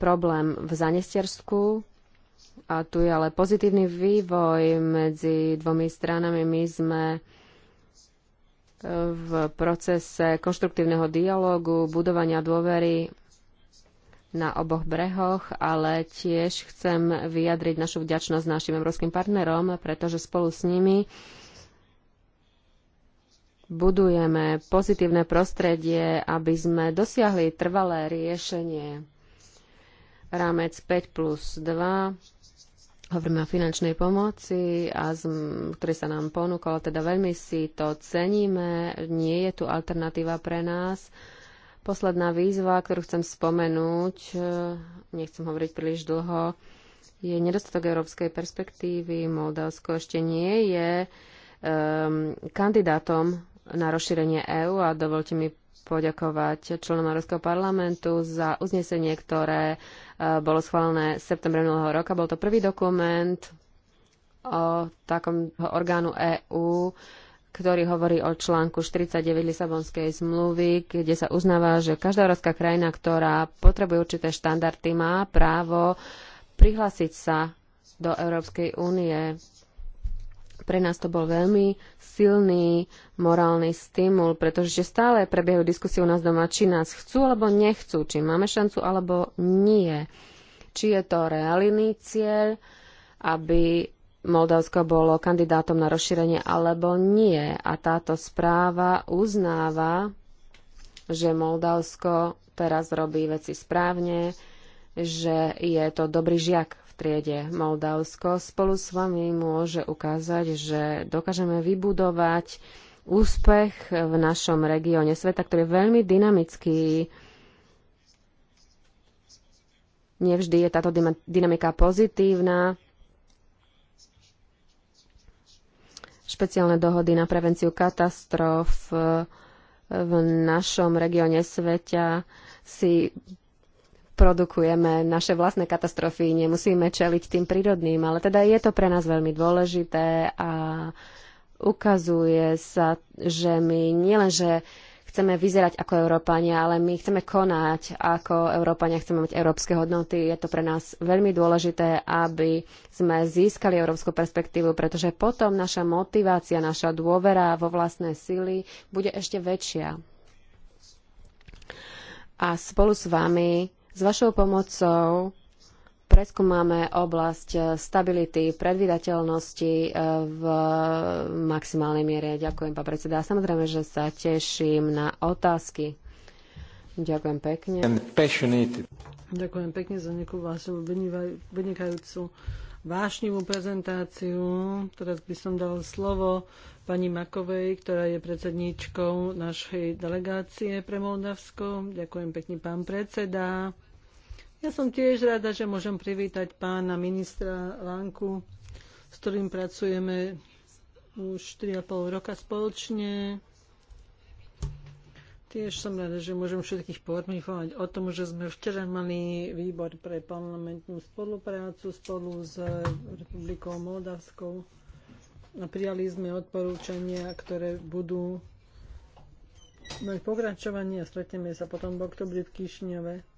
problém v Zanestiersku. A tu je ale pozitívny vývoj medzi dvomi stranami. My sme e, v procese konštruktívneho dialogu, budovania dôvery na oboch brehoch, ale tiež chcem vyjadriť našu vďačnosť našim európskym partnerom, pretože spolu s nimi budujeme pozitívne prostredie, aby sme dosiahli trvalé riešenie. Rámec 5 plus 2, hovoríme o finančnej pomoci, a z, ktorý sa nám ponúkol, teda veľmi si to ceníme, nie je tu alternatíva pre nás. Posledná výzva, ktorú chcem spomenúť, nechcem hovoriť príliš dlho, je nedostatok európskej perspektívy. Moldavsko ešte nie je um, kandidátom na rozšírenie EÚ a dovolte mi poďakovať členom Európskeho parlamentu za uznesenie, ktoré e, bolo schválené v septembre minulého roka. Bol to prvý dokument o takom orgánu EÚ, ktorý hovorí o článku 49 Lisabonskej zmluvy, kde sa uznáva, že každá európska krajina, ktorá potrebuje určité štandardy, má právo prihlásiť sa do Európskej únie pre nás to bol veľmi silný morálny stimul, pretože stále prebiehajú diskusie u nás doma, či nás chcú alebo nechcú, či máme šancu alebo nie. Či je to reálny cieľ, aby Moldavsko bolo kandidátom na rozšírenie alebo nie. A táto správa uznáva, že Moldavsko teraz robí veci správne, že je to dobrý žiak triede Moldavsko spolu s vami môže ukázať, že dokážeme vybudovať úspech v našom regióne sveta, ktorý je veľmi dynamický. Nevždy je táto dynamika pozitívna. Špeciálne dohody na prevenciu katastrof v našom regióne sveta si produkujeme naše vlastné katastrofy, nemusíme čeliť tým prírodným, ale teda je to pre nás veľmi dôležité a ukazuje sa, že my nielenže chceme vyzerať ako Európania, ale my chceme konať ako Európania, chceme mať európske hodnoty. Je to pre nás veľmi dôležité, aby sme získali európsku perspektívu, pretože potom naša motivácia, naša dôvera vo vlastné sily bude ešte väčšia. A spolu s vami s vašou pomocou preskúmame oblasť stability, predvydateľnosti e, v maximálnej miere. Ďakujem, pán predseda. A samozrejme, že sa teším na otázky. Ďakujem pekne. Ďakujem pekne za nejakú vašu vynikajúcu vášnivú prezentáciu. Teraz by som dal slovo pani Makovej, ktorá je predsedníčkou našej delegácie pre Moldavsko. Ďakujem pekne, pán predseda. Ja som tiež rada, že môžem privítať pána ministra Lanku, s ktorým pracujeme už 4,5 roka spoločne. Tiež som rada, že môžem všetkých poinformovať o tom, že sme včera mali výbor pre parlamentnú spoluprácu spolu s Republikou Moldavskou a prijali sme odporúčania, ktoré budú mať pokračovanie a stretneme sa potom v oktobri v Kišňove.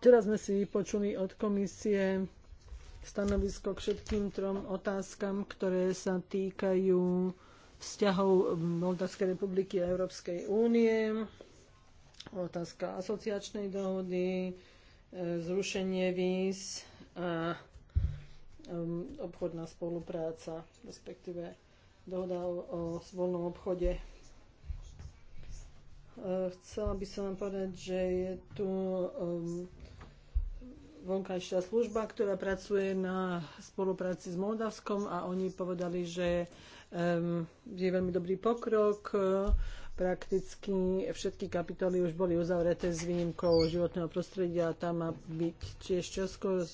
Teraz sme si vypočuli od komisie stanovisko k všetkým trom otázkam, ktoré sa týkajú vzťahov Moldavskej republiky a Európskej únie, otázka asociačnej dohody, e, zrušenie víz a obchodná spolupráca, respektíve dohoda o, voľnom obchode. E, chcela by som vám povedať, že je tu um, vonkajšia služba, ktorá pracuje na spolupráci s Moldavskom a oni povedali, že um, je veľmi dobrý pokrok. Prakticky všetky kapitoly už boli uzavreté s výnimkou životného prostredia. Tam má byť tiež čoskoro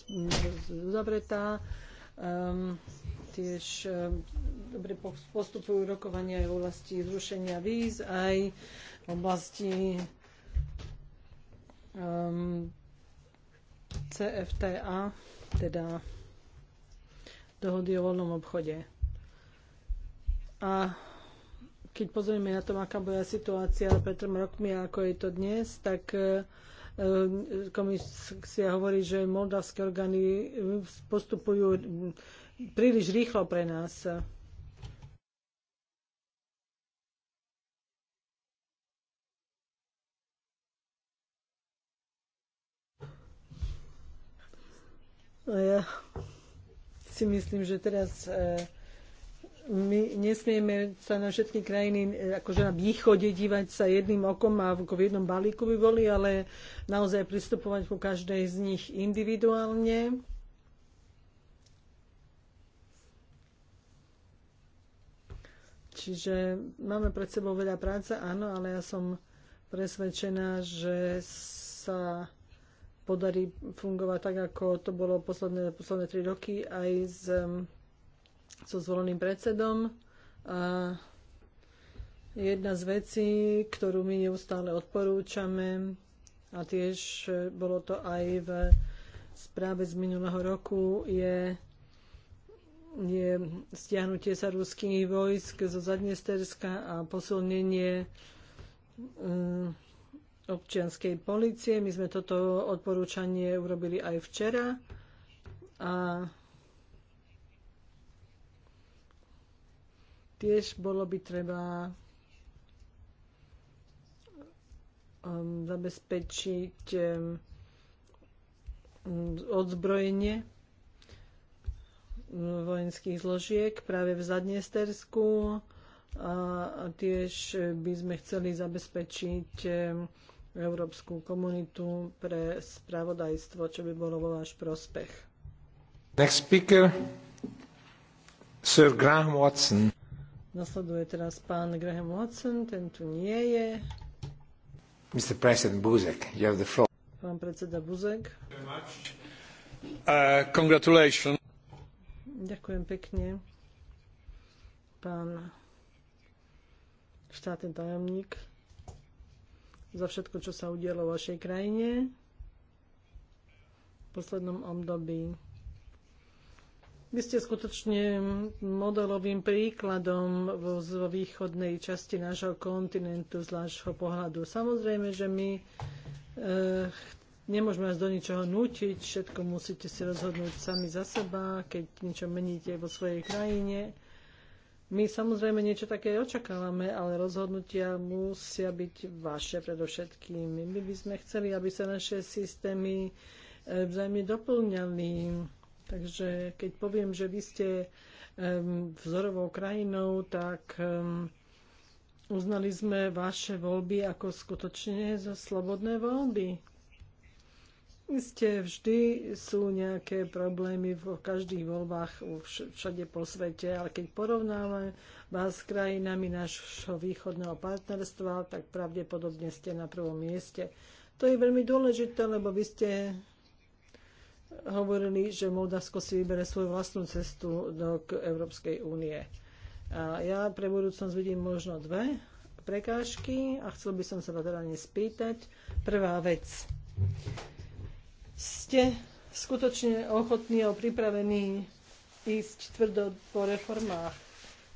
uzavretá. Um, tiež um, dobre postupujú rokovania aj v oblasti zrušenia víz, aj v oblasti um, CFTA, teda dohody o voľnom obchode. A keď pozrieme na to, aká bola situácia pred trom rokmi a ako je to dnes, tak e, komisia hovorí, že moldavské orgány postupujú príliš rýchlo pre nás. No Ja si myslím, že teraz e, my nesmieme sa na všetky krajiny, e, akože na východe dívať sa jedným okom a v jednom balíku by boli, ale naozaj pristupovať ku každej z nich individuálne. Čiže máme pred sebou veľa práce, áno, ale ja som presvedčená, že sa podarí fungovať tak, ako to bolo posledné, posledné tri roky aj s, um, so zvoleným predsedom. A jedna z vecí, ktorú my neustále odporúčame, a tiež e, bolo to aj v správe z minulého roku, je, je stiahnutie sa ruských vojsk zo Zadnesterska a posilnenie um, občianskej policie. My sme toto odporúčanie urobili aj včera. A tiež bolo by treba um, zabezpečiť um, odzbrojenie um, vojenských zložiek práve v Zadnestersku a tiež by sme chceli zabezpečiť Európsku komunitu pre spravodajstvo, čo by bolo vo váš prospech. Next speaker, Sir Graham Watson. Nasleduje teraz pán Graham Watson, ten tu nie je. Mr. President Buzek, you have the floor. Pán predseda Buzek. Uh, congratulations. Ďakujem pekne. Pán štátny tajomník za všetko, čo sa udialo v vašej krajine v poslednom období. Vy ste skutočne modelovým príkladom vo, východnej časti nášho kontinentu z nášho pohľadu. Samozrejme, že my e, nemôžeme vás do ničoho nútiť, všetko musíte si rozhodnúť sami za seba, keď niečo meníte vo svojej krajine my samozrejme niečo také očakávame, ale rozhodnutia musia byť vaše predovšetkým. My by sme chceli, aby sa naše systémy e, vzájomne doplňali. Takže keď poviem, že vy ste e, vzorovou krajinou, tak e, uznali sme vaše voľby ako skutočne za slobodné voľby Isté, vždy sú nejaké problémy v každých voľbách všade po svete, ale keď porovnáme vás s krajinami nášho východného partnerstva, tak pravdepodobne ste na prvom mieste. To je veľmi dôležité, lebo vy ste hovorili, že Moldavsko si vybere svoju vlastnú cestu do k Európskej únie. A ja pre budúcnosť vidím možno dve prekážky a chcel by som sa vás teda spýtať. Prvá vec ste skutočne ochotní a pripravení ísť tvrdo po reformách?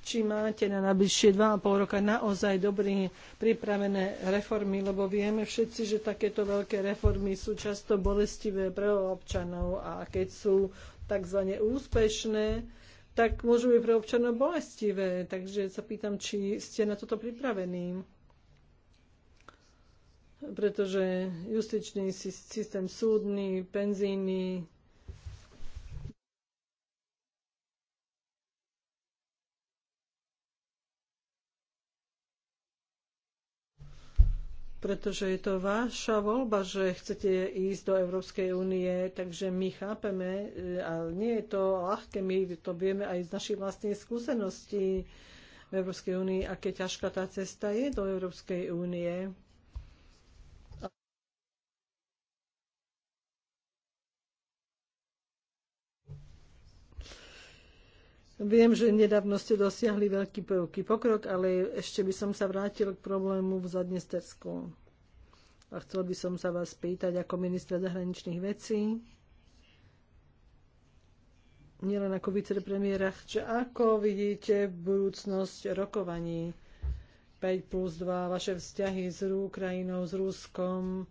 Či máte na najbližšie 2,5 roka naozaj dobré pripravené reformy, lebo vieme všetci, že takéto veľké reformy sú často bolestivé pre občanov a keď sú tzv. úspešné, tak môžu byť pre občanov bolestivé. Takže sa pýtam, či ste na toto pripravení pretože justičný systém súdny, penzíny, pretože je to vaša voľba, že chcete ísť do Európskej únie, takže my chápeme, ale nie je to ľahké, my to vieme aj z našich vlastných skúseností v Európskej únii, aké ťažká tá cesta je do Európskej únie. Viem, že nedávno ste dosiahli veľký, veľký pokrok, ale ešte by som sa vrátil k problému v Zadnestersku. A chcel by som sa vás pýtať ako ministra zahraničných vecí, nielen ako vicepremiéra, že ako vidíte budúcnosť rokovaní 5 plus 2, vaše vzťahy s Ukrajinou, s Ruskom,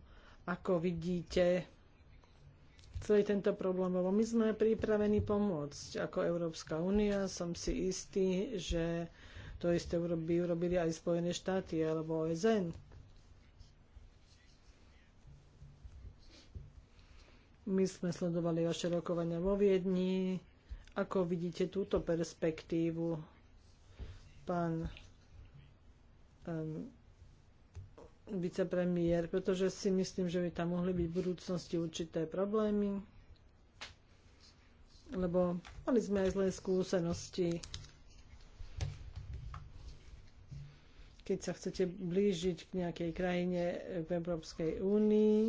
ako vidíte celý tento problém, lebo my sme pripravení pomôcť. Ako Európska únia som si istý, že to isté by urobili aj Spojené štáty alebo OSN. My sme sledovali vaše rokovania vo Viedni. Ako vidíte túto perspektívu, pán um, vicepremiér, pretože si myslím, že by tam mohli byť v budúcnosti určité problémy, lebo mali sme aj zlé skúsenosti. Keď sa chcete blížiť k nejakej krajine v Európskej únii,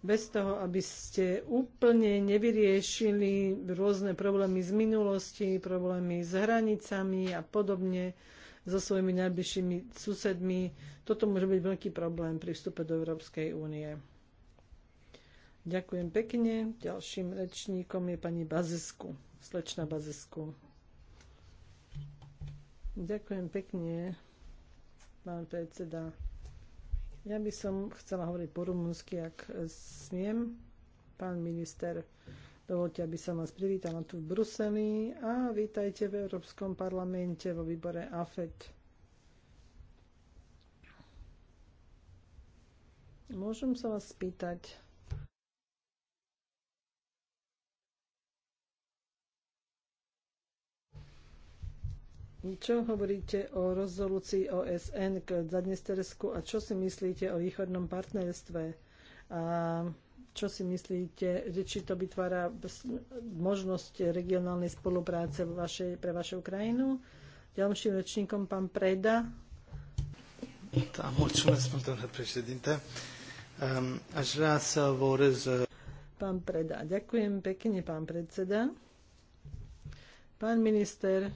bez toho, aby ste úplne nevyriešili rôzne problémy z minulosti, problémy s hranicami a podobne, so svojimi najbližšími susedmi. Toto môže byť veľký problém pri vstupe do Európskej únie. Ďakujem pekne. Ďalším rečníkom je pani Bazesku, slečna Bazesku. Ďakujem pekne, pán predseda. Ja by som chcela hovoriť po rumunsky, ak smiem, pán minister. Dovolte, aby som vás privítala tu v Bruseli a vítajte v Európskom parlamente vo výbore AFET. Môžem sa vás spýtať, Čo hovoríte o rozolúcii OSN k Zadnestersku a čo si myslíte o východnom partnerstve? A čo si myslíte, či to vytvára možnosť regionálnej spolupráce vašej, pre vašu krajinu? Ďalším rečníkom pán Preda. Tá, mulțumesc pán domnule președinte. až raz sa vă eh, Pán Preda, ďakujem pekne, pán predseda. Pán minister,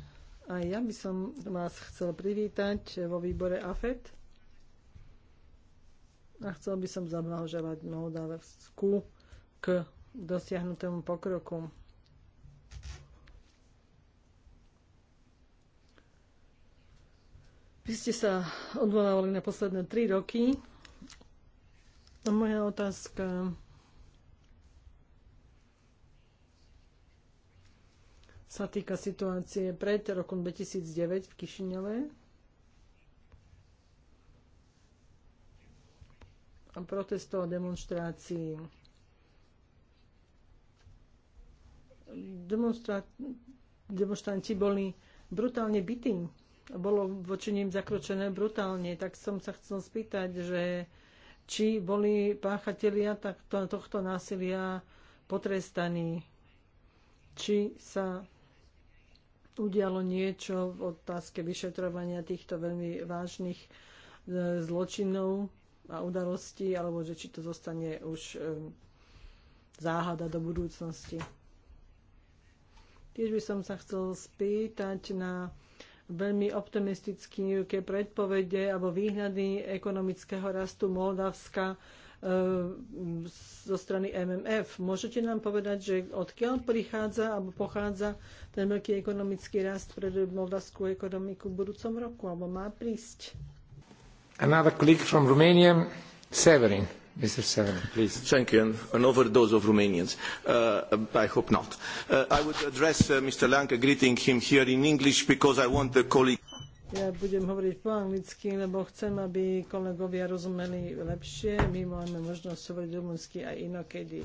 aj ja by som vás chcel privítať vo výbore AFET. A chcel by som zablahoželať Moldavsku k dosiahnutému pokroku. Vy ste sa odvolávali na posledné tri roky. A moja otázka sa týka situácie pred rokom 2009 v Kišiňove. protestov a demonstrácií. Demonstra- demonstranti boli brutálne bytí. Bolo voči ním zakročené brutálne. Tak som sa chcel spýtať, že či boli páchatelia takto, tohto násilia potrestaní, či sa udialo niečo v otázke vyšetrovania týchto veľmi vážnych e, zločinov a udalosti, alebo že či to zostane už záhada do budúcnosti. Tiež by som sa chcel spýtať na veľmi optimistické predpovede alebo výhľady ekonomického rastu Moldavska zo strany MMF. Môžete nám povedať, že odkiaľ prichádza alebo pochádza ten veľký ekonomický rast pre moldavskú ekonomiku v budúcom roku alebo má prísť? Another colleague from Romania, Severin. Mr. Severin, please. Thank you. An, overdose of Romanians. Uh, I hope not. Uh, I would address uh, Mr. Lanka, greeting him here in English, because I want the colleague... Ja budem hovoriť po anglicky, lebo chcem, aby kolegovia rozumeli lepšie. My máme možnosť hovoriť rumunsky aj inokedy.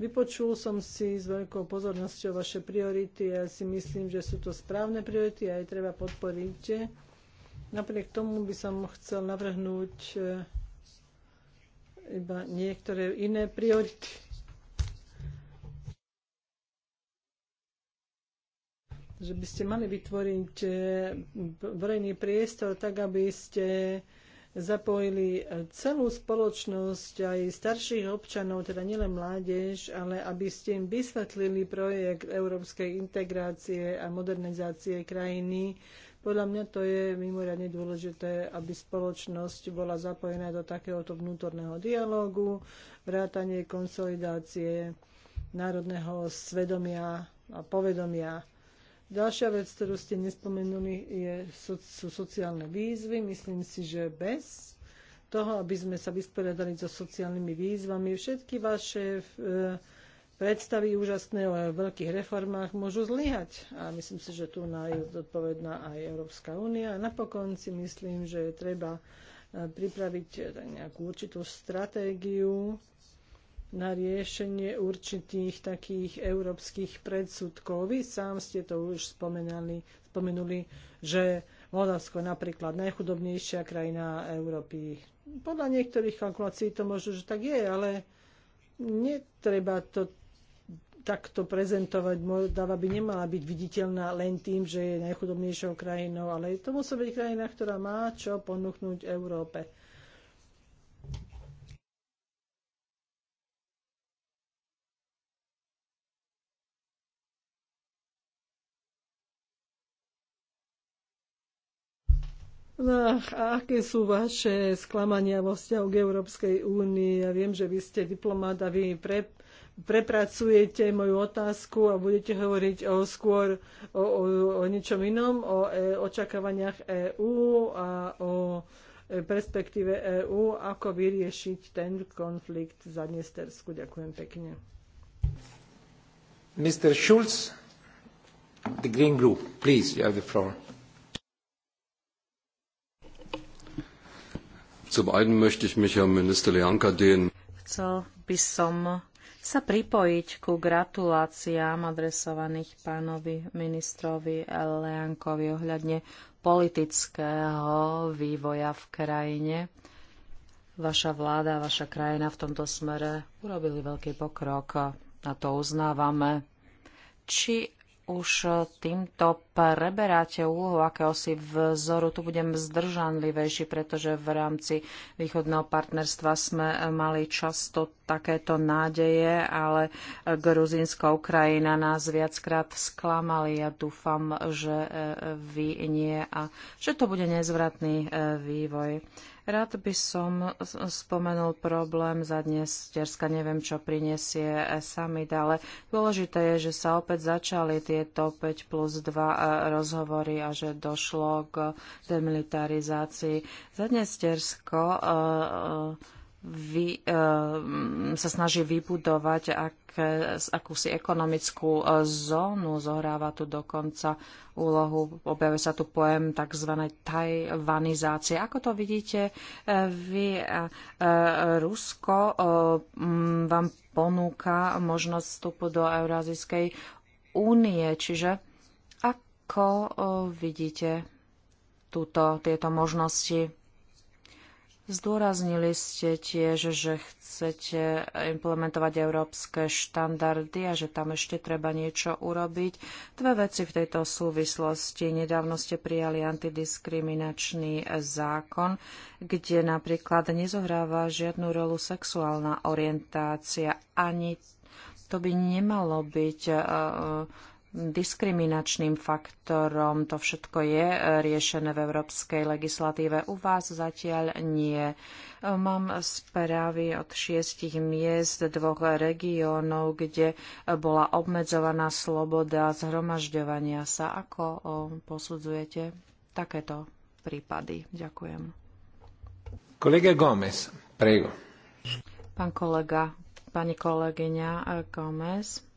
Vypočul som si s veľkou pozornosťou vaše priority a ja si myslím, že sú to správne priority a aj treba podporiť Napriek tomu by som chcel navrhnúť e, iba niektoré iné priority. Že by ste mali vytvoriť e, verejný priestor tak, aby ste zapojili celú spoločnosť, aj starších občanov, teda nielen mládež, ale aby ste im vysvetlili projekt európskej integrácie a modernizácie krajiny, podľa mňa to je mimoriadne dôležité, aby spoločnosť bola zapojená do takéhoto vnútorného dialógu, vrátanie konsolidácie národného svedomia a povedomia. Ďalšia vec, ktorú ste nespomenuli, je, sú, sociálne výzvy. Myslím si, že bez toho, aby sme sa vysporiadali so sociálnymi výzvami, všetky vaše e, predstavy úžasné o veľkých reformách môžu zlyhať. A myslím si, že tu je zodpovedná aj Európska únia. A napokon si myslím, že treba e, pripraviť e, nejakú určitú stratégiu na riešenie určitých takých európskych predsudkov. Vy sám ste to už spomenali, spomenuli, že Moldavsko je napríklad najchudobnejšia krajina Európy. Podľa niektorých kalkulácií to možno, že tak je, ale netreba to takto prezentovať, Moldava by nemala byť viditeľná len tým, že je najchudobnejšou krajinou, ale to musí byť krajina, ktorá má čo ponúknuť Európe. No, a aké sú vaše sklamania vo vzťahu k Európskej únii? Ja viem, že vy ste diplomát a vy pre, prepracujete moju otázku a budete hovoriť o skôr o, o, o ničom inom, o e, očakávaniach EÚ a o e, perspektíve EÚ, ako vyriešiť ten konflikt za Dniestersku. Ďakujem pekne. Mr. Schulz, the Green Group, please, you have the floor. Zum einen möchte ich mich Herr Minister Leanka den Chcel by som sa pripojiť ku gratuláciám adresovaných pánovi ministrovi Leankovi ohľadne politického vývoja v krajine. Vaša vláda, vaša krajina v tomto smere urobili veľký pokrok a to uznávame. Či už týmto preberáte úlohu akéhosi vzoru. Tu budem zdržanlivejší, pretože v rámci východného partnerstva sme mali často takéto nádeje, ale Gruzínska Ukrajina nás viackrát sklamali. Ja dúfam, že e, vy nie a že to bude nezvratný e, vývoj. Rád by som spomenul problém za dnes. Terska neviem, čo prinesie e, summit, ale dôležité je, že sa opäť začali tieto 5 plus 2 e, rozhovory a že došlo k demilitarizácii. Za dnes Tersko e, vy, uh, sa snaží vybudovať ak, Eh, akúsi ekonomickú eh, zónu, zohráva tu dokonca úlohu, objavuje sa tu pojem tzv. tajvanizácie. Ako to vidíte eh, vy? Rusko vám ponúka možnosť vstupu do Eurázijskej únie, čiže ako vidíte túto, tieto možnosti Zdôraznili ste tiež, že chcete implementovať európske štandardy a že tam ešte treba niečo urobiť. Dve veci v tejto súvislosti. Nedávno ste prijali antidiskriminačný zákon, kde napríklad nezohráva žiadnu rolu sexuálna orientácia. Ani to by nemalo byť uh, diskriminačným faktorom. To všetko je e, riešené v európskej legislatíve. U vás zatiaľ nie. E, mám správy od šiestich miest, dvoch regiónov, kde e, bola obmedzovaná sloboda zhromažďovania sa. Ako posudzujete takéto prípady? Ďakujem. Kolega Gómez, prego. Pán kolega, pani kolegyňa Gomez.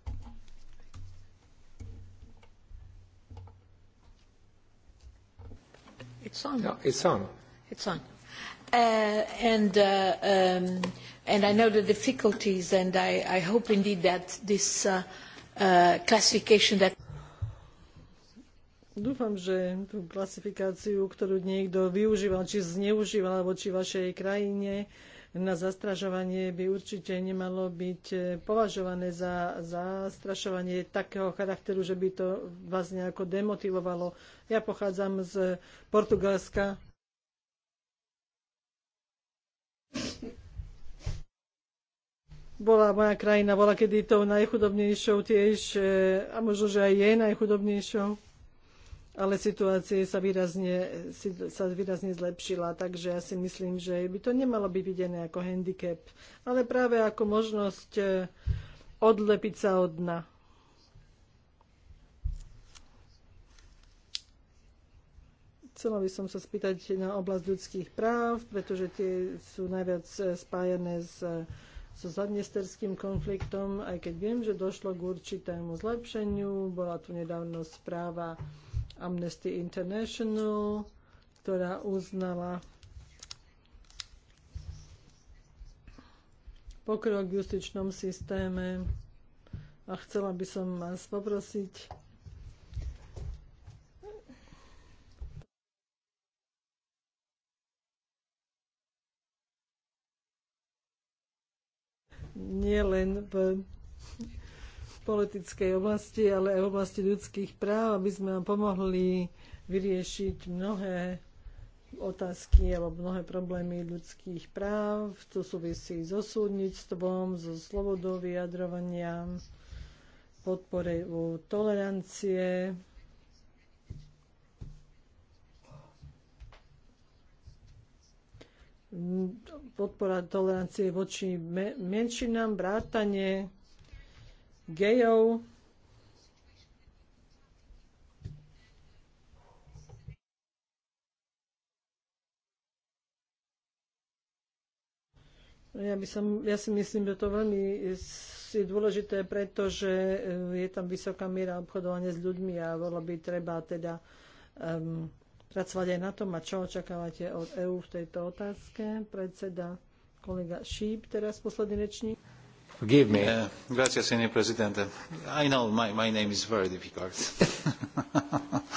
It's on. No, it's on. It's on. Uh, and, uh, um, and I know the difficulties, and I, I hope indeed that this uh, uh, classification that. Dúfam, že tú klasifikáciu, ktorú niekto využíval, či zneužíval, alebo či vašej krajine, uh, na zastražovanie by určite nemalo byť e, považované za zastrašovanie takého charakteru, že by to vás nejako demotivovalo. Ja pochádzam z Portugalska. bola moja krajina, bola kedy tou najchudobnejšou tiež e, a možno, že aj je najchudobnejšou ale situácia sa výrazne, sa výrazne zlepšila, takže ja si myslím, že by to nemalo byť videné ako handicap, ale práve ako možnosť e, odlepiť sa od dna. Chcela by som sa spýtať na oblasť ľudských práv, pretože tie sú najviac e, spájané s e, so zadnesterským konfliktom, aj keď viem, že došlo k určitému zlepšeniu. Bola tu nedávno správa Amnesty International, ktorá uznala pokrok v justičnom systéme a chcela by som vás poprosiť, len v politickej oblasti, ale aj v oblasti ľudských práv, aby sme vám pomohli vyriešiť mnohé otázky alebo mnohé problémy ľudských práv. To súvisí so súdnictvom, so slobodou vyjadrovania, podpore tolerancie, podpora tolerancie voči menšinám, brátanie gejov. Ja, by som, ja si myslím, že to veľmi je dôležité, pretože eh, je tam vysoká miera obchodovania s ľuďmi a bolo by treba teda um, pracovať aj na tom, a čo očakávate od EÚ v tejto otázke. Predseda kolega Šíp, teraz posledný rečník. Forgive me. Uh, gracias, señor presidente. I know my, my name is very difficult [LAUGHS]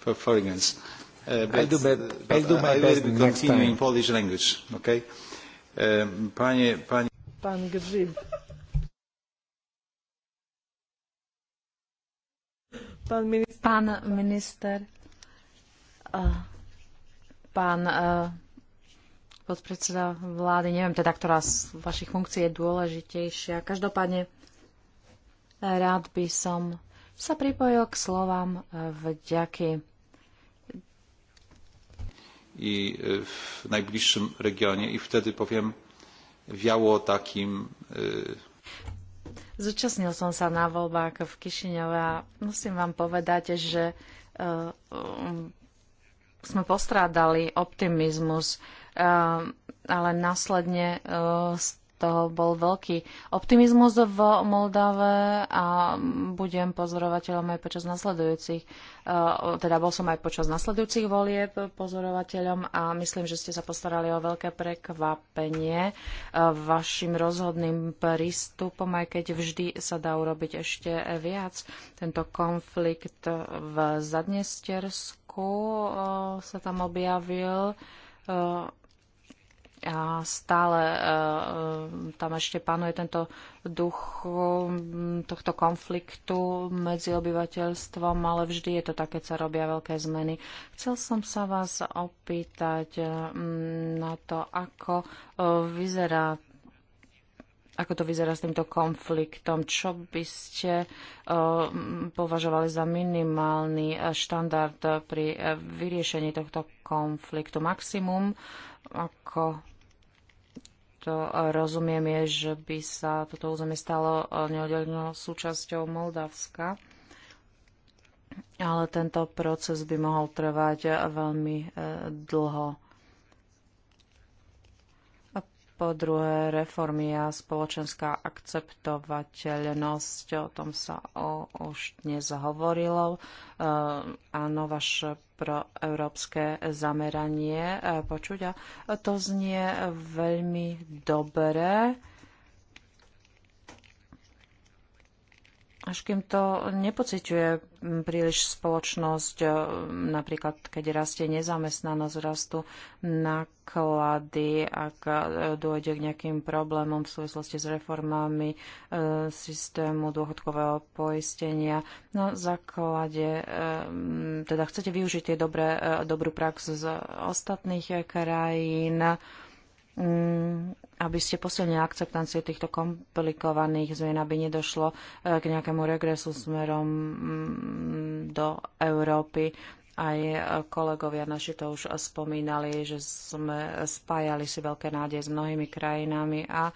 for foreigners. Uh, but, uh, I'll do, my, but I'll do my I best will next continue time. in Polish language, okay? Um, panie, panie... Pan Grzyb. Pán minister. Pán minister. Uh, e, pán uh, e, podpredseda vlády, neviem teda, ktorá z vašich funkcií je dôležitejšia. Každopádne rád by som sa pripojil k slovám e, vďaky. I v e, najbližšom regióne i vtedy poviem wiało takým... E, Zúčastnil som sa na voľbách v Kišiňove a musím vám povedať, že um, sme postrádali optimizmus uh, Ehm, ale následne eh, z toho bol veľký optimizmus v Moldave a budem pozorovateľom aj počas nasledujúcich, eh, teda bol som aj počas nasledujúcich volieb pozorovateľom a myslím, že ste sa postarali o veľké prekvapenie eh, vašim rozhodným prístupom, aj keď vždy sa dá urobiť ešte viac. Tento konflikt v Zadnestersku sa tam objavil a stále e, e, tam ešte panuje tento duch tohto konfliktu medzi obyvateľstvom, ale vždy je to také, keď sa robia veľké zmeny. Chcel som sa vás opýtať e, na to, ako vyzerá ako to vyzerá s týmto konfliktom? Čo by ste považovali za minimálny štandard pri vyriešení tohto konfliktu? Maximum ako to rozumiem, je, že by sa toto územie stalo e, neoddelenou súčasťou Moldavska. Ale tento proces by mohol trvať e, veľmi e, dlho. Po druhé, reformy a spoločenská akceptovateľnosť, o tom sa o, už dnes hovorilo. E, áno, vaše proeurópske zameranie e, počuť a to znie veľmi dobre. E, až kým to nepociťuje mm, príliš spoločnosť, e, napríklad keď rastie nezamestnanosť, rastú náklady, ak e, dôjde k nejakým problémom v súvislosti s reformami e, systému dôchodkového poistenia. Na základe, teda chcete využiť tie dobré, dobrú prax z ostatných krajín, Mm, aby ste posilnili akceptanciu týchto komplikovaných zmien, aby nedošlo e, k nejakému regresu smerom mm, do Európy. Aj e, kolegovia naši to už spomínali, že sme spájali si veľké nádeje s mnohými krajinami a e,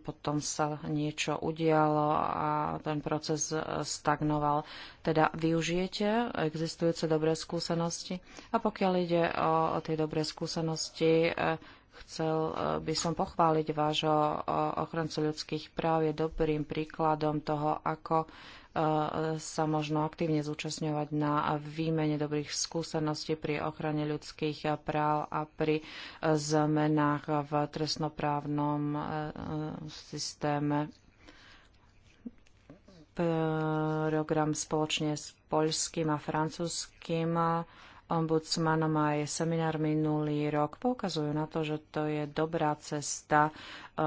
potom sa niečo udialo a ten proces stagnoval. Teda využijete existujúce dobré skúsenosti a pokiaľ ide o tie dobré skúsenosti, Chcel e, by som pochváliť vášho e, ochrancu ľudských práv. Je dobrým príkladom toho, ako e, sa možno aktívne zúčastňovať na výmene dobrých skúseností pri ochrane ľudských práv a pri zmenách v trestnoprávnom systéme. Program spoločne s poľským a francúzským ombudsmanom aj seminár minulý rok poukazujú na to, že to je dobrá cesta, e,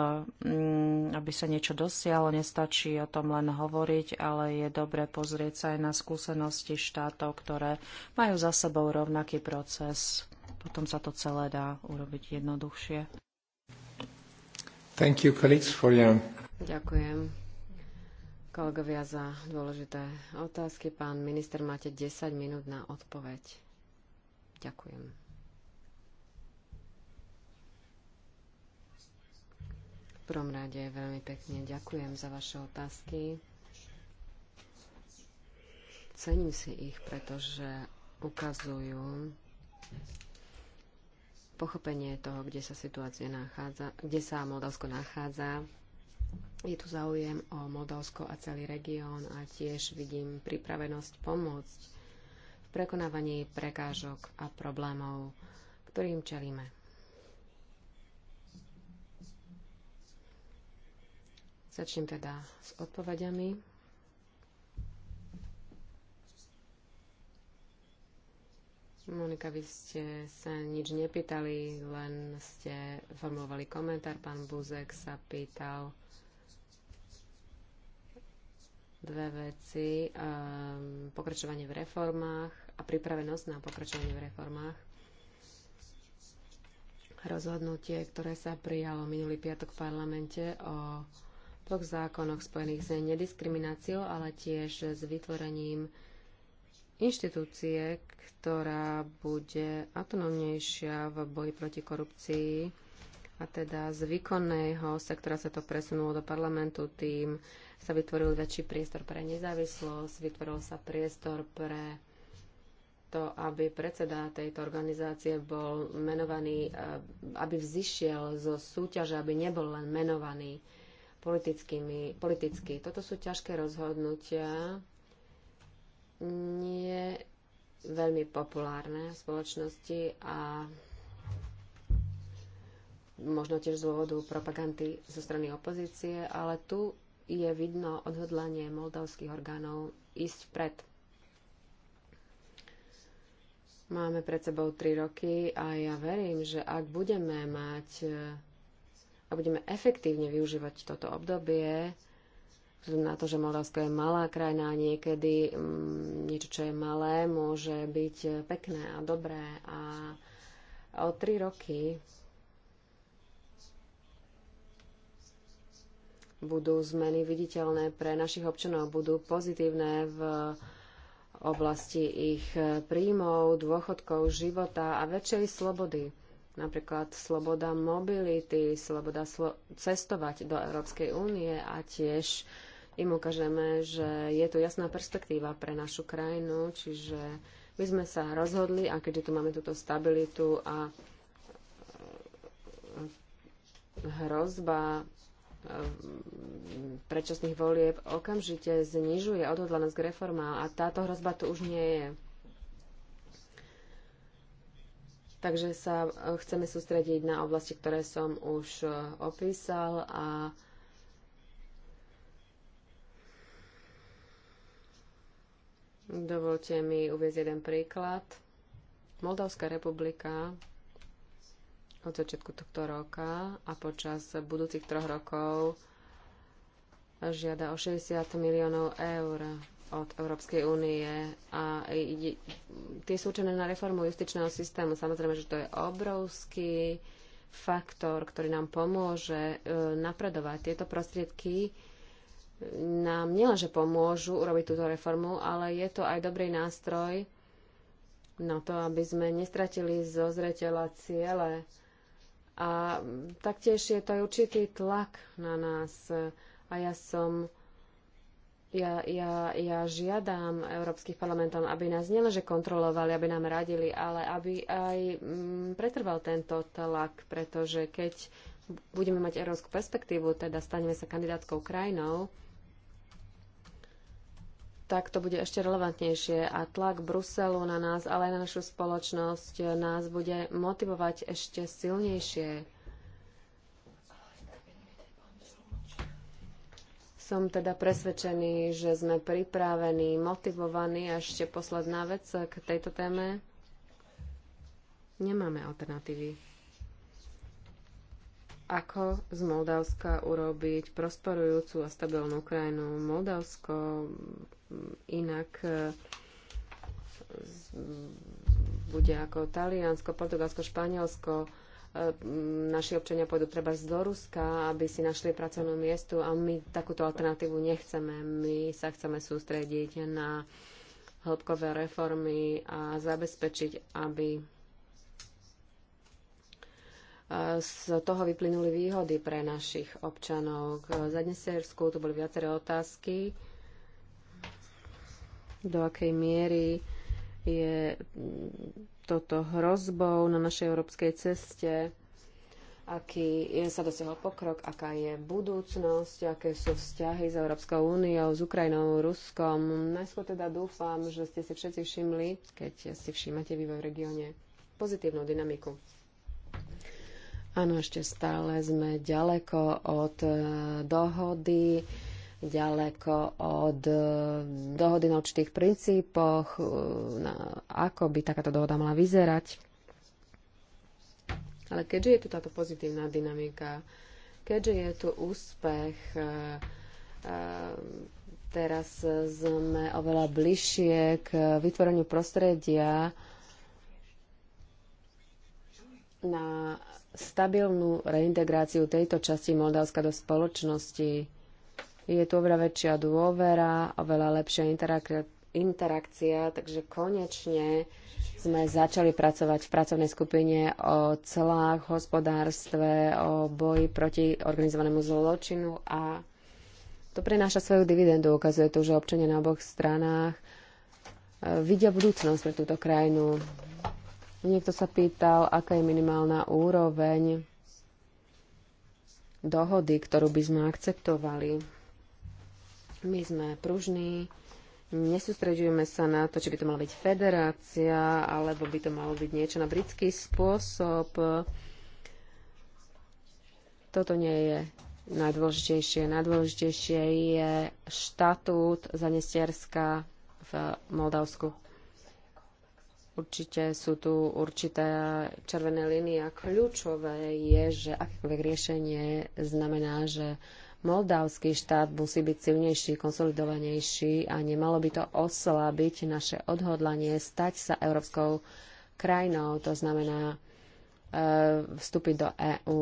mm, aby sa niečo dosialo. Nestačí o tom len hovoriť, ale je dobré pozrieť sa aj na skúsenosti štátov, ktoré majú za sebou rovnaký proces. Potom sa to celé dá urobiť jednoduchšie. Thank you, colleagues, for your... Ďakujem kolegovia za dôležité otázky. Pán minister, máte 10 minút na odpoveď. Ďakujem. V prvom rade veľmi pekne ďakujem za vaše otázky. Cením si ich, pretože ukazujú pochopenie toho, kde sa situácia nachádza, kde sa Moldavsko nachádza. Je tu záujem o Moldavsko a celý región a tiež vidím pripravenosť pomôcť prekonávaní prekážok a problémov, ktorým čelíme. Začnem teda s odpovediami. Monika, vy ste sa nič nepýtali, len ste formulovali komentár. Pán Buzek sa pýtal dve veci. Um, pokračovanie v reformách a pripravenosť na pokračovanie v reformách. Rozhodnutie, ktoré sa prijalo minulý piatok v parlamente o dvoch zákonoch spojených s nediskrimináciou, ale tiež s vytvorením inštitúcie, ktorá bude autonómnejšia v boji proti korupcii a teda z výkonného sektora sa to presunulo do parlamentu, tým sa vytvoril väčší priestor pre nezávislosť, vytvoril sa priestor pre to, aby predseda tejto organizácie bol menovaný, e, aby vzýšiel zo súťaže, aby nebol len menovaný politicky. Toto sú ťažké rozhodnutia, nie veľmi populárne v spoločnosti a možno tiež z dôvodu propagandy zo strany opozície, ale tu je vidno odhodlanie moldavských orgánov ísť vpred. Máme pred sebou 3 roky a ja verím, že ak budeme mať a budeme efektívne využívať toto obdobie, na to, že Moldavsko je malá krajina a niekedy mm, niečo, čo je malé, môže byť pekné a dobré a o tri roky budú zmeny viditeľné pre našich občanov, budú pozitívne v oblasti ich príjmov, dôchodkov, života a väčšej slobody. Napríklad sloboda mobility, sloboda slo- cestovať do Európskej únie a tiež im ukážeme, že je tu jasná perspektíva pre našu krajinu, čiže my sme sa rozhodli a keďže tu máme túto stabilitu a hrozba predčasných volieb okamžite znižuje odhodlanosť k reformám a táto hrozba tu už nie je. Takže sa chceme sústrediť na oblasti, ktoré som už opísal a dovolte mi uvieť jeden príklad. Moldavská republika od začiatku tohto roka a počas budúcich troch rokov žiada o 60 miliónov eur od Európskej únie a tie sú určené na reformu justičného systému. Samozrejme, že to je obrovský faktor, ktorý nám pomôže e, napredovať. Tieto prostriedky nám nielenže pomôžu urobiť túto reformu, ale je to aj dobrý nástroj na to, aby sme nestratili zo zreteľa ciele a taktiež je to aj určitý tlak na nás. A ja som ja, ja, ja žiadam európskych parlamentov, aby nás nielenže kontrolovali, aby nám radili, ale aby aj mm, pretrval tento tlak, pretože keď budeme mať európsku perspektívu, teda staneme sa kandidátskou krajinou, tak to bude ešte relevantnejšie a tlak Bruselu na nás, ale aj na našu spoločnosť nás bude motivovať ešte silnejšie. Som teda presvedčený, že sme pripravení, motivovaní a ešte posledná vec k tejto téme. Nemáme alternatívy. Ako z Moldavska urobiť prosperujúcu a stabilnú krajinu? Moldavsko inak e, bude ako Taliansko, Portugalsko, Španielsko. E, naši občania pôjdu treba z do Ruska, aby si našli pracovnú miestu a my takúto alternatívu nechceme. My sa chceme sústrediť na hĺbkové reformy a zabezpečiť, aby e, z toho vyplynuli výhody pre našich občanov. Za dnes tu boli viaceré otázky do akej miery je toto hrozbou na našej európskej ceste, aký je, sa dosiahol pokrok, aká je budúcnosť, aké sú vzťahy s Európskou úniou, s Ukrajinou, Ruskom. Najskôr teda dúfam, že ste si všetci všimli, keď si všímate vývoj v regióne, pozitívnu dynamiku. Áno, ešte stále sme ďaleko od eh, dohody ďaleko od e, dohody na určitých princípoch, e, na ako by takáto dohoda mala vyzerať. Ale keďže je tu táto pozitívna dynamika, keďže je tu úspech, e, teraz sme oveľa bližšie k vytvoreniu prostredia na stabilnú reintegráciu tejto časti Moldavska do spoločnosti je tu oveľa väčšia dôvera, oveľa lepšia interak- interakcia, takže konečne sme začali pracovať v pracovnej skupine o celách hospodárstve, o boji proti organizovanému zločinu a to prináša svoju dividendu. Ukazuje to, že občania na oboch stranách e, vidia budúcnosť pre túto krajinu. Niekto sa pýtal, aká je minimálna úroveň dohody, ktorú by sme akceptovali. My sme pružní, nesústredujeme sa na to, či by to mala byť federácia, alebo by to malo byť niečo na britský spôsob. Toto nie je najdôležitejšie. Najdôležitejšie je štatút Zanestierska v Moldavsku. Určite sú tu určité červené línie a kľúčové je, že akékoľvek riešenie znamená, že Moldavský štát musí byť silnejší, konsolidovanejší a nemalo by to oslabiť naše odhodlanie stať sa európskou krajinou, to znamená e, vstúpiť do EÚ.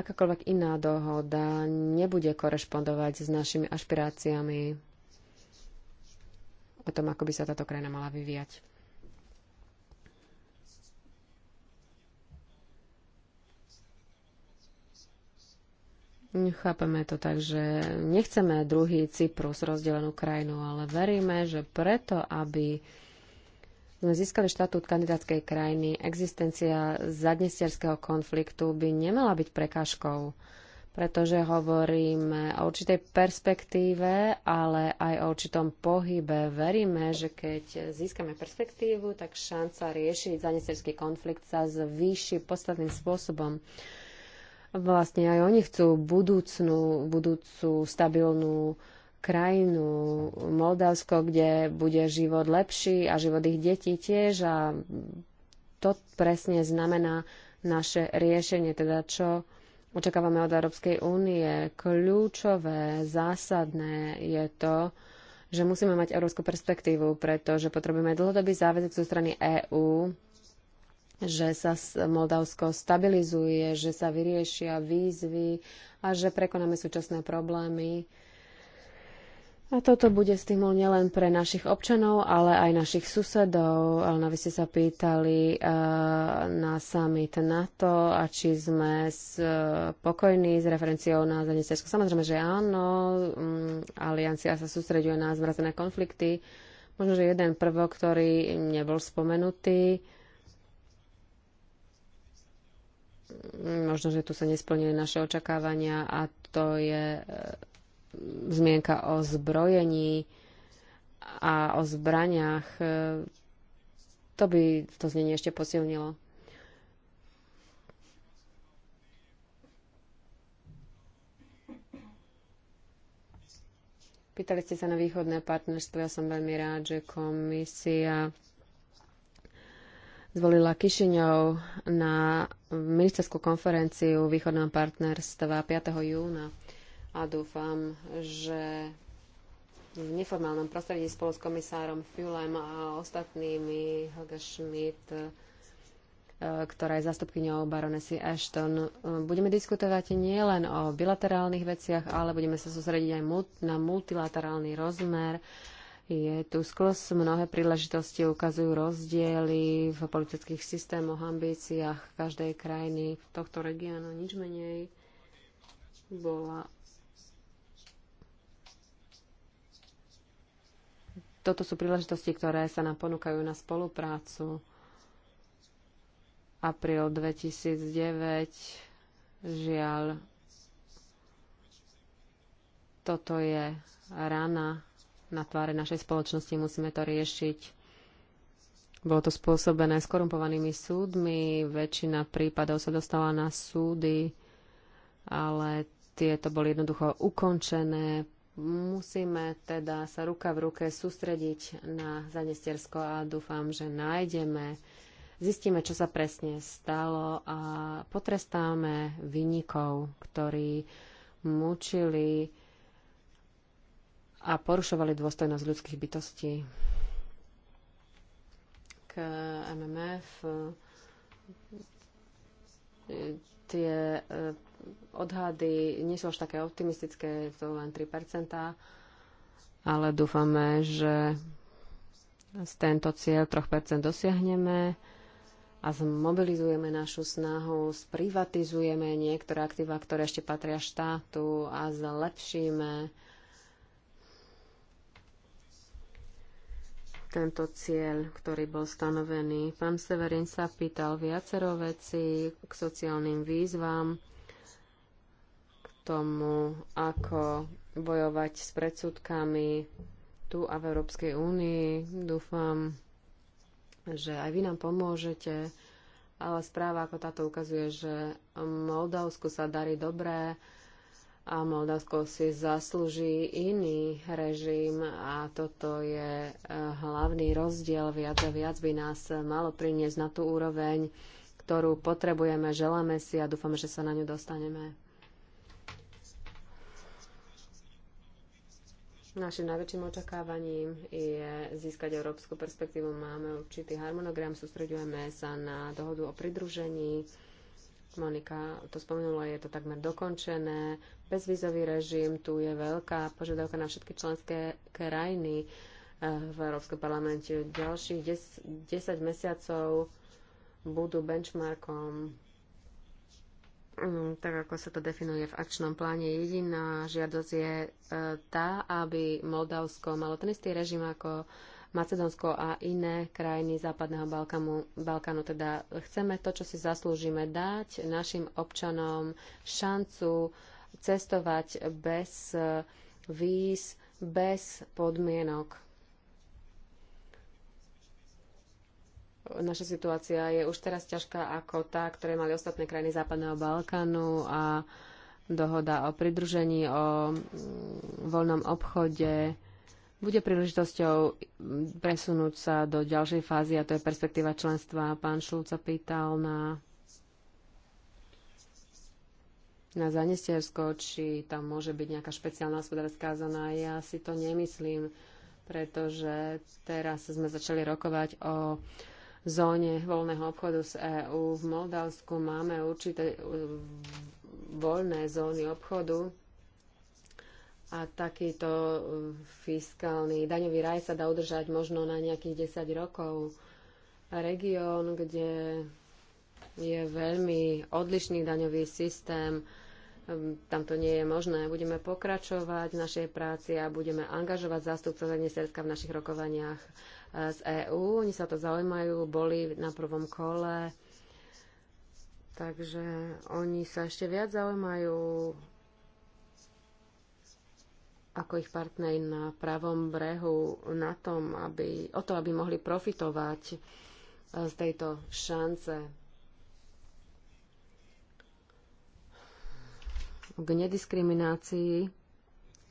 Akákoľvek iná dohoda nebude korešpondovať s našimi ašpiráciami o tom, ako by sa táto krajina mala vyvíjať. Chápeme to tak, že nechceme druhý Cyprus, rozdelenú krajinu, ale veríme, že preto, aby sme získali štatút kandidátskej krajiny, existencia zadnestierského konfliktu by nemala byť prekážkou, pretože hovoríme o určitej perspektíve, ale aj o určitom pohybe. Veríme, že keď získame perspektívu, tak šanca riešiť zadnestierský konflikt sa zvýši podstatným spôsobom. Vlastne aj oni chcú budúcnú, budúcu stabilnú krajinu, Moldavsko, kde bude život lepší a život ich detí tiež a to presne znamená naše riešenie, teda čo očakávame od Európskej únie. Kľúčové, zásadné je to, že musíme mať európsku perspektívu, pretože potrebujeme dlhodobý záväzok zo strany EÚ že sa Moldavsko stabilizuje, že sa vyriešia výzvy a že prekonáme súčasné problémy. A toto bude stimul nielen pre našich občanov, ale aj našich susedov. Ale vy ste sa pýtali eh, na summit NATO a či sme spokojní eh, s referenciou na Zanesťačko. Samozrejme, že áno, mm, aliancia sa sústreďuje na zmrazené konflikty. Možno, že jeden prvok, ktorý nebol spomenutý, možno, že tu sa nesplnili naše očakávania a to je e, zmienka o zbrojení a o zbraniach. E, to by to znenie ešte posilnilo. Pýtali ste sa na východné partnerstvo. Ja som veľmi rád, že komisia zvolila Kišiňov na ministerskú konferenciu východného partnerstva 5. júna a dúfam, že v neformálnom prostredí spolu s komisárom Fulem a ostatnými Helga Schmidt e, ktorá je zastupkyňou baronesy Ashton. E, budeme diskutovať nielen o bilaterálnych veciach, ale budeme sa sústrediť aj na multilaterálny rozmer je tu sklos, mnohé príležitosti ukazujú rozdiely v politických systémoch, ambíciách každej krajiny tohto regiónu. Nič menej bola toto sú príležitosti, ktoré sa nám ponúkajú na spoluprácu. Apríl 2009, žiaľ, toto je rana na tváre našej spoločnosti. Musíme to riešiť. Bolo to spôsobené skorumpovanými súdmi, väčšina prípadov sa dostala na súdy, ale tieto boli jednoducho ukončené. Musíme teda sa ruka v ruke sústrediť na Zanestiersko a dúfam, že nájdeme, zistíme, čo sa presne stalo a potrestáme vynikov, ktorí mučili a porušovali dôstojnosť ľudských bytostí. K MMF e, tie e, odhady nie sú až také optimistické, to len 3%, ale dúfame, že z tento cieľ 3% dosiahneme a zmobilizujeme našu snahu, sprivatizujeme niektoré aktíva, ktoré ešte patria štátu a zlepšíme tento cieľ, ktorý bol stanovený. Pán Severin sa pýtal viacero veci k sociálnym výzvam, k tomu, ako bojovať s predsudkami tu a v Európskej únii. Dúfam, že aj vy nám pomôžete, ale správa ako táto ukazuje, že Moldavsku sa darí dobré a Moldavsko si zaslúži iný režim a toto je e, hlavný rozdiel. Viac a viac by nás malo priniesť na tú úroveň, ktorú potrebujeme, želáme si a dúfame, že sa na ňu dostaneme. Našim najväčším očakávaním je získať európsku perspektívu. Máme určitý harmonogram, sústredujeme sa na dohodu o pridružení. Monika to spomenula, je to takmer dokončené bezvízový režim, tu je veľká požiadavka na všetky členské krajiny eh, v Európskom parlamente. Ďalších 10, 10 mesiacov budú benchmarkom mm, tak ako sa to definuje v akčnom pláne. Jediná žiadosť je eh, tá, aby Moldavsko malo ten istý režim ako Macedónsko a iné krajiny Západného Balkánu, Balkánu. Teda chceme to, čo si zaslúžime, dať našim občanom šancu cestovať bez eh, víz, bez podmienok. Naša situácia je už teraz ťažká ako tá, ktoré mali ostatné krajiny Západného Balkánu a dohoda o pridružení, o mm, voľnom obchode bude príležitosťou mm, presunúť sa do ďalšej fázy a to je perspektíva členstva. Pán Šulca pýtal na na Zanestersko, či tam môže byť nejaká špeciálna hospodárska zóna. Ja si to nemyslím, pretože teraz sme začali rokovať o zóne voľného obchodu z EÚ. V Moldavsku máme určité voľné zóny obchodu a takýto fiskálny daňový raj sa dá udržať možno na nejakých 10 rokov. Región, kde je veľmi odlišný daňový systém, Ehm, tam to nie je možné. Budeme pokračovať v našej práci a budeme angažovať zástupcov ministerstva v našich rokovaniach eh, z EÚ. Oni sa to zaujímajú, boli na prvom kole, takže oni sa ešte viac zaujímajú ako ich partnej na pravom brehu na tom, aby, o to, aby mohli profitovať eh, z tejto šance k nediskriminácii,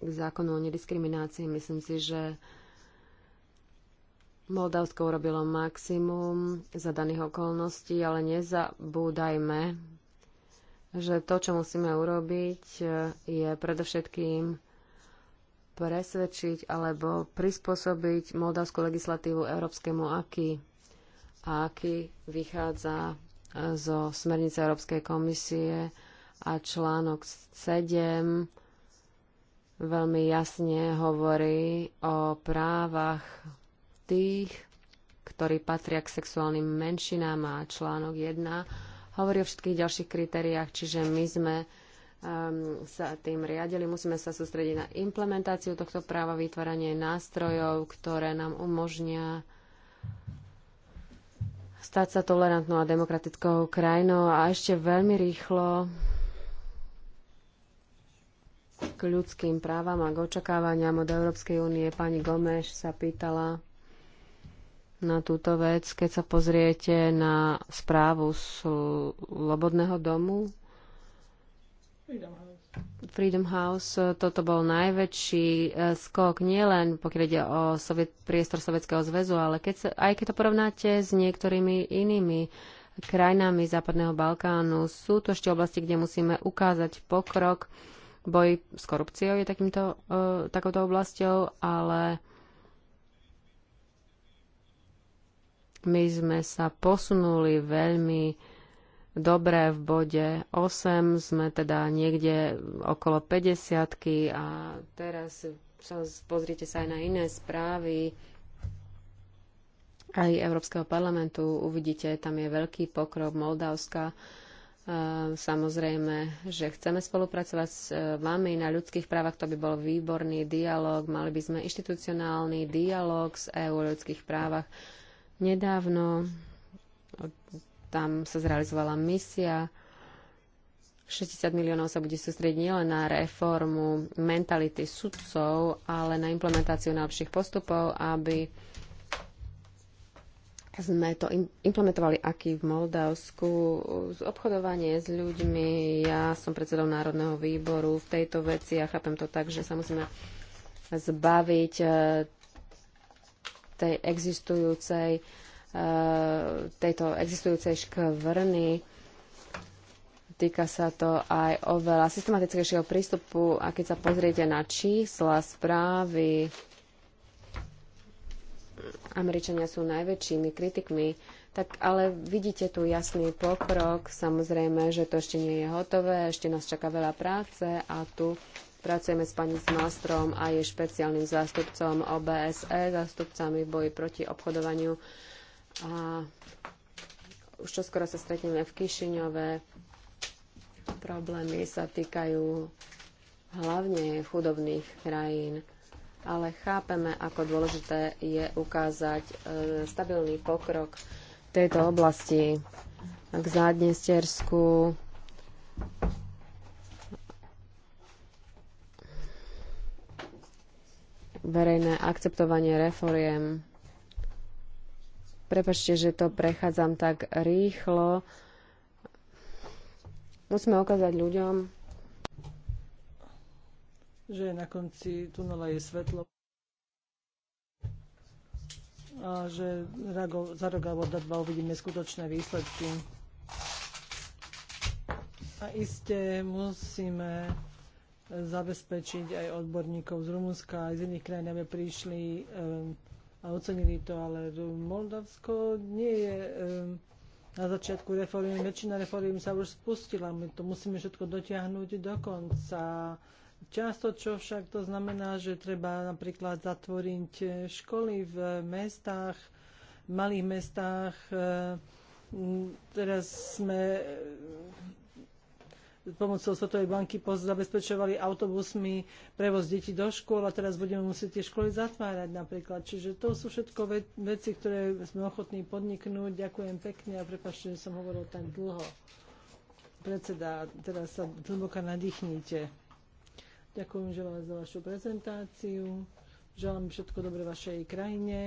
k zákonu o nediskriminácii, myslím si, že Moldavsko urobilo maximum za daných okolností, ale nezabúdajme, že to, čo musíme urobiť, je predovšetkým presvedčiť alebo prispôsobiť moldavskú legislatívu európskemu aký. A aký vychádza zo smernice Európskej komisie a článok 7 veľmi jasne hovorí o právach tých, ktorí patria k sexuálnym menšinám a článok 1 hovorí o všetkých ďalších kritériách, čiže my sme um, sa tým riadili. Musíme sa sústrediť na implementáciu tohto práva, vytváranie nástrojov, ktoré nám umožnia stať sa tolerantnou a demokratickou krajinou a ešte veľmi rýchlo k ľudským právam a k očakávaniam od Európskej únie. Pani Gomeš sa pýtala na túto vec, keď sa pozriete na správu z Lobodného domu. Freedom House. Freedom House, toto bol najväčší e, skok nielen pokiaľ ide o soviet, priestor Sovietskeho zväzu, ale keď sa, aj keď to porovnáte s niektorými inými krajinami Západného Balkánu, sú to ešte oblasti, kde musíme ukázať pokrok Boj s korupciou je takýmto, e, takouto oblasťou, ale my sme sa posunuli veľmi dobre v bode 8, sme teda niekde okolo 50 a teraz sa pozrite sa aj na iné správy aj Európskeho parlamentu. Uvidíte, tam je veľký pokrok Moldavska Ehm, samozrejme, že chceme spolupracovať s e, vami na ľudských právach, to by bol výborný dialog, mali by sme inštitucionálny dialog s EU o ľudských právach. Nedávno tam sa zrealizovala misia, 60 miliónov sa bude sústrediť nielen na reformu mentality sudcov, ale na implementáciu najlepších postupov, aby sme to implementovali aký v Moldavsku. Obchodovanie s ľuďmi, ja som predsedom Národného výboru v tejto veci a ja chápem to tak, že sa musíme zbaviť e, tej existujúcej, e, tejto existujúcej škvrny. Týka sa to aj oveľa systematickejšieho prístupu a keď sa pozriete na čísla správy, Američania sú najväčšími kritikmi, tak ale vidíte tu jasný pokrok. Samozrejme, že to ešte nie je hotové, ešte nás čaká veľa práce a tu pracujeme s pani Smastrom a je špeciálnym zástupcom OBSE, zástupcami v boji proti obchodovaniu. A už čo skoro sa stretneme v Kišiňove. Problémy sa týkajú hlavne chudobných krajín ale chápeme, ako dôležité je ukázať e, stabilný pokrok v tejto oblasti k Zádnestersku. verejné akceptovanie reforiem. Prepačte, že to prechádzam tak rýchlo. Musíme ukázať ľuďom, že na konci tunela je svetlo a že za rok alebo dva uvidíme skutočné výsledky. A iste musíme zabezpečiť aj odborníkov z Rumunska, aj z iných krajín, aby prišli um, a ocenili to, ale Moldavsko nie je um, na začiatku reformy. Väčšina reformy sa už spustila, my to musíme všetko dotiahnuť do konca. Často, čo však to znamená, že treba napríklad zatvoriť eh, školy v mestách, v malých mestách. Eh, teraz sme eh, pomocou Svetovej banky zabezpečovali autobusmi prevoz detí do škôl a teraz budeme musieť tie školy zatvárať napríklad. Čiže to sú všetko ve veci, ktoré sme ochotní podniknúť. Ďakujem pekne a prepašte, že som hovoril tak dlho. Predseda, teraz sa hlboko nadýchnite. Ďakujem že vás za vašu prezentáciu. Želám všetko dobre vašej krajine.